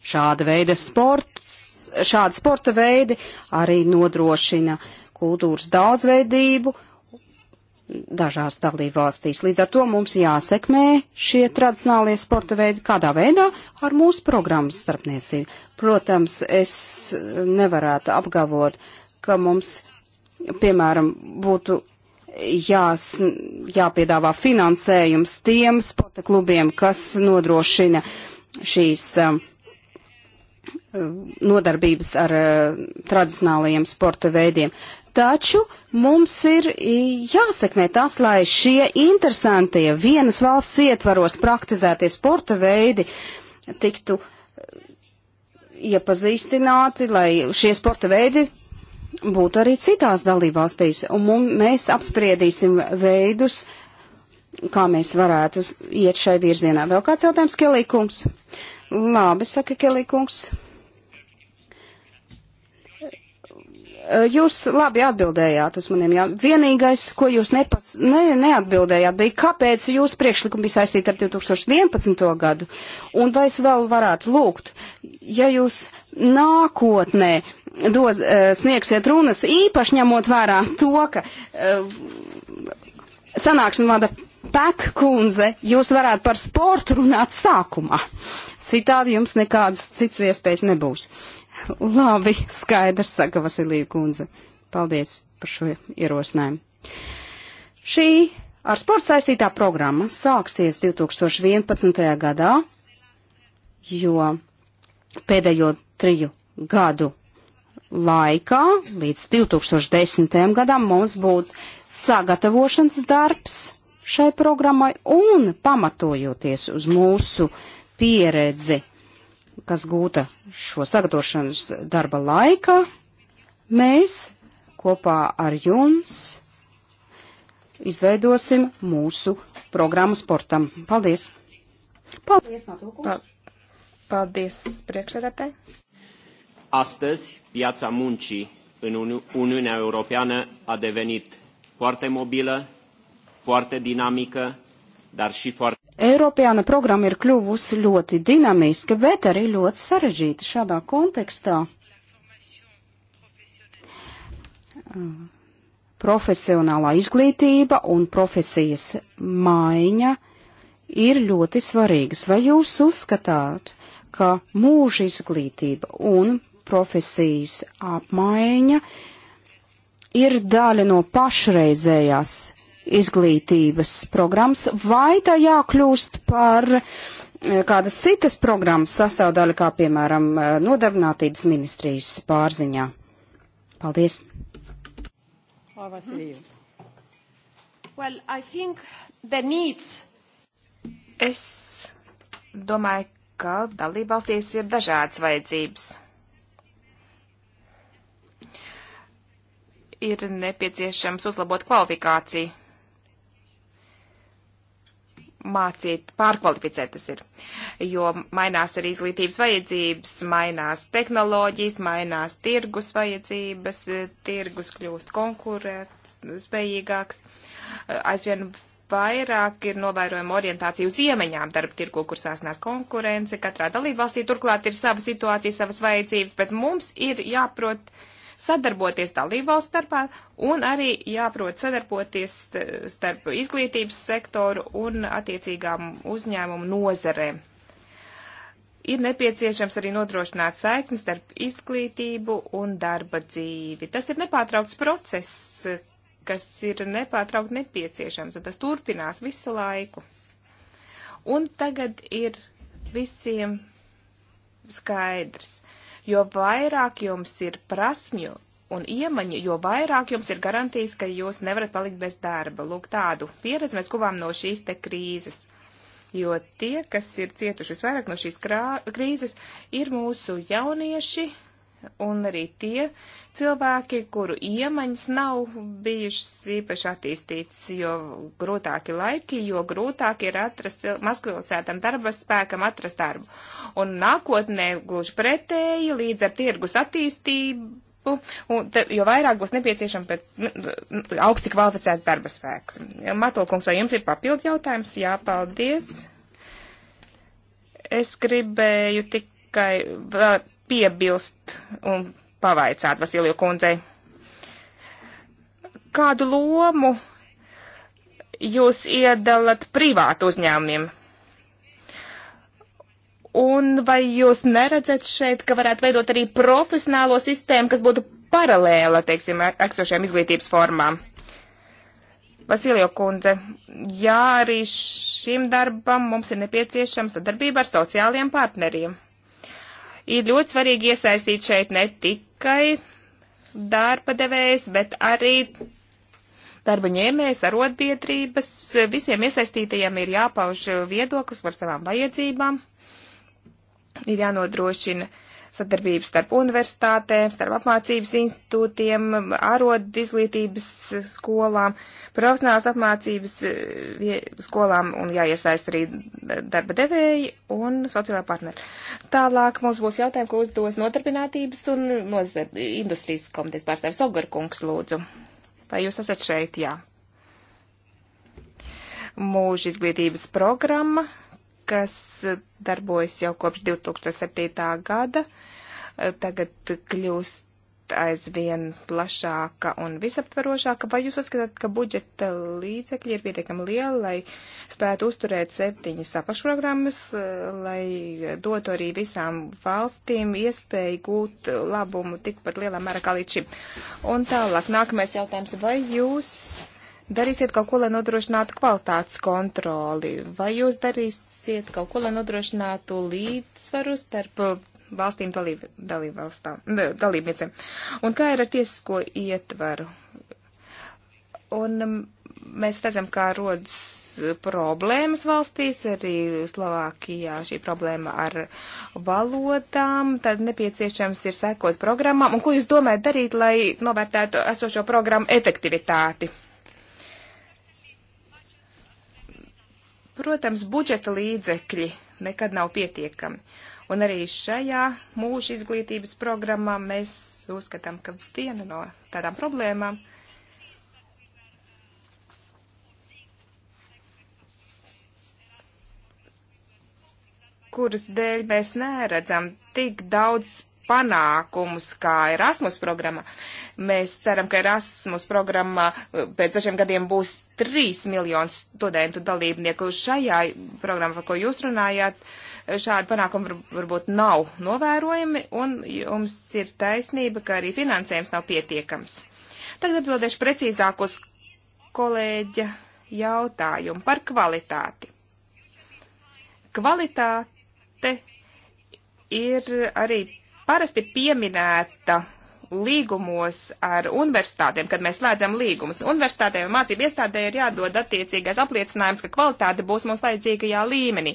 Šāda veida sports, šāda sporta veidi arī nodrošina kultūras daudzveidību, dažās dalībvalstīs. Līdz ar to mums jāsekmē šie tradicionālie sporta veidi kādā veidā ar mūsu programmas starpniecību. Protams, es nevarētu apgalvot, ka mums, piemēram, būtu jās, jāpiedāvā finansējums tiem sporta klubiem, kas nodrošina šīs um, uh, nodarbības ar uh, tradicionālajiem sporta veidiem. Uh, Taču mums ir jāsekmē tas, lai šie interesantie vienas valsts ietvaros praktizētie sporta veidi tiktu e, iepazīstināti, lai šie sporta veidi būtu arī citās dalībvalstīs. Un mums, mēs apspriedīsim veidus, kā mēs varētu iet šai virzienā. Vēl kāds jautājums, Kelīkungs? Labi, saka Kelīkungs. Eh, jūs labi atbildējāt uz maniem jautājumiem. Vienīgais, ko jūs nepas, ne, neatbildējāt, bija, kāpēc jūsu priekšlikumi bija saistīti ar 2011. gadu? Un vai es vēl varētu lūgt, ja jūs nākotnē dos, eh, sniegsiet runas, īpaši ņemot vērā to, ka eh, sanākšana vada Pek kundze, jūs varētu par sportu runāt sākumā. Citādi jums nekādas citas iespējas nebūs. Uh, Labi, skaidrs, saka Vasilija kundze. Paldies par šo ierosinājumu. Šī ar sportu saistītā programma sāksies 2011. gadā, jo pēdējo triju gadu laikā līdz 2010. gadam mums būtu sagatavošanas darbs šai programmai un pamatojoties uz mūsu pieredzi kas gūta šo sagatavošanas darba laikā, mēs kopā ar jums izveidosim mūsu programmu sportam. Paldies! Paldies, Matulkungs! Paldies, priekšsēdētāji! Astăzi, piața muncii în Uni Uniunea Europeană a devenit foarte mobilă, foarte dinamică, dar și foarte Eiropijāna programma ir kļuvusi ļoti dinamiska, bet arī ļoti sarežģīta šādā kontekstā. Profesionālā izglītība un profesijas maiņa ir ļoti svarīgas. Vai jūs uzskatāt, ka mūža izglītība un profesijas apmaiņa ir daļa no pašreizējās izglītības programmas, vai tā jākļūst par eh, kādas citas programmas sastāvdaļa, kā piemēram eh, nodarbinātības ministrijas pārziņā. Paldies! Well, needs... Es domāju, ka dalībvalstīs ir dažādas vajadzības. Ir nepieciešams uzlabot kvalifikāciju mācīt, pārkvalificēt tas ir, jo mainās arī izglītības vajadzības, mainās tehnoloģijas, mainās tirgus vajadzības, tirgus kļūst konkurēt spējīgāks, aizvien vairāk ir novērojama orientācija uz iemeņām darba tirgu, kur sāsnās konkurence, katrā dalībvalstī turklāt ir sava situācija, savas vajadzības, bet mums ir jāprot sadarboties dalībvalsts starpā un arī jāprot sadarboties eh, starp izglītības sektoru un attiecīgām uzņēmumu nozarēm. Ir nepieciešams arī nodrošināt saiknes starp izglītību un darba dzīvi. Tas ir nepārtraukts process, kas ir nepārtraukti nepieciešams, un tas turpinās visu laiku. Un tagad ir visiem skaidrs, jo vairāk jums ir prasmju un iemaņu, jo vairāk jums ir garantijas, ka jūs nevarat palikt bez darba. Lūk, tādu pieredzi mēs guvām no šīs te krīzes. Jo tie, kas ir cietuši visvairāk no šīs krā, krīzes, ir mūsu jaunieši, un arī tie cilvēki, kuru iemaņas nav bijušas īpaši attīstītas, jo grūtāki laiki, jo grūtāk ir atrast maskvilcētam darba spēkam atrast darbu. Un nākotnē gluži pretēji līdz ar tirgus attīstību. Un, te, jo vairāk būs nepieciešama pēc nu, nu, augsti kvalificēts darba spēks. Matulkungs, vai jums ir papildu jautājums? Jā, paldies. Es gribēju tikai vēl piebilst un pavaicāt Vasiliju kundzei. Kādu lomu jūs iedalat privātu uzņēmumiem? Un vai jūs neredzat šeit, ka varētu veidot arī profesionālo sistēmu, kas būtu paralēla, teiksim, eksošajām izglītības formām? Vasilio kundze, jā, arī šim darbam mums ir nepieciešama sadarbība ar sociālajiem partneriem ir ļoti svarīgi iesaistīt šeit ne tikai darba devējs, bet arī darba ņēmējs, arotbiedrības. Visiem iesaistītajiem ir jāpauž viedoklis par savām vajadzībām, ir jānodrošina uh, sadarbību starp universitātēm, starp apmācības institūtiem, ārod izglītības skolām, profesionālas apmācības eh, skolām un jāiesaist arī darba devēji un sociālā partneri. Tālāk mums būs jautājumi, ko uzdos notarbinātības un nozar, industrijas komitejas pārstāvis Ogarkungs lūdzu. Vai jūs esat šeit? Jā. Mūža izglītības programma kas darbojas jau kopš 2007. gada, tagad kļūst aizvien plašāka un visaptvarošāka. Vai jūs uzskatāt, ka budžeta līdzekļi ir pietiekami lieli, lai spētu uzturēt septiņas apakšprogrammas, lai dotu arī visām valstīm iespēju gūt labumu tikpat lielā mērā kā līdz šim? Un tālāk, nākamais jautājums. Vai jūs darīsiet kaut ko, lai nodrošinātu kvalitātes kontroli? Vai jūs darīsiet kaut ko, lai nodrošinātu līdzsvaru starp uh, valstīm dalībniecēm? Un kā ir ar tiesisko ietvaru? Un um, mēs redzam, kā rodas problēmas valstīs, arī Slovākijā šī problēma ar valodām, tad nepieciešams ir sekot programmām. Un ko jūs domājat darīt, lai novērtētu esošo programmu efektivitāti? Protams, budžeta līdzekļi nekad nav pietiekami. Un arī šajā mūža izglītības programmā mēs uzskatām, ka viena no tādām problēmām kuras dēļ mēs neredzam tik daudz panākumus, kā Erasmus programma. Mēs ceram, ka Erasmus programma eh, pēc dažiem gadiem būs 3 miljonu studentu dalībnieku. Šajā programmā, par ko jūs runājāt, šādi panākumi var, varbūt nav novērojami, un jums ir taisnība, ka arī finansējums nav pietiekams. Tagad atbildēšu precīzāk uz kolēģa jautājumu par kvalitāti. Kvalitāte ir arī parasti pieminēta līgumos ar universitātēm, kad mēs slēdzam līgumus. Universitātēm un mācību iestādē ir jādod attiecīgais apliecinājums, ka kvalitāte būs mums vajadzīgajā līmenī.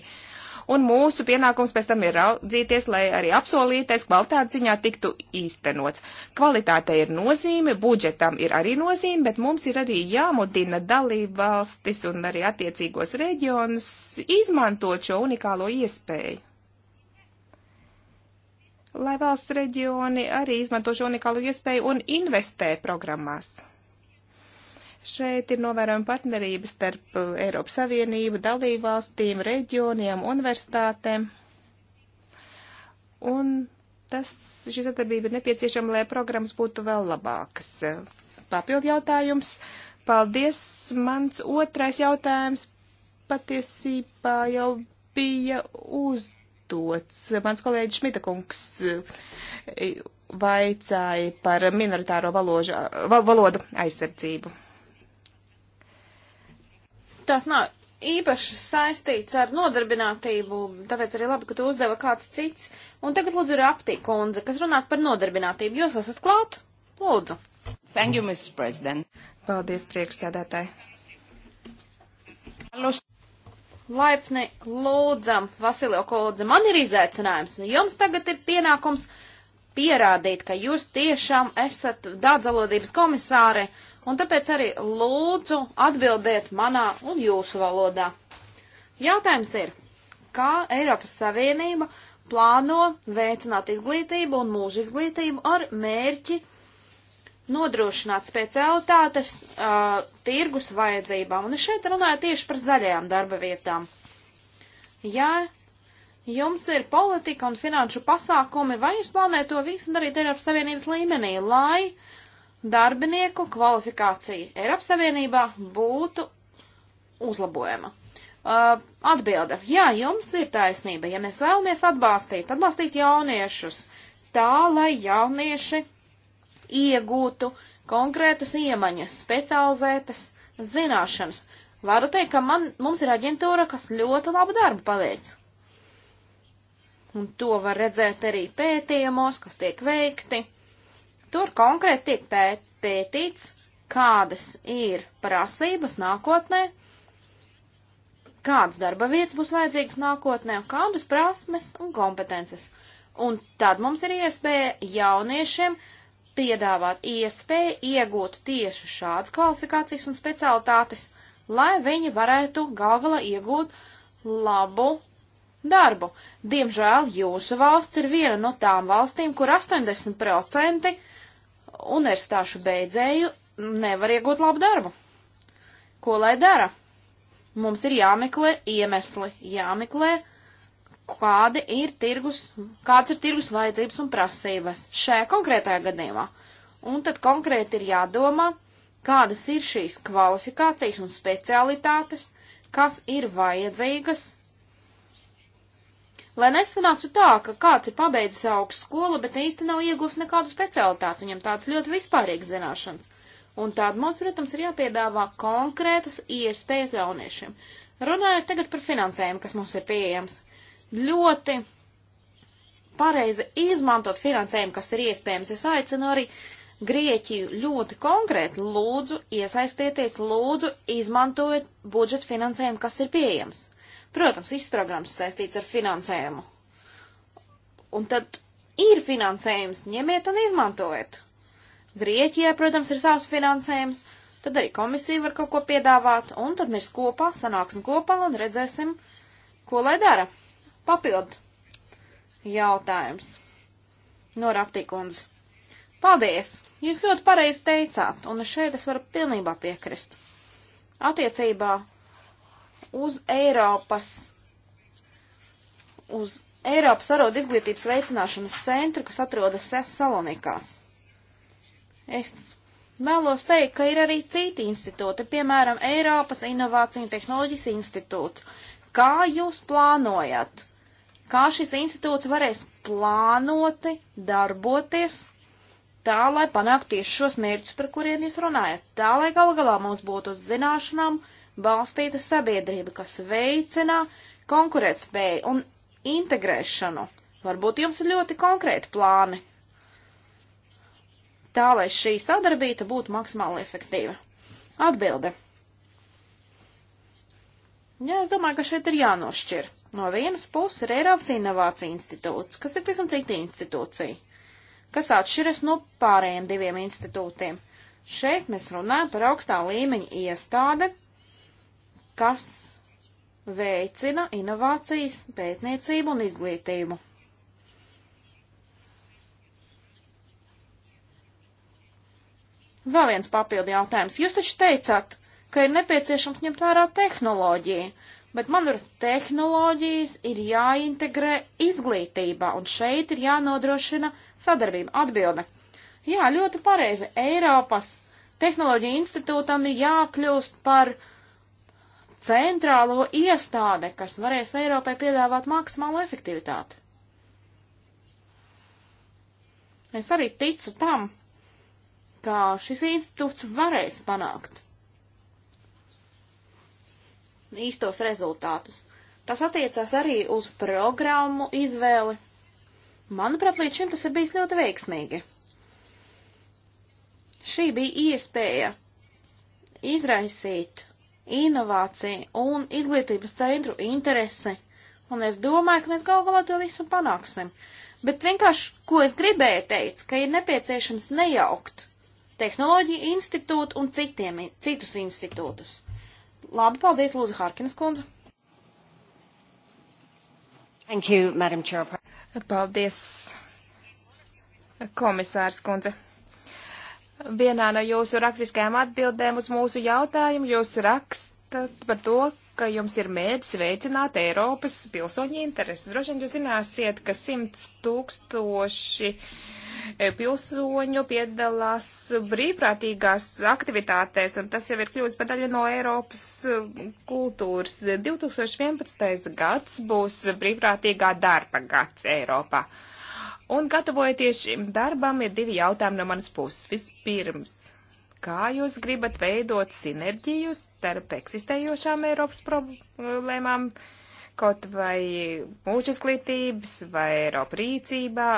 Un mūsu pienākums pēc tam ir raudzīties, lai arī apsolītais kvalitātes ziņā tiktu īstenots. Kvalitāte ir nozīme, budžetam ir arī nozīme, bet mums ir arī jāmudina dalību valstis un arī attiecīgos reģionus izmantot šo unikālo iespēju lai valsts reģioni arī izmanto šo unikālu iespēju un investē programmās. Šeit ir novērojama partnerība starp uh, Eiropas Savienību, dalībvalstīm, reģioniem, universitātēm. Un tas, šī sadarbība ir nepieciešama, lai programmas būtu vēl labākas. Papildu jautājums. Paldies. Mans otrais jautājums patiesībā jau bija uz izmantots. Mans kolēģis Šmitakungs eh, vaicāja par minoritāro valožu, val, valodu aizsardzību. Tas nav īpaši saistīts ar nodarbinātību, tāpēc arī labi, ka tu uzdeva kāds cits. Un tagad lūdzu ir aptīkundze, kas runās par nodarbinātību. Jūs esat klāt? Lūdzu. Thank you, Mrs. President. Paldies, priekšsēdētāji laipni lūdzam, Vasilio kolodze, man ir izaicinājums. Jums tagad ir pienākums pierādīt, ka jūs tiešām esat daudzvalodības komisāri, un tāpēc arī lūdzu atbildiet manā un jūsu valodā. Jautājums ir, kā Eiropas Savienība plāno veicināt izglītību un mūža izglītību ar mērķi nodrošināt specialitātes uh, tirgus vajadzībām. Un es šeit runāju tieši par zaļajām darba vietām. Ja jums ir politika un finanšu pasākumi, vai jūs plānojat to visu darīt Eiropas Savienības līmenī, lai darbinieku kvalifikācija Eiropas Savienībā būtu uzlabojama? Uh, atbilda. Jā, jums ir taisnība. Ja mēs vēlamies atbalstīt, atbalstīt jauniešus, tā lai jaunieši iegūtu konkrētas iemaņas, specializētas zināšanas. Varu teikt, ka man, mums ir aģentūra, kas ļoti labu darbu paveic. Un to var redzēt arī pētījumos, kas tiek veikti. Tur konkrēti tiek pēt, pētīts, kādas ir prasības nākotnē, kādas darba vietas būs vajadzīgas nākotnē, un kādas prasmes un kompetences. Un tad mums ir iespēja jauniešiem uh, piedāvāt iespēju iegūt tieši šādas kvalifikācijas un specialitātes, lai viņi varētu galvā iegūt labu darbu. Diemžēl jūsu valsts ir viena no tām valstīm, kur 80% universitāšu beidzēju nevar iegūt labu darbu. Ko lai dara? Mums ir jāmeklē iemesli, jāmeklē uh, kādi ir tirgus, kāds ir tirgus vajadzības un prasības šajā konkrētajā gadījumā. Un tad konkrēti ir jādomā, kādas ir šīs kvalifikācijas un specialitātes, kas ir vajadzīgas. Lai nesanāktu tā, ka kāds ir pabeidzis augstskolu, bet īsti nav iegūst nekādu specialitāti, viņam tāds ļoti vispārīgs zināšanas. Un tād mums, protams, ir jāpiedāvā konkrētas iespējas jauniešiem. Runājot tagad par finansējumu, kas mums ir pieejams ļoti pareizi izmantot finansējumu, kas ir iespējams. Es aicinu arī Grieķiju ļoti konkrēti lūdzu iesaistieties, lūdzu izmantojiet budžeta finansējumu, kas ir pieejams. Protams, viss programmas saistīts ar finansējumu. Un tad ir finansējums, ņemiet un izmantojiet. Grieķijai, protams, ir savs finansējums, tad arī komisija var kaut ko piedāvāt, un tad mēs kopā sanāksim kopā un redzēsim, ko lai dara. Papild jautājums no Raptīkundas. Paldies! Jūs ļoti pareizi teicāt, un šeit es varu pilnībā piekrist. Attiecībā uz Eiropas, uz Eiropas arodu izglītības veicināšanas centru, kas atrodas Salonikās. Es Vēlos teikt, ka ir arī citi institūti, piemēram, Eiropas Inovāciju un Tehnoloģijas institūts. Kā jūs plānojat kā šis institūts varēs plānoti darboties tā, lai panāktu tieši šos mērķus, par kuriem jūs runājat. Tā, lai gal galā mums būtu uz zināšanām balstīta sabiedrība, kas veicina konkurētspēju un integrēšanu. Varbūt jums ir ļoti konkrēti plāni. Tā, lai šī sadarbība būtu maksimāli efektīva. Atbilde. Jā, es domāju, ka šeit ir jānošķir. No vienas puses ir Eiropas Inovācija institūts, kas ir pavisam cita institūcija, kas atšķiras no pārējiem diviem institūtiem. Šeit mēs runājam par augstā līmeņa iestāde, kas veicina inovācijas, pētniecību un izglītību. Vēl viens papildi jautājums. Jūs taču teicāt, ka ir nepieciešams ņemt vērā tehnoloģiju bet man ir tehnoloģijas, ir jāintegrē izglītībā, un šeit ir jānodrošina sadarbība. Atbilde. Jā, ļoti pareizi. Eiropas tehnoloģija institūtam ir jākļūst par centrālo iestāde, kas varēs Eiropai piedāvāt maksimālo efektivitāti. Es arī ticu tam, ka šis institūts varēs panākt īstos rezultātus. Tas attiecās arī uz programmu izvēli. Manuprāt, līdz šim tas ir bijis ļoti veiksmīgi. Šī bija iespēja izraisīt inovāciju un izglītības centru interesi, un es domāju, ka mēs gal galā to visu panāksim. Bet vienkārši, ko es gribēju teikt, ka ir nepieciešams nejaukt tehnoloģiju institūtu un citiem, citus institūtus. Labi, paldies, Lūdzu, Harkinas kundze. Thank you, Madam Chair. Paldies, komisārs kundze. Vienā no jūsu rakstiskajām atbildēm uz mūsu jautājumu jūs rakstat par to, ka jums ir mērķis veicināt Eiropas pilsoņu intereses. Droši vien jūs zināsiet, ka simts tūkstoši e, pilsoņu piedalās brīvprātīgās aktivitātēs, un tas jau ir kļūst par daļu no Eiropas e, kultūras. 2011. gads būs brīvprātīgā darba gads Eiropā. Un gatavojoties šim darbam, ir divi jautājumi no manas puses. Vispirms kā jūs gribat veidot sinerģiju starp eksistējošām Eiropas problēmām, kaut vai mūža izglītības vai Eiropa rīcībā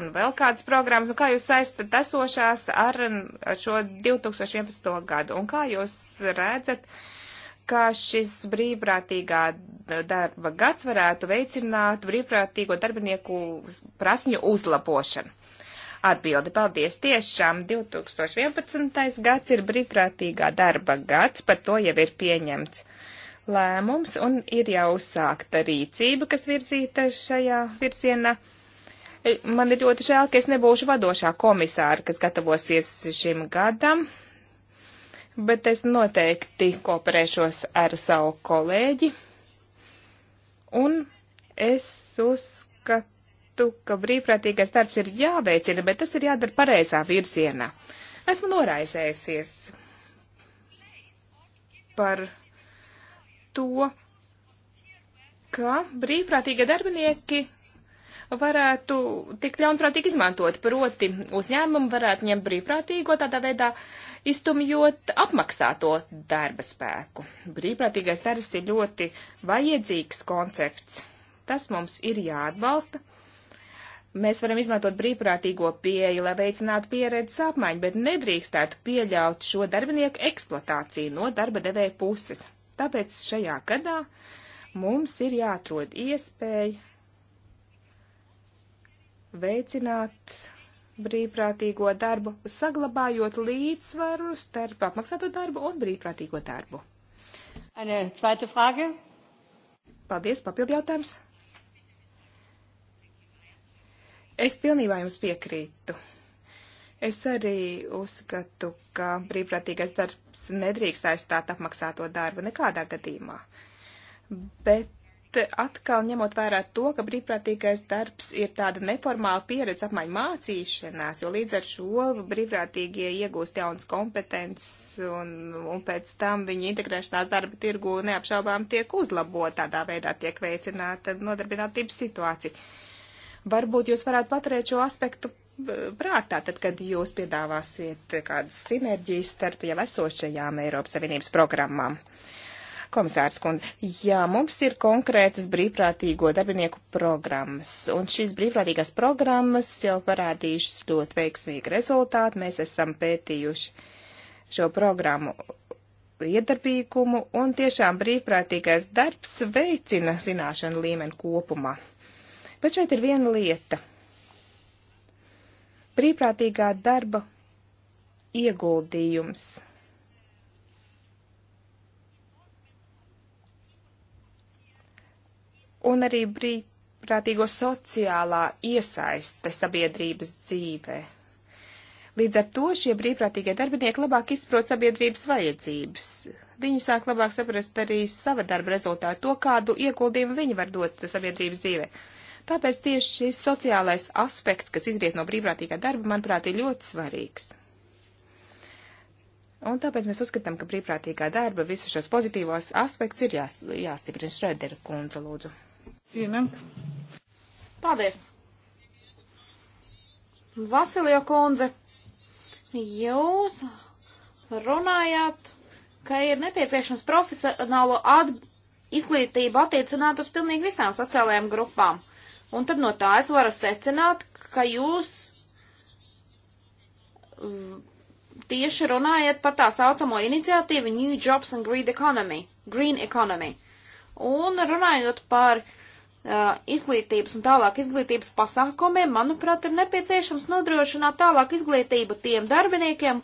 un vēl kādas programmas, un kā jūs saistat esošās ar, ar šo 2011. gadu, un kā jūs redzat, ka šis brīvprātīgā darba gads varētu veicināt brīvprātīgo darbinieku prasmju uzlabošanu. Atbildi paldies tiešām 2011. gads ir brīvprātīgā darba gads, par to jau ir pieņemts lēmums un ir jau uzsākta rīcība, kas virzīta šajā virzienā. E, man ir ļoti žēl, ka es nebūšu vadošā komisāra, kas gatavosies šim gadam, bet es noteikti kooperēšos ar savu kolēģi. Un es uzskatu, uzskatu, ka brīvprātīgais darbs ir jāveicina, bet tas ir jādara pareizā virzienā. Esmu noraizējusies par to, ka brīvprātīgie darbinieki varētu tik ļaunprātīgi izmantot. Proti, uzņēmumi varētu ņemt brīvprātīgo tādā veidā iztumjot apmaksāto darba spēku. Brīvprātīgais darbs ir ļoti vajadzīgs koncepts. Tas mums ir jāatbalsta. Mēs varam izmantot brīvprātīgo pieeju, lai veicinātu pieredzes apmaiņu, bet nedrīkstētu pieļaut šo darbinieku eksploatāciju no darba devēja puses. Tāpēc šajā gadā mums ir jāatrod iespēja veicināt brīvprātīgo darbu, saglabājot līdzsvaru starp apmaksāto darbu un brīvprātīgo darbu. Paldies, papildu jautājums. Es pilnībā jums piekrītu. Es arī uzskatu, ka brīvprātīgais darbs nedrīkst aizstāt apmaksāto darbu nekādā gadījumā. Bet atkal ņemot vērā to, ka brīvprātīgais darbs ir tāda neformāla pieredze apmaiņa mācīšanās, jo līdz ar šo brīvprātīgie iegūst jaunas kompetences un, un pēc tam viņa integrēšanās darba tirgu neapšaubām tiek uzlabot, tādā veidā tiek veicināta nodarbinātības situācija. Varbūt jūs varētu paturēt šo aspektu eh, prātā, tad, kad jūs piedāvāsiet kādas sinerģijas starp jau esošajām Eiropas Savienības programmām. Komisārs kundze, jā, mums ir konkrētas brīvprātīgo darbinieku programmas, un šīs brīvprātīgās programmas jau parādījušas ļoti veiksmīgi rezultāti. Mēs esam pētījuši šo programmu iedarbīgumu, un tiešām brīvprātīgais darbs veicina zināšanu līmeni kopumā. Bet šeit ir viena lieta. Brīvprātīgā darba ieguldījums. Un arī brīvprātīgo sociālā iesaiste sabiedrības dzīvē. Līdz ar to šie brīvprātīgie darbinieki labāk izprot sabiedrības vajadzības. Viņi sāk labāk saprast arī sava darba rezultātu, to kādu ieguldījumu viņi var dot sabiedrības dzīvē. Uh, Tāpēc tieši šis sociālais aspekts, kas izriet no brīvprātīgā darba, manuprāt, ir ļoti svarīgs. Un tāpēc mēs uzskatām, ka brīvprātīgā darba visus šos pozitīvos aspektus ir jās, jāstiprina Šredera kundze, lūdzu. Ienāk. Paldies! Vasilija kundze, jūs runājāt, ka ir nepieciešams profesionālo atbildību izglītību attiecināt uz pilnīgi visām sociālajām grupām. Un tad no tā es varu secināt, ka jūs tieši runājat par tā saucamo iniciatīvu New Jobs and Green Economy. Green economy. Un runājot par uh, izglītības un tālāk izglītības pasākumiem, manuprāt, ir nepieciešams nodrošināt tālāk izglītību tiem darbiniekiem,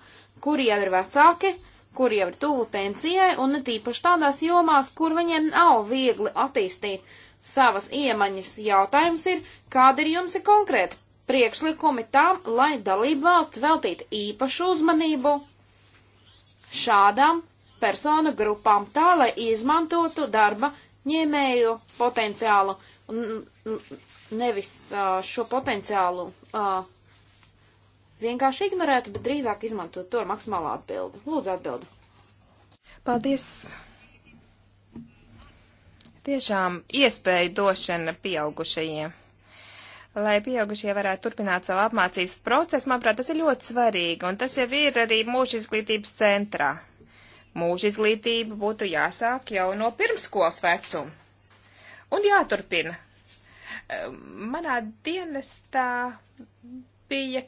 kuri jau ir vecāki, kuri jau ir tuvu pensijai, un ne tīpaši tādās jomās, kur viņiem nav viegli attīstīt savas iemaņas. Jautājums ir, kāda ir jums ir konkrēta priekšlikumi tam, lai dalību valsts veltītu īpašu uzmanību šādām personu grupām tā, lai izmantotu darba ņēmēju potenciālu un nevis šo potenciālu vienkārši ignorētu, bet drīzāk izmantot to ar maksimālu atbildi. Lūdzu, atbildi. Paldies, tiešām iespēju došana pieaugušajiem. Lai pieaugušie varētu turpināt savu apmācības procesu, manuprāt, tas ir ļoti svarīgi, un tas jau ir arī mūža izglītības centrā. Mūža izglītība būtu jāsāk jau no pirmskolas vecuma. Un jāturpina. Ehm, manā dienestā bija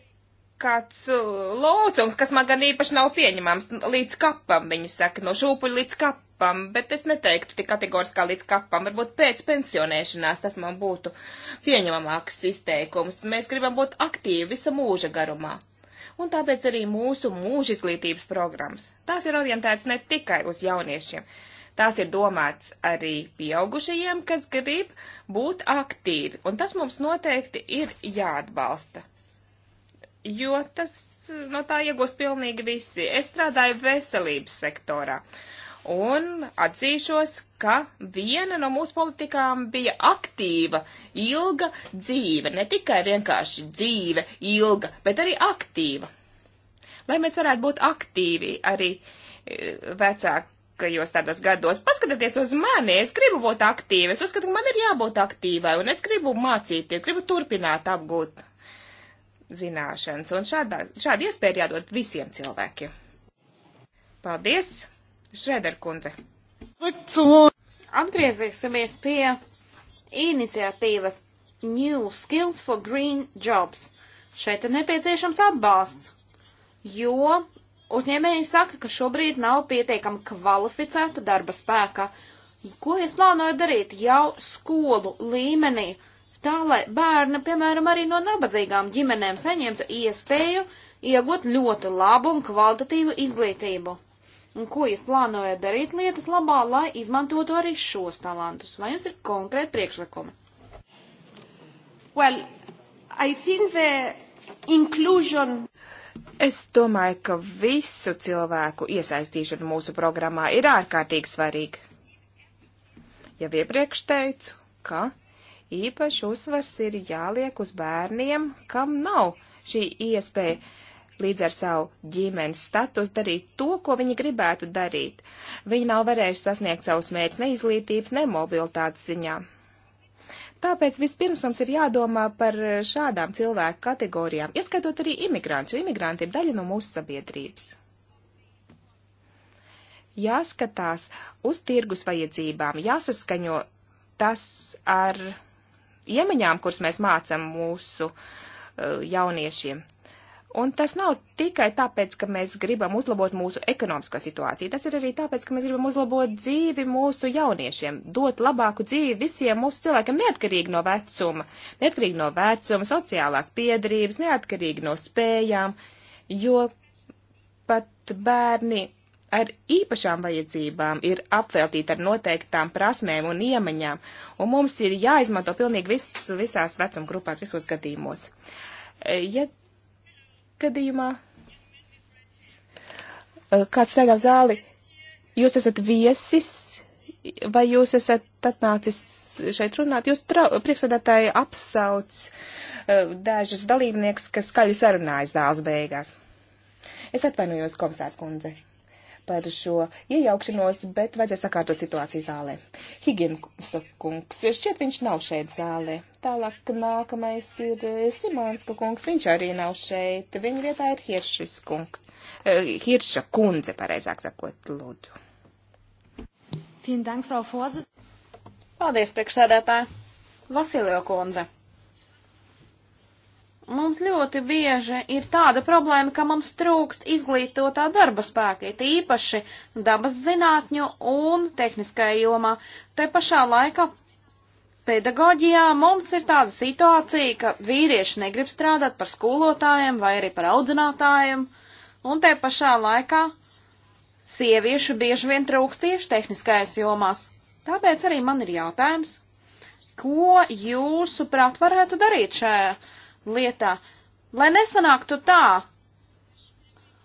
kāds uh, lūdzums, kas man gan īpaši nav pieņemams, līdz kapam, viņi saka, no šūpuļa līdz kapam kapam, bet es neteiktu tik kategoriskā līdz kapam, varbūt pēc pensionēšanās tas man būtu pieņemamāks izteikums. Mēs gribam būt aktīvi visa mūža garumā. Un tāpēc arī mūsu mūža izglītības programmas. Tās ir orientētas ne tikai uz jauniešiem, tās ir domāts arī pieaugušajiem, kas grib būt aktīvi. Un tas mums noteikti ir jāatbalsta. Jo tas no tā iegūst pilnīgi visi. Es strādāju veselības sektorā. Uh, un atzīšos, ka viena no mūsu politikām bija aktīva, ilga dzīve, ne tikai vienkārši dzīve, ilga, bet arī aktīva. Lai mēs varētu būt aktīvi arī e, vecākajos tādos gados, paskatieties uz mani, es gribu būt aktīva, es uzskatu, ka man ir jābūt aktīvai, un es gribu mācīties, gribu turpināt apgūt zināšanas, un šādā, šāda iespēja ir jādod visiem cilvēkiem. Paldies! Šrēder kundze. Atgriezīsimies pie iniciatīvas New Skills for Green Jobs. Šeit ir nepieciešams atbalsts, jo uzņēmēji saka, ka šobrīd nav pietiekami kvalificēta darba spēka. Ko es plānoju darīt jau skolu līmenī, tā lai bērni, piemēram, arī no nabadzīgām ģimenēm saņemtu iespēju iegūt ļoti labu un kvalitatīvu izglītību. Un ko jūs plānojat darīt lietas labā, lai izmantotu arī šos talantus? Vai jums ir konkrēti priekšlikumi? Well, I think the inclusion. Es domāju, ka visu cilvēku iesaistīšana mūsu programmā ir ārkārtīgi svarīga. Jau iepriekš teicu, ka īpaši uzsvars ir jāliek uz bērniem, kam nav šī iespēja līdz ar savu ģimenes status darīt to, ko viņi gribētu darīt. Viņi nav varējuši sasniegt savus mērķus ne izglītības, ne mobilitātes ziņā. Tāpēc vispirms mums ir jādomā par šādām cilvēku kategorijām, ieskaitot arī imigrantus, jo imigranti ir daļa no mūsu sabiedrības. Jāskatās uz tirgus vajadzībām, jāsaskaņo tas ar iemaņām, kuras mēs mācam mūsu uh, jauniešiem. Un tas nav tikai tāpēc, ka mēs gribam uzlabot mūsu ekonomisko situāciju, tas ir arī tāpēc, ka mēs gribam uzlabot dzīvi mūsu jauniešiem, dot labāku dzīvi visiem mūsu cilvēkiem, neatkarīgi no vecuma, neatkarīgi no vecuma, sociālās piedarības, neatkarīgi no spējām, jo pat bērni ar īpašām vajadzībām ir apveltīti ar noteiktām prasmēm un iemaņām, un mums ir jāizmanto pilnīgi vis, visās vecuma grupās, visos gadījumos. Ja gadījumā eh, kāds staigā zāli, jūs esat viesis, vai jūs esat atnācis šeit runāt? Jūs priekšsēdētāji apsauc eh, dažus dalībniekus, kas skaļi sarunājas zāles beigās. Es atvainojos, komisārs kundze, par šo iejaukšanos, bet vajadzēja sakārtot situāciju zālē. Higienkungs, šķiet viņš nav šeit zālē. Tālāk nākamais ir eh, Simanska kungs, viņš arī nav šeit. Viņa vietā ir Hiršis kungs. Eh, Hirša kundze, pareizāk sakot, lūdzu. Dank, Frau Forze. Paldies, priekšsēdētāji. Vasilio kundze. Mums ļoti bieži ir tāda problēma, ka mums trūkst izglītotā darba spēka, it īpaši dabas zinātņu un tehniskajā jomā. Te pašā laikā pedagoģijā mums ir tāda situācija, ka vīrieši negrib strādāt par skolotājiem vai arī par audzinātājiem, un te pašā laikā sieviešu bieži vien trūkst tieši tehniskajās jomās. Tāpēc arī man ir jautājums, ko jūsuprāt varētu darīt šajā lietā, lai nesanāktu tā,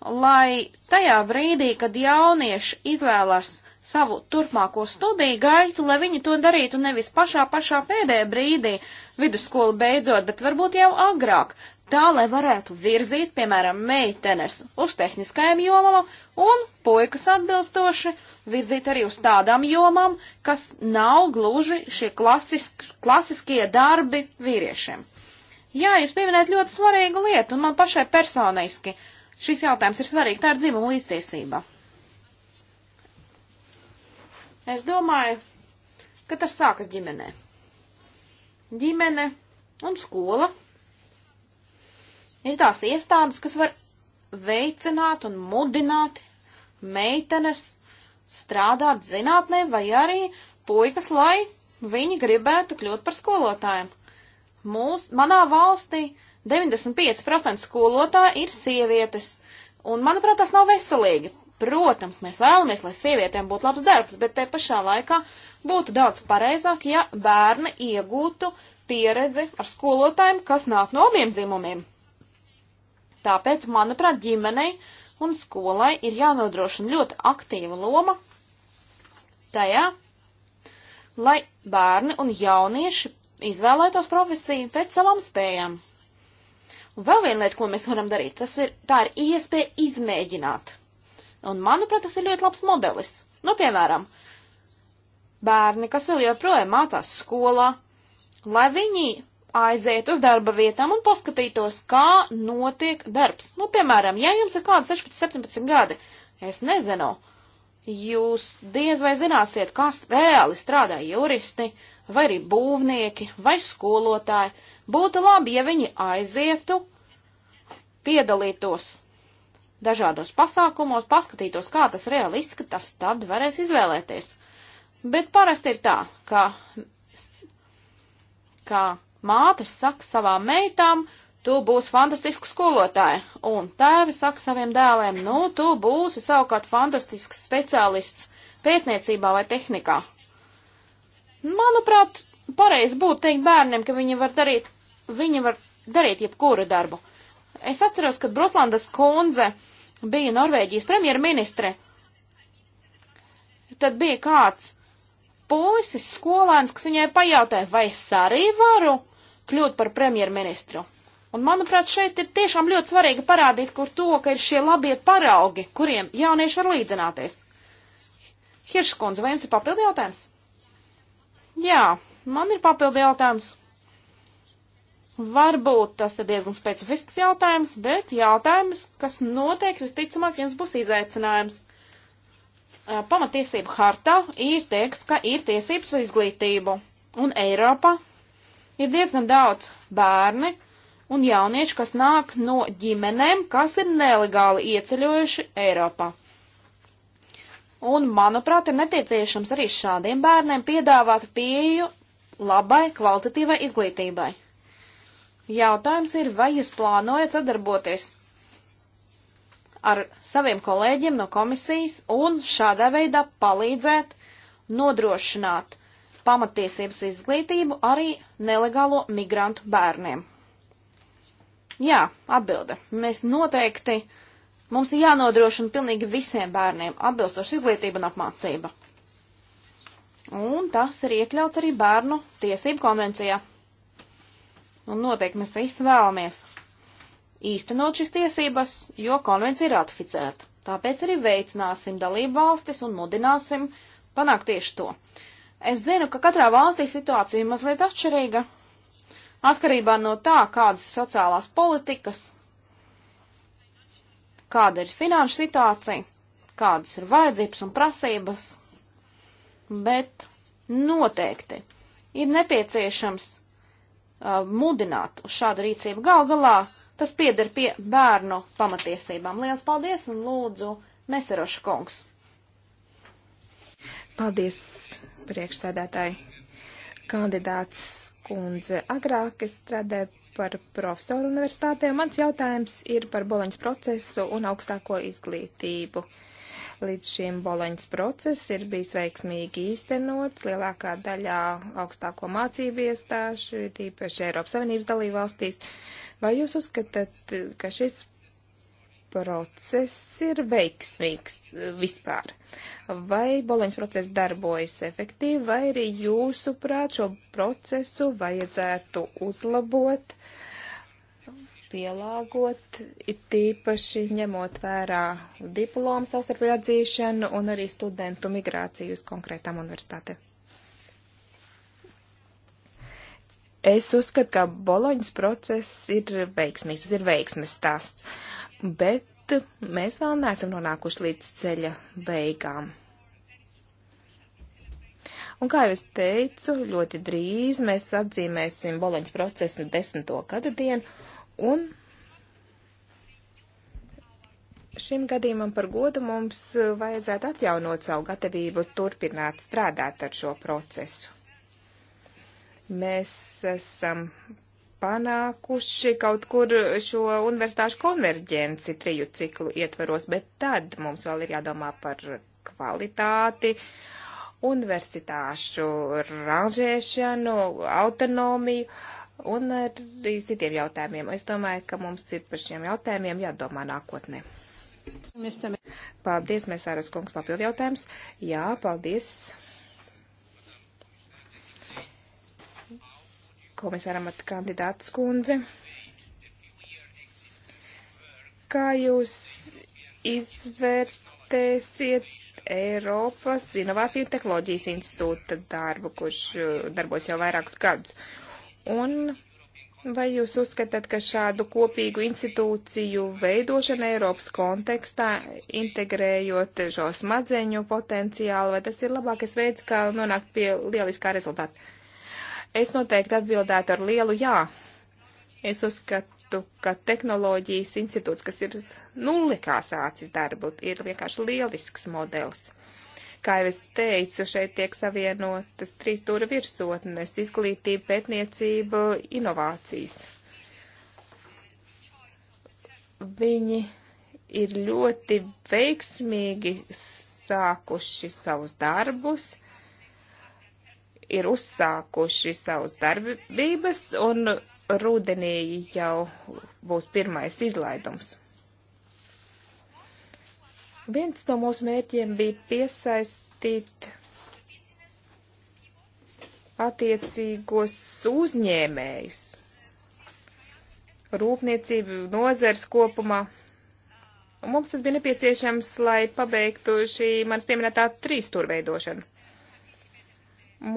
lai tajā brīdī, kad jaunieši izvēlas savu turpmāko studiju gaitu, lai viņi to darītu nevis pašā pašā pēdējā brīdī, vidusskolu beidzot, bet varbūt jau agrāk, tā lai varētu virzīt, piemēram, meitenes uz tehniskajām jomām un puikas atbilstoši virzīt arī uz tādām jomām, kas nav gluži šie klasisk, klasiskie darbi vīriešiem. Jā, jūs pieminējat ļoti svarīgu lietu, un man pašai personiski šis jautājums ir svarīgi, tā ir dzimuma līdztiesība. Es domāju, ka tas sākas ģimenē. Ģimene un skola ir tās iestādes, kas var veicināt un mudināt meitenes strādāt zinātnē vai arī puikas, lai viņi gribētu kļūt par skolotājiem. Mūs, manā valstī 95% skolotāji ir sievietes, un manuprāt, tas nav veselīgi. Protams, mēs vēlamies, lai sievietēm būtu labs darbs, bet te pašā laikā būtu daudz pareizāk, ja bērni iegūtu pieredzi ar skolotājiem, kas nāk no abiem dzimumiem. Tāpēc, manuprāt, ģimenei un skolai ir jānodrošina ļoti aktīva loma tajā, lai bērni un jaunieši izvēlētos profesiju pēc savām spējām. Un vēl viena lieta, ko mēs varam darīt, tas ir, tā ir iespēja izmēģināt Un, manuprāt, tas ir ļoti labs modelis. Nu, piemēram, bērni, kas vēl joprojām mācās skolā, lai viņi aiziet uz darba vietām un paskatītos, kā notiek darbs. Nu, piemēram, ja jums ir kādi 16, 17 gadi, es nezinu, jūs diez vai zināsiet, kā reāli strādā juristi, vai arī būvnieki, vai skolotāji. Būtu labi, ja viņi aizietu, piedalītos dažādos pasākumos, paskatītos, kā tas reāli izskatās, tad varēs izvēlēties. Bet parasti ir tā, ka, ka mātes saka savām meitām, tu būsi fantastisks skolotājs, un tēvi saka saviem dēliem, nu, tu būsi savukārt fantastisks speciālists pētniecībā vai tehnikā. Manuprāt, pareizi būtu teikt bērniem, ka viņi var darīt, viņi var darīt jebkuru darbu. Es atceros, kad Brotlandas kundze bija Norvēģijas premjerministre, tad bija kāds puisis skolēns, kas viņai pajautāja, vai es arī varu kļūt par premjerministru. Un, manuprāt, šeit ir tiešām ļoti svarīgi parādīt, kur to, ka ir šie labie paraugi, kuriem jaunieši var līdzināties. Hirškundze, vai jums ir papildi jautājums? Jā, man ir papildi jautājums. Varbūt tas ir diezgan specifisks jautājums, bet jautājums, kas noteikti visticamāk jums būs izaicinājums. Pamatiesību hartā ir teikts, ka ir tiesības uz izglītību, un Eiropā ir diezgan daudz bērni un jaunieši, kas nāk no ģimenēm, kas ir nelegāli ieceļojuši Eiropā. Un, manuprāt, ir nepieciešams arī šādiem bērniem piedāvāt pieju labai kvalitatīvai izglītībai. Jautājums ir, vai jūs plānojat sadarboties ar saviem kolēģiem no komisijas un šādā veidā palīdzēt nodrošināt pamatiesības izglītību arī nelegālo migrantu bērniem? Jā, atbilde. Mēs noteikti, mums ir jānodrošina pilnīgi visiem bērniem atbilstoši izglītība un apmācība. Un tas ir iekļauts arī bērnu tiesību konvencijā un noteikti mēs visi vēlamies īstenot šīs tiesības, jo konvencija ir ratificēta. Tāpēc arī veicināsim dalību valstis un mudināsim panākt tieši to. Es zinu, ka katrā valstī situācija ir mazliet atšķirīga, atkarībā no tā, kādas sociālās politikas, kāda ir finanšu situācija, kādas ir vajadzības un prasības, bet noteikti ir nepieciešams Uh, mudināt uz šādu rīcību. Gal galā tas pieder pie bērnu pamatiesībām. Liels paldies un lūdzu, Meseroša kungs. Paldies, priekšsēdētāji. Kandidāts kundze agrāk es strādāju par profesoru universitātē. Mans jautājums ir par Boloņas procesu un augstāko izglītību. Uh, Līdz šim Boloņas process ir bijis veiksmīgi īstenots lielākā daļā augstāko mācību iestāšu, tīpaši Eiropas Savienības dalībvalstīs. Vai jūs uzskatāt, ka šis process ir veiksmīgs vispār? Vai Boloņas process darbojas efektīvi, vai arī jūsuprāt šo procesu vajadzētu uzlabot? Uh, pielāgot, it tīpaši ņemot vērā diplomu savstarpēju atzīšanu un arī studentu migrāciju uz konkrētām universitātēm. Es uzskatu, ka Boloņas process ir veiksmīgs, tas ir veiksmes stāsts, bet mēs vēl neesam nonākuši līdz ceļa beigām. Un kā jau es teicu, ļoti drīz mēs atzīmēsim Boloņas procesa desmito gada dienu, Un šim gadījumam par godu mums vajadzētu atjaunot savu gatavību turpināt strādāt ar šo procesu. Mēs esam panākuši kaut kur šo universitāšu konverģenci triju ciklu ietveros, bet tad mums vēl ir jādomā par kvalitāti, universitāšu ranžēšanu, autonomiju. Uh, un eh, arī citiem jautājumiem. Es domāju, ka mums ir par šiem jautājumiem jādomā nākotnē. Paldies, mēs āras kungs papildu jautājums. Jā, paldies. Komisāram at kandidātas kundze. Kā jūs izvērtēsiet Eiropas Inovāciju un Tehnoloģijas institūta darbu, kurš eh, darbos jau vairākus gadus? Un vai jūs uzskatāt, ka šādu kopīgu institūciju veidošana Eiropas kontekstā, integrējot šo smadzeņu potenciālu, vai tas ir labākais veids, kā nonākt pie lieliskā rezultāta? Es noteikti atbildētu ar lielu jā. Es uzskatu, ka tehnoloģijas institūts, kas ir nulli kā sācis darbu, ir vienkārši lielisks modelis. Kā jau es teicu, šeit tiek savienotas trīs stūra virsotnes - izglītība, pētniecība, inovācijas. Viņi ir ļoti veiksmīgi sākuši savus darbus, ir uzsākuši savus darbības, un rudenī jau būs pirmais izlaidums. Viens no mūsu mērķiem bija piesaistīt attiecīgos uzņēmējus, rūpniecību, nozars kopumā. Un mums tas bija nepieciešams, lai pabeigtu šī manas pieminētā trīsturveidošana.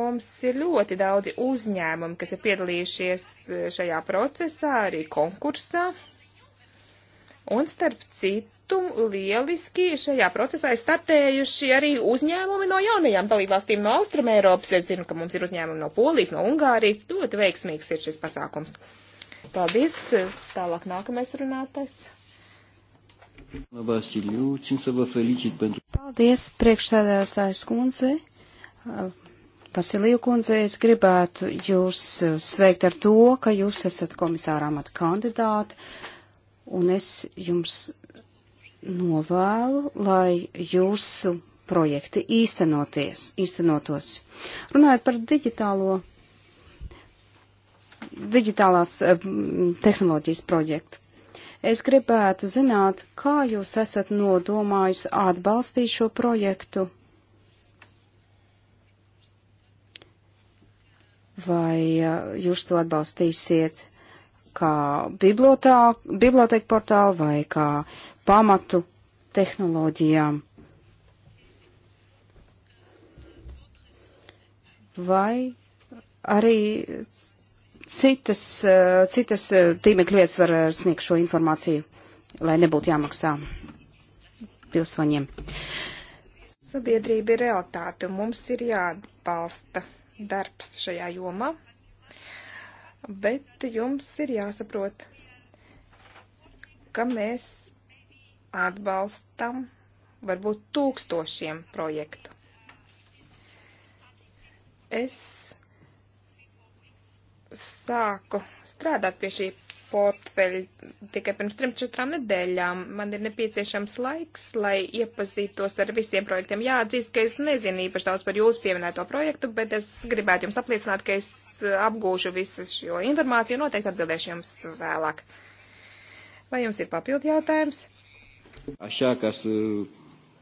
Mums ir ļoti daudzi uzņēmumi, kas ir piedalījušies šajā procesā, arī konkursā. Un starp citu, datumu lieliski šajā procesā ir startējuši arī uzņēmumi no jaunajām dalībvalstīm no Austrum Eiropas. Es zinu, ka mums ir uzņēmumi no Polijas, no Ungārijas. Ļoti veiksmīgs ir šis pasākums. Paldies. Tālāk nākamais runātais. Paldies, priekšsēdētājs kundze. Vasiliju kundze, es gribētu jūs sveikt ar to, ka jūs esat komisāra amata kandidāti, un es jums novēlu, lai jūsu projekti īstenoties, īstenotos. Runājot par digitālo, digitālās eh, tehnoloģijas projektu. Es gribētu zināt, kā jūs esat nodomājis atbalstīt šo projektu? Vai eh, jūs to atbalstīsiet kā bibliotēku portālu vai kā pamatu tehnoloģijām. Vai arī citas, citas tīmekļu vietas var sniegt šo informāciju, lai nebūtu jāmaksā pilsoņiem. Sabiedrība ir realitāte, un mums ir jāatbalsta darbs šajā jomā, bet jums ir jāsaprot, ka mēs atbalstam varbūt tūkstošiem projektu. Es sāku strādāt pie šī portfeļa tikai pirms trim, četrām nedēļām. Man ir nepieciešams laiks, lai iepazītos ar visiem projektiem. Jāatzīst, ka es nezinu īpaši daudz par jūsu pieminēto projektu, bet es gribētu jums apliecināt, ka es apgūšu visu šo informāciju un noteikti atbildēšu jums vēlāk. Vai jums ir papildu jautājums? Așa ca să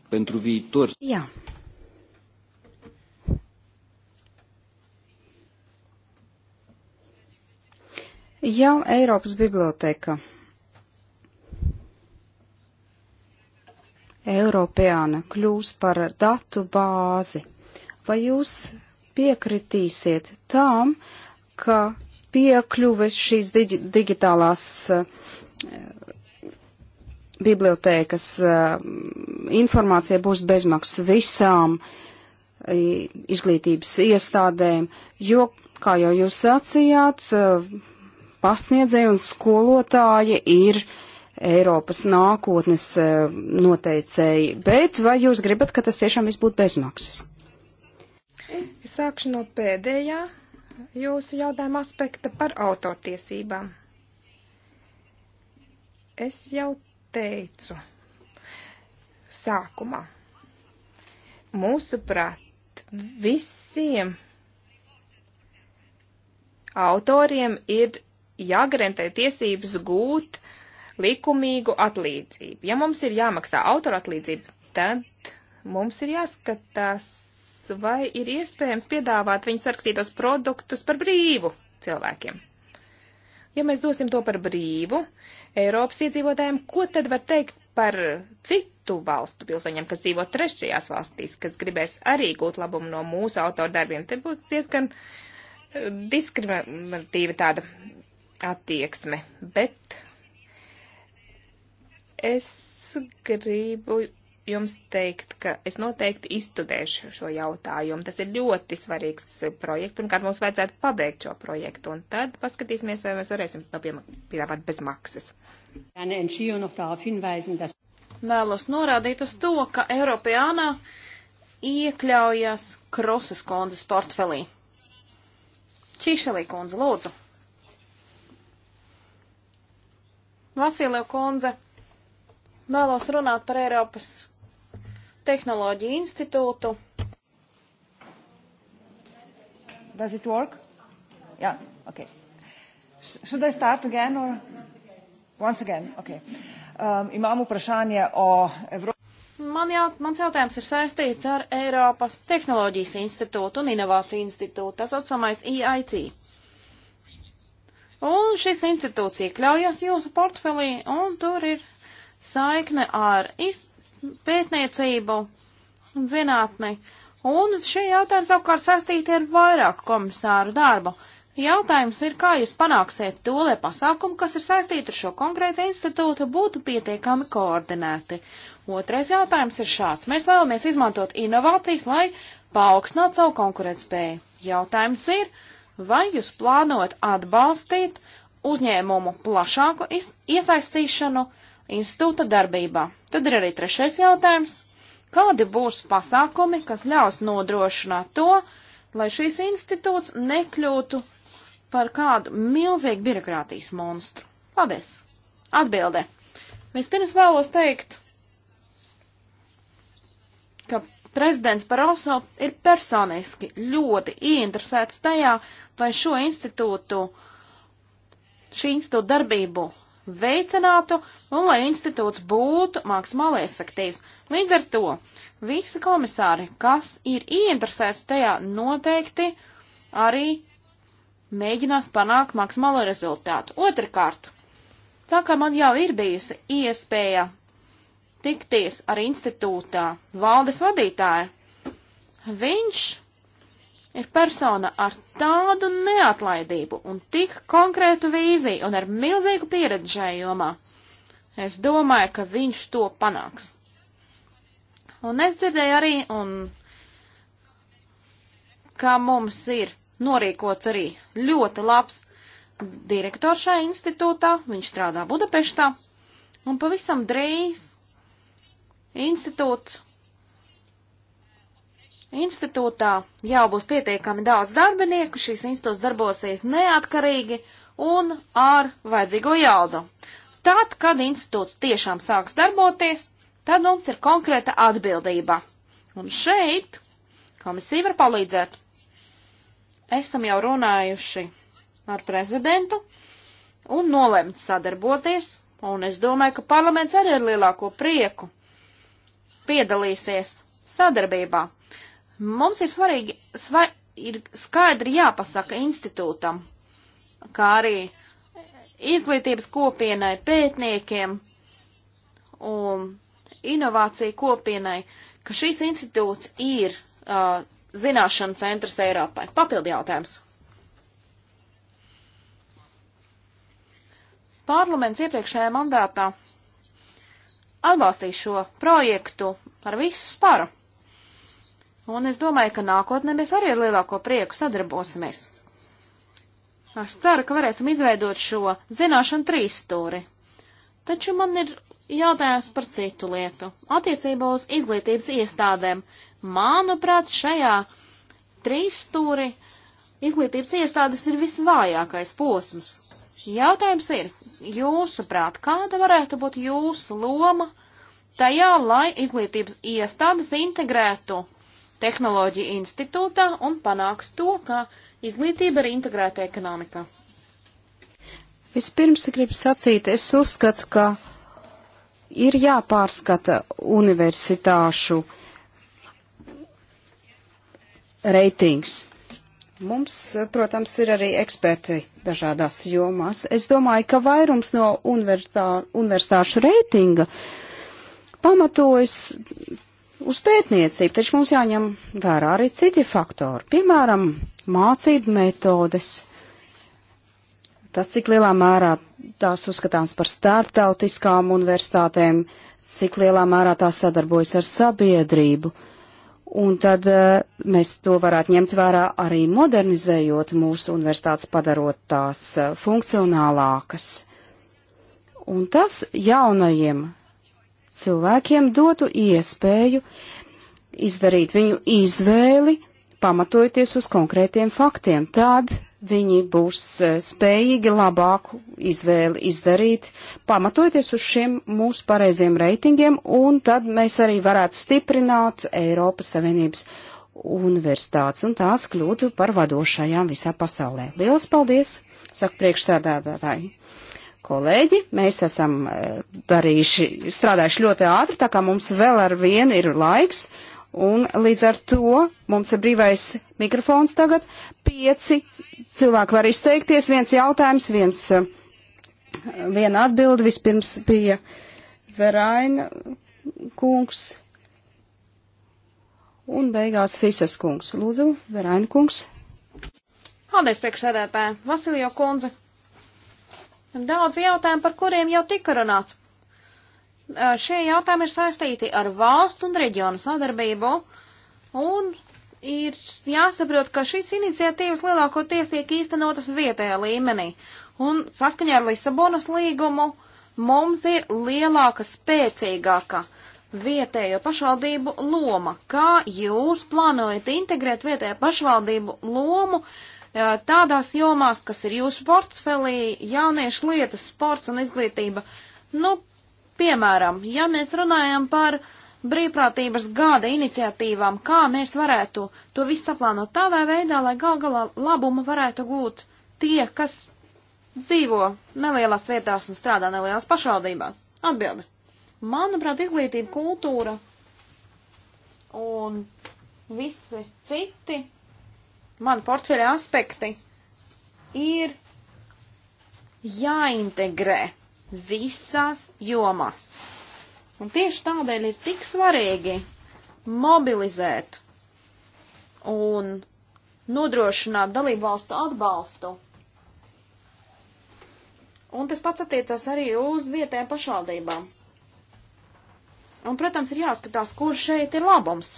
pentru viitor. Jā. Jau Eiropas biblioteka. Eiropāna kļūs par datu bāzi. Vai jūs piekritīsiet tām, ka piekļuves šīs digi digitālās uh, bibliotēkas eh, informācija būs bezmaksas visām eh, izglītības iestādēm, jo, kā jau jūs sacījāt, eh, pasniedzēji un skolotāji ir Eiropas nākotnes noteicēji, bet vai jūs gribat, ka tas tiešām viss būtu bezmaksas? Es sākšu no pēdējā jūsu jautājuma aspekta par autortiesībām. Es jau teicu sākumā. Mūsuprāt, visiem autoriem ir jāgarantē tiesības gūt likumīgu atlīdzību. Ja mums ir jāmaksā autora atlīdzība, tad mums ir jāskatās, vai ir iespējams piedāvāt viņas rakstītos produktus par brīvu cilvēkiem. Ja mēs dosim to par brīvu, Eiropas iedzīvotājiem, ko tad var teikt par citu valstu pilsoņiem, kas dzīvo trešajās valstīs, kas gribēs arī gūt labumu no mūsu autoru darbiem? Te būs diezgan eh, diskriminatīva tāda attieksme, bet es gribu jums teikt, ka es noteikti izstudēšu šo jautājumu. Tas ir ļoti svarīgs eh, projekts. Pirmkārt, mums vajadzētu pabeigt šo projektu, un tad paskatīsimies, vai mēs varēsim to piedāvāt bez maksas. Vēlos norādīt uz to, ka Eiropānā iekļaujas Krosas kundzes portfelī. Čišelī kundze, lūdzu. Vasilija kundze vēlos runāt par Eiropas tehnoloģiju institūtu. Does it work? Yeah, okay. Should I start again or once again? Okay. Um, imam vprašanje o Evropi. Man jau, mans jautājums ir saistīts ar Eiropas Tehnoloģijas institūtu un Inovāciju institūtu, tas atsaucamais EIT. Un šis institūts iekļaujas jūsu portfelī, un tur ir saikne ar iz, pētniecību un zinātni. Un šie jautājumi savukārt saistīti ar vairāku komisāru darbu. Jautājums ir, kā jūs panāksiet to, lai pasākumi, kas ir saistīti ar šo konkrētu institūtu, būtu pietiekami koordinēti. Otrais jautājums ir šāds. Mēs vēlamies izmantot inovācijas, lai paaugstinātu savu konkurētspēju. Jautājums ir, vai jūs plānot atbalstīt uzņēmumu plašāku iesaistīšanu institūta darbībā. Tad ir arī trešais jautājums. Kādi būs pasākumi, kas ļaus nodrošināt to, lai šīs institūts nekļūtu par kādu milzīgu birokrātijas monstru? Paldies! Atbildē. Vispirms vēlos teikt, ka prezidents Paroso ir personiski ļoti ieinteresēts tajā, lai šo institūtu, šī institūta darbību veicinātu un lai institūts būtu maksimāli efektīvs. Līdz ar to visi komisāri, kas ir ieinteresēts tajā, noteikti arī mēģinās panākt maksimālo rezultātu. Otrakārt, tā kā man jau ir bijusi iespēja tikties ar institūtā valdes vadītāju, viņš ir persona ar tādu neatlaidību un tik konkrētu vīziju un ar milzīgu pieredzi šajā jomā. Es domāju, ka viņš to panāks. Un es dzirdēju arī, un, ka mums ir norīkots arī ļoti labs direktors šajā institūtā, viņš strādā Budapeštā, un pavisam drīz institūts Institūtā jau būs pietiekami daudz darbinieku, šīs institūts darbosies neatkarīgi un ar vajadzīgo jaudu. Tad, kad institūts tiešām sāks darboties, tad mums ir konkrēta atbildība. Un šeit komisija var palīdzēt. Esam jau runājuši ar prezidentu un nolemts sadarboties, un es domāju, ka parlaments arī ar lielāko prieku piedalīsies sadarbībā. Mums ir svarīgi, sva, ir skaidri jāpasaka institūtam, kā arī izglītības kopienai, pētniekiem un inovāciju kopienai, ka šīs institūts ir uh, zināšanu centrs Eiropai. Papildi jautājums. Parlaments iepriekšējā mandātā atbalstīja šo projektu ar visu sparu. Un es domāju, ka nākotnē mēs arī ar lielāko prieku sadarbosimies. Es ceru, ka varēsim izveidot šo zināšanu trīsstūri. Taču man ir jautājums par citu lietu. Attiecībā uz izglītības iestādēm. Manuprāt, šajā trīsstūri izglītības iestādes ir visvājākais posms. Jautājums ir, jūsuprāt, kāda varētu būt jūsu loma tajā, lai izglītības iestādes integrētu tehnoloģiju institūtā un panāks to, ka izglītība ir integrēta ekonomikā. Vispirms gribu sacīt, es uzskatu, ka ir jāpārskata universitāšu reitings. Mums, protams, ir arī eksperti dažādās jomās. Es domāju, ka vairums no universitāšu reitinga pamatojas uz pētniecību, taču mums jāņem vērā arī citi faktori, piemēram, mācību metodes, tas, cik lielā mērā tās uzskatāms par starptautiskām universitātēm, cik lielā mērā tās sadarbojas ar sabiedrību. Un tad eh, mēs to varētu ņemt vērā arī modernizējot mūsu universitātes, padarot tās eh, funkcionālākas. Un tas jaunajiem cilvēkiem dotu iespēju izdarīt viņu izvēli, pamatojoties uz konkrētiem faktiem. Tad viņi būs eh, spējīgi labāku izvēli izdarīt, pamatojoties uz šiem mūsu pareiziem reitingiem, un tad mēs arī varētu stiprināt Eiropas Savienības universitātes, un tās kļūtu par vadošajām visā pasaulē. Lielas paldies, saka priekšsēdētāji kolēģi, mēs esam eh, darījuši, strādājuši ļoti ātri, tā kā mums vēl ar vienu ir laiks, un līdz ar to mums ir brīvais mikrofons tagad. Pieci cilvēki var izteikties, viens jautājums, viens, eh, viena atbildi. Vispirms bija Veraina kungs un beigās Fisas kungs. Lūdzu, Veraina kungs. Paldies, priekšsēdētāji. Vasilija kundze. Daudz jautājumu, par kuriem jau tika runāts. Šie jautājumi ir saistīti ar valsts un reģionu sadarbību, un ir jāsaprot, ka šīs iniciatīvas lielākoties tiek īstenotas vietējā līmenī, un saskaņā ar Lisabonas līgumu mums ir lielāka, spēcīgāka vietējo pašvaldību loma. Kā jūs plānojat integrēt vietējo pašvaldību lomu tādās jomās, kas ir jūsu portfelī, jauniešu lietas, sports un izglītība. Nu, piemēram, ja mēs runājam par brīvprātības gada iniciatīvām, kā mēs varētu to visu saplānot tādā veidā, lai gal galā labumu varētu gūt tie, kas dzīvo nelielās vietās un strādā nelielās pašvaldībās. Atbildi. Manuprāt, izglītība, kultūra un visi citi man portfeļa aspekti ir jāintegrē visās jomās. Un tieši tādēļ ir tik svarīgi mobilizēt un nodrošināt dalību valstu atbalstu. Un tas pats attiecās arī uz vietējām pašvaldībām. Un, protams, ir jāskatās, kur šeit ir labums.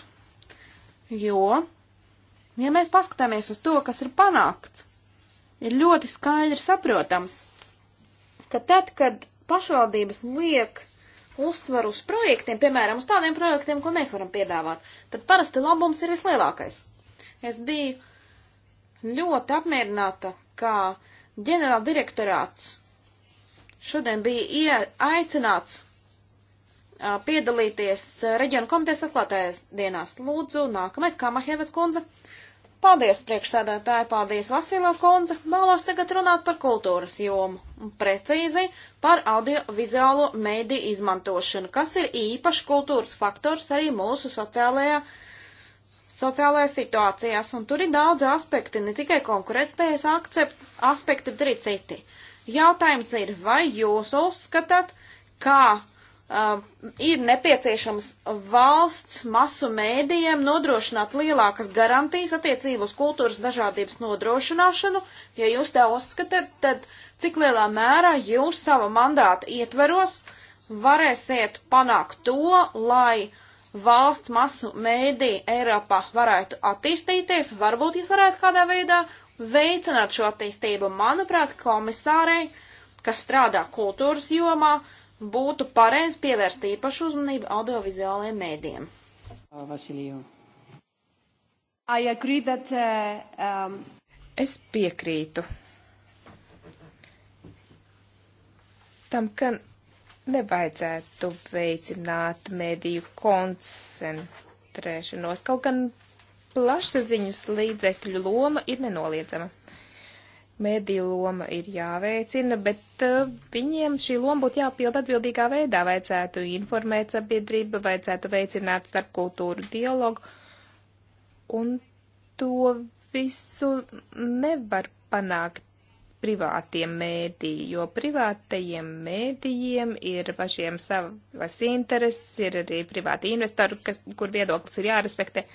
Jo Ja mēs paskatāmies uz to, kas ir panākts, ir ļoti skaidri saprotams, ka tad, kad pašvaldības liek uzsvaru uz projektiem, piemēram, uz tādiem projektiem, ko mēs varam piedāvāt, tad parasti labums ir vislielākais. Es biju ļoti apmierināta, ka ģenerāla direktorāts šodien bija aicināts piedalīties reģionu komitejas atklātājas dienās. Lūdzu, nākamais, kā Mahievas kundze. Paldies, priekšsēdētāji, paldies, Vasilo Konze. Vēlos tagad runāt par kultūras jomu, un precīzi par audiovizuālo mediju izmantošanu, kas ir īpaši kultūras faktors arī mūsu sociālajā sociālajās situācijās, un tur ir daudz aspekti, ne tikai konkurētspējas akcept, aspekti, bet arī citi. Jautājums ir, vai jūs uzskatāt, kā Uh, ir nepieciešams valsts masu mēdījiem nodrošināt lielākas garantijas attiecību uz kultūras dažādības nodrošināšanu. Ja jūs tā uzskatāt, tad cik lielā mērā jūs sava mandāta ietveros varēsiet panākt to, lai valsts masu mēdī Eiropā varētu attīstīties, varbūt jūs varētu kādā veidā veicināt šo attīstību. Manuprāt, komisārei, kas strādā kultūras jomā, uh, būtu pareizi pievērst īpašu uzmanību audiovizuālajiem mēdiem. Uh, that, uh, um... Es piekrītu tam, ka nevajadzētu veicināt mediju koncentrēšanos, kaut gan plašsaziņas līdzekļu loma ir nenoliedzama. Mēdīju loma ir jāveicina, bet uh, viņiem šī loma būtu jāpild atbildīgā veidā. Vajadzētu informēt sabiedrību, vajadzētu veicināt starpkultūru dialogu, un to visu nevar panākt privātiem mēdī, jo privātajiem mēdījiem ir pašiem savas intereses, ir arī privāti investori, kas, kur viedoklis ir jārespektē. Uh,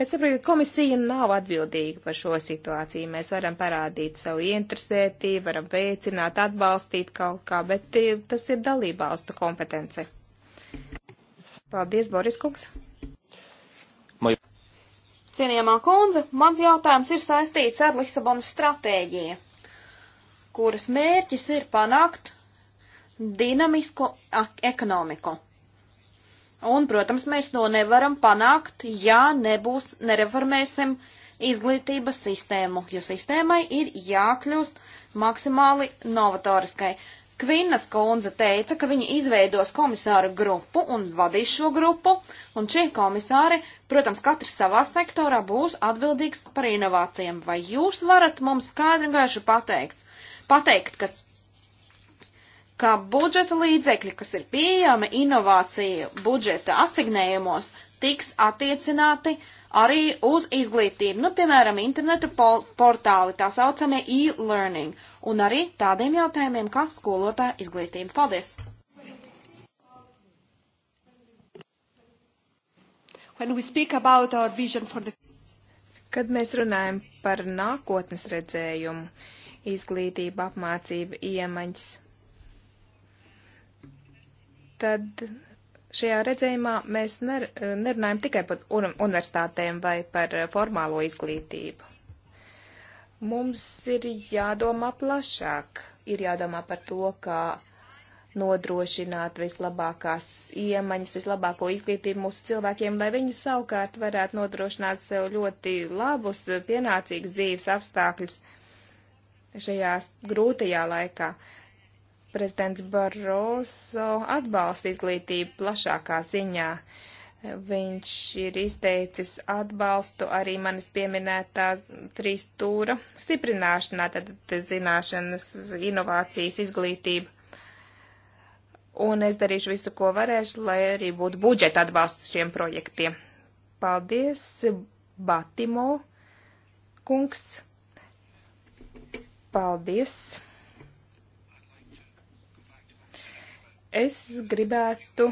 Bet saprotiet, komisija nav atbildīga par šo situāciju. Mēs varam parādīt savu interesētību, varam veicināt, atbalstīt kaut kā, bet e, tas ir dalībvalstu kompetence. Paldies, Boris Kungs. Cienījamā kundze, mans jautājums ir saistīts ar Lisabonas stratēģiju, kuras mērķis ir panākt dinamisku ekonomiku. Un, protams, mēs to nevaram panākt, ja nebūs, nereformēsim izglītības sistēmu, jo sistēmai ir jākļūst maksimāli novatoriskai. Kvinnas kundze teica, ka viņa izveidos komisāru grupu un vadīs šo grupu, un šie komisāri, protams, katrs savā sektorā būs atbildīgs par inovācijām. Vai jūs varat mums skaidri un gaiši pateikt, pateikt, ka ka budžeta līdzekļi, kas ir pieejami inovāciju budžeta asignējumos, tiks attiecināti arī uz izglītību, nu, piemēram, internetu portāli, tā saucamie e-learning, un arī tādiem jautājumiem, kā skolotāja izglītība. Paldies! The... Kad mēs runājam par nākotnes redzējumu, izglītība, apmācība, iemaņas, tad šajā redzējumā mēs ner, nerunājam tikai par universitātēm vai par formālo izglītību. Mums ir jādomā plašāk, ir jādomā par to, kā nodrošināt vislabākās iemaņas, vislabāko izglītību mūsu cilvēkiem, lai viņi savukārt varētu nodrošināt sev ļoti labus, pienācīgus dzīves apstākļus šajā grūtajā laikā. Uh, Prezidents Barroso atbalsta izglītību plašākā ziņā. Viņš ir izteicis atbalstu arī manis pieminētā trīs stūra stiprināšanā, tad zināšanas, inovācijas, izglītība. Un es darīšu visu, ko varēšu, lai arī būtu budžeta atbalsts šiem projektiem. Paldies, Batimo kungs. Paldies. Es gribētu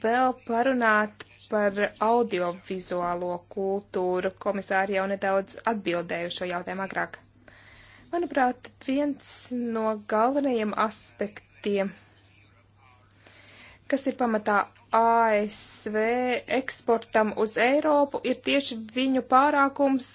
vēl parunāt par audiovizuālo kultūru. Komisāri jau nedaudz atbildēju šo jautājumu agrāk. Manuprāt, viens no galvenajiem aspektiem, kas ir pamatā ASV eksportam uz Eiropu, ir tieši viņu pārākums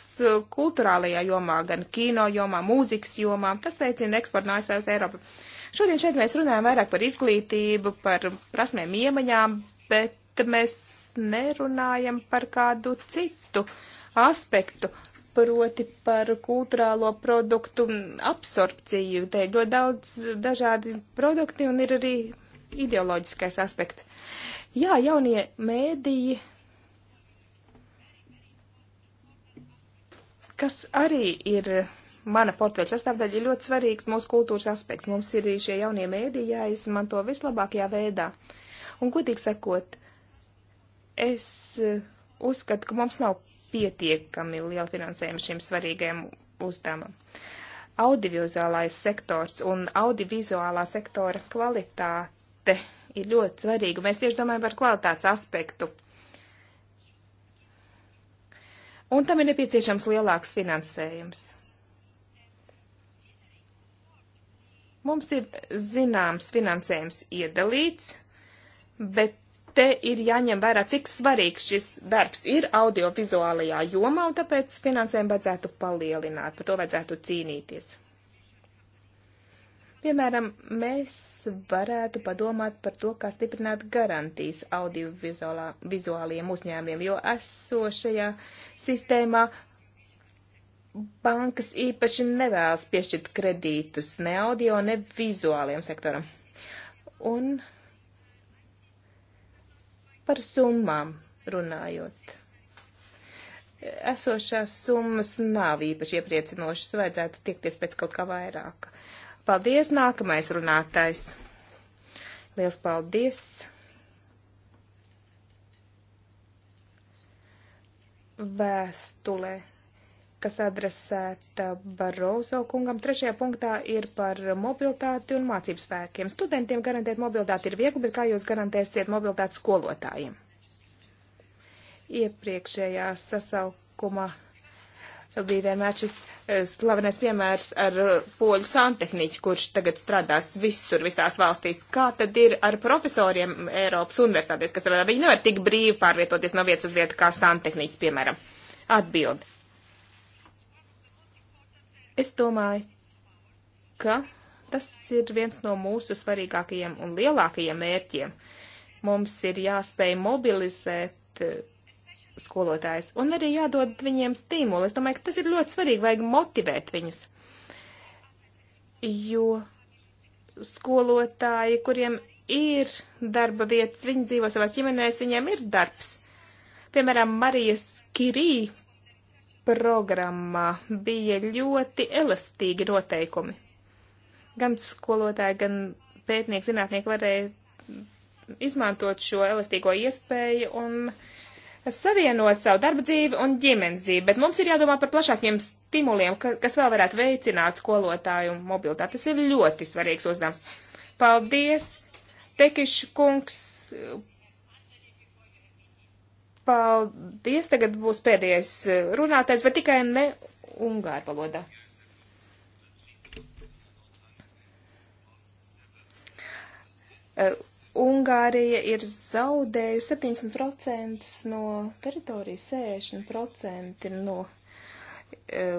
kultūrālajā jomā, gan kino jomā, mūzikas jomā. Tas veicina eksportu no ASV uz Eiropu. Uh, Šodien šeit mēs runājam vairāk par izglītību, par prasmēm iemaņām, bet mēs nerunājam par kādu citu aspektu, proti par kultūrālo produktu absorpciju. Te ir ļoti daudz dažādi produkti un ir arī ideoloģiskais aspekts. Jā, jaunie mēdīji, kas arī ir mana portfeļa sastāvdaļa ir ļoti svarīgs mūsu kultūras aspekts. Mums ir šie jaunie mēdī jāizmanto vislabākajā veidā. Un, godīgi sakot, es eh, uzskatu, ka mums nav pietiekami liela finansējuma šim svarīgajam uzdevumam. Audiovizuālais sektors un audiovizuālā sektora kvalitāte ir ļoti svarīga. Mēs tieši domājam par kvalitātes aspektu. Un tam ir nepieciešams lielāks finansējums. Mums ir zināms finansējums iedalīts, bet te ir jāņem vērā, cik svarīgs šis darbs ir audiovizuālajā jomā, un tāpēc finansējumu vajadzētu palielināt, par to vajadzētu cīnīties. Piemēram, mēs varētu padomāt par to, kā stiprināt garantijas audiovizuāliem uzņēmiem, jo esošajā sistēmā bankas īpaši nevēlas piešķirt kredītus ne audio, ne vizuāliem sektoram. Un par summām runājot. Esošās summas nav īpaši iepriecinošas, vajadzētu tiekties pēc kaut kā vairāk. Paldies, nākamais runātais. Liels paldies. Vēstulē kas adresēta Barozo kungam. Trešajā punktā ir par mobilitāti un mācību spēkiem. Studentiem garantēt mobilitāti ir viegli, bet kā jūs garantēsiet mobilitāti skolotājiem? Iepriekšējā sasaukuma bija vienmēr šis eh, slavenais piemērs ar eh, poļu santehniķu, kurš tagad strādās visur, visās valstīs. Kā tad ir ar profesoriem Eiropas universitātēs, kas strādā? Viņi nevar tik brīvi pārvietoties no vietas uz vietu kā santehniķis, piemēram. Atbildi. Es domāju, ka tas ir viens no mūsu svarīgākajiem un lielākajiem mērķiem. Mums ir jāspēj mobilizēt eh, skolotājs un arī jādod viņiem stimulu. Es domāju, ka tas ir ļoti svarīgi, vajag motivēt viņus. Jo skolotāji, kuriem ir darba vietas, viņi dzīvo savās ģimenēs, viņiem ir darbs. Piemēram, Marijas Kirī programmā bija ļoti elastīgi noteikumi. Gan skolotāji, gan pētnieki, zinātnieki varēja izmantot šo elastīgo iespēju un savienot savu darba dzīvi un ģimenes dzīvi, bet mums ir jādomā par plašākiem stimuliem, kas vēl varētu veicināt skolotāju mobilitāti. Tas ir ļoti svarīgs uzdevums. Paldies, Tekišs kungs, Paldies, tagad būs pēdējais eh, runātais, bet tikai ne ungāru valodā. Uh, Ungārija ir zaudējusi 70% no teritorijas, 60% no eh,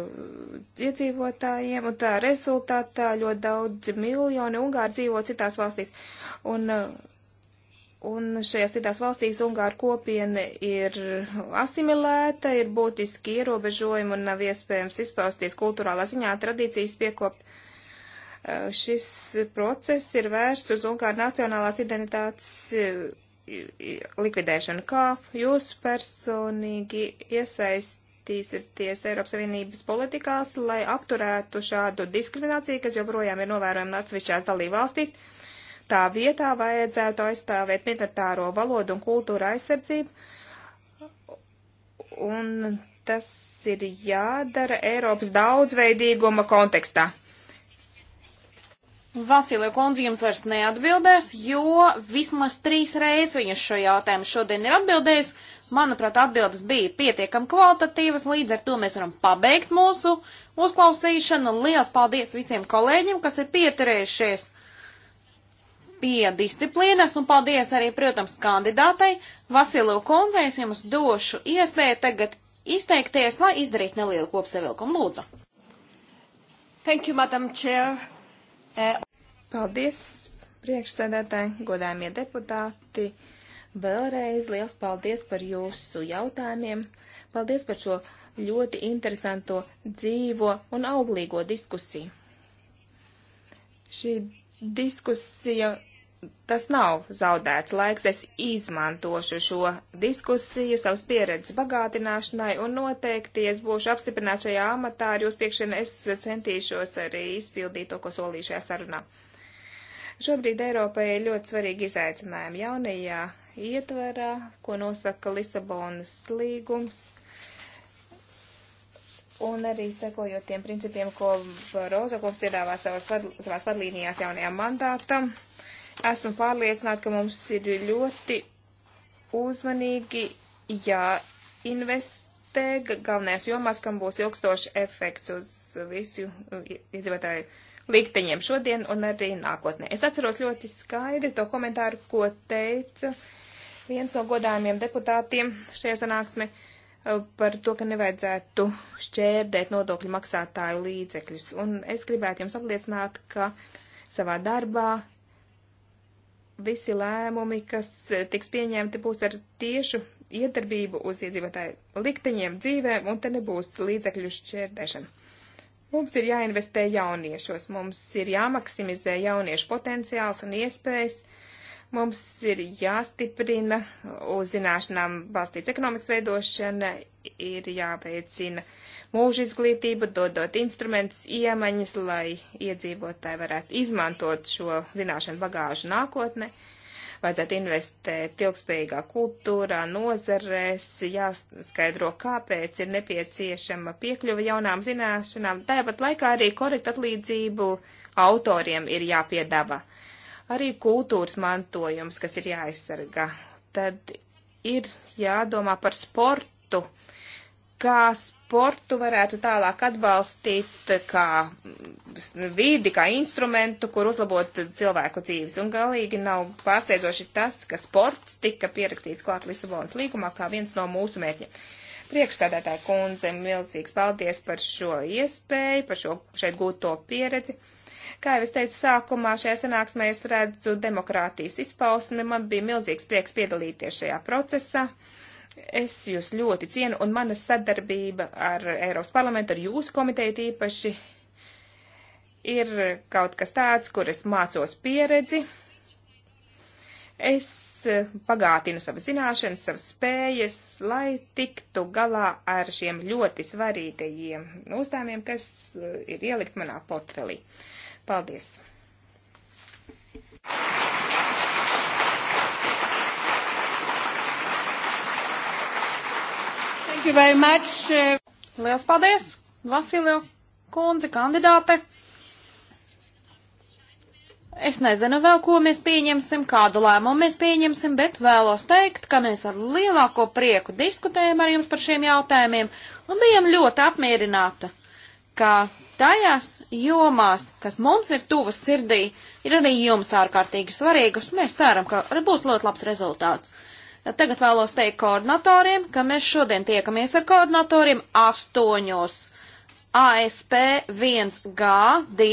iedzīvotājiem, un tā rezultātā ļoti daudz miljoni Ungāri dzīvo citās valstīs. Un uh, Un šajās citās valstīs Ungāru kopiena ir asimilēta, ir būtiski ierobežojumi un nav iespējams izpausties kultūrālā ziņā tradīcijas piekopt. Uh, šis process ir vērsts uz Ungāru nacionālās identitātes uh, likvidēšanu. Kā jūs personīgi iesaistīsieties Eiropas Savienības politikās, lai apturētu šādu diskrimināciju, kas joprojām ir novērojama atsevišķās dalībvalstīs? valstīs? Tā vietā vajadzētu aizstāvēt minoritāro valodu un kultūra aizsardzību. Un tas ir jādara Eiropas daudzveidīguma kontekstā. Vasilija kundze jums vairs neatbildēs, jo vismaz trīs reizes viņas šo jautājumu šodien ir atbildējis. Manuprāt, atbildes bija pietiekam kvalitatīvas, līdz ar to mēs varam pabeigt mūsu uzklausīšanu. Lielas paldies visiem kolēģiem, kas ir pieturējušies pie disciplīnas, un paldies arī, protams, kandidātei Vasilu Kundzei. Es jums došu iespēju tagad izteikties, lai izdarītu nelielu kopsavilkumu. Lūdzu. Thank you, Madam Chair. Uh... Paldies, priekšsēdētāji, godājumie deputāti. Vēlreiz liels paldies par jūsu jautājumiem. Paldies par šo ļoti interesanto, dzīvo un auglīgo diskusiju. Šī diskusija, tas nav zaudēts laiks. Es izmantošu šo diskusiju savas pieredzes bagātināšanai un noteikti es būšu apstiprināts šajā amatā ar jūs piekšana. Es centīšos arī izpildīt to, ko solīju šajā sarunā. Šobrīd Eiropai ir ļoti svarīgi izaicinājumi jaunajā ietvarā, ko nosaka Lisabonas līgums un arī sekojot tiem principiem, ko Roza kungs piedāvā savās vadlīnijās jaunajām mandātam. Esmu pārliecināta, ka mums ir ļoti uzmanīgi jāinvestē galvenajās jomās, kam būs ilgstoši efekts uz visu izdzīvotāju likteņiem šodien un arī nākotnē. Es atceros ļoti skaidri to komentāru, ko teica viens no godājumiem deputātiem šajā sanāksmē. Uh, par to, ka nevajadzētu šķērdēt nodokļu maksātāju līdzekļus. Un es gribētu jums apliecināt, ka savā darbā visi lēmumi, kas tiks pieņemti, būs ar tiešu iedarbību uz iedzīvotāju likteņiem, dzīvēm, un te nebūs līdzekļu šķērdēšana. Mums ir jāinvestē jauniešos, mums ir jāmaksimizē jauniešu potenciāls un iespējas Mums ir jāstiprina uz zināšanām balstīts ekonomikas veidošana, ir jāveicina mūža izglītība, dodot instrumentus, iemaņas, lai iedzīvotāji varētu izmantot šo zināšanu bagāžu nākotnē. Vajadzētu investēt ilgspējīgā kultūrā, nozarēs, jāskaidro, kāpēc ir nepieciešama piekļuva jaunām zināšanām. Tāpat laikā arī korekta atlīdzību autoriem ir jāpiedāvā. Uh, arī kultūras mantojums, kas ir jāaizsargā. Tad ir jādomā par sportu, kā sportu varētu tālāk atbalstīt, kā vidi, kā instrumentu, kur uzlabot cilvēku dzīves. Un galīgi nav pārsteidzoši tas, ka sports tika pierakstīts klāt Lisabonas līgumā kā viens no mūsu mērķiem. Priekšsādātāja kundze, milzīgs paldies par šo iespēju, par šo šeit gūto pieredzi. Kā jau es teicu sākumā, šajā sanāksmē es redzu demokrātijas izpausmi. Man bija milzīgs prieks piedalīties šajā procesā. Es jūs ļoti cienu, un mana sadarbība ar Eiropas parlamentu, ar jūsu komiteju īpaši, ir kaut kas tāds, kur es mācos pieredzi. Es pagātinu savas zināšanas, savas spējas, lai tiktu galā ar šiem ļoti svarīgajiem uzdevumiem, kas ir ielikt manā portfelī. Uh, Paldies! Uh, Lielas paldies, Vasilija kundze, kandidāte. Es nezinu vēl, ko mēs pieņemsim, kādu lēmumu mēs pieņemsim, bet vēlos teikt, ka mēs ar lielāko prieku diskutējam ar jums par šiem jautājumiem un bijam ļoti apmierināta ka tajās jomās, kas mums ir tuvas sirdī, ir arī jums ārkārtīgi svarīgas. Mēs ceram, ka būs ļoti labs rezultāts. Tagad vēlos teikt koordinatoriem, ka mēs šodien tiekamies ar koordinatoriem astoņos ASP 1G2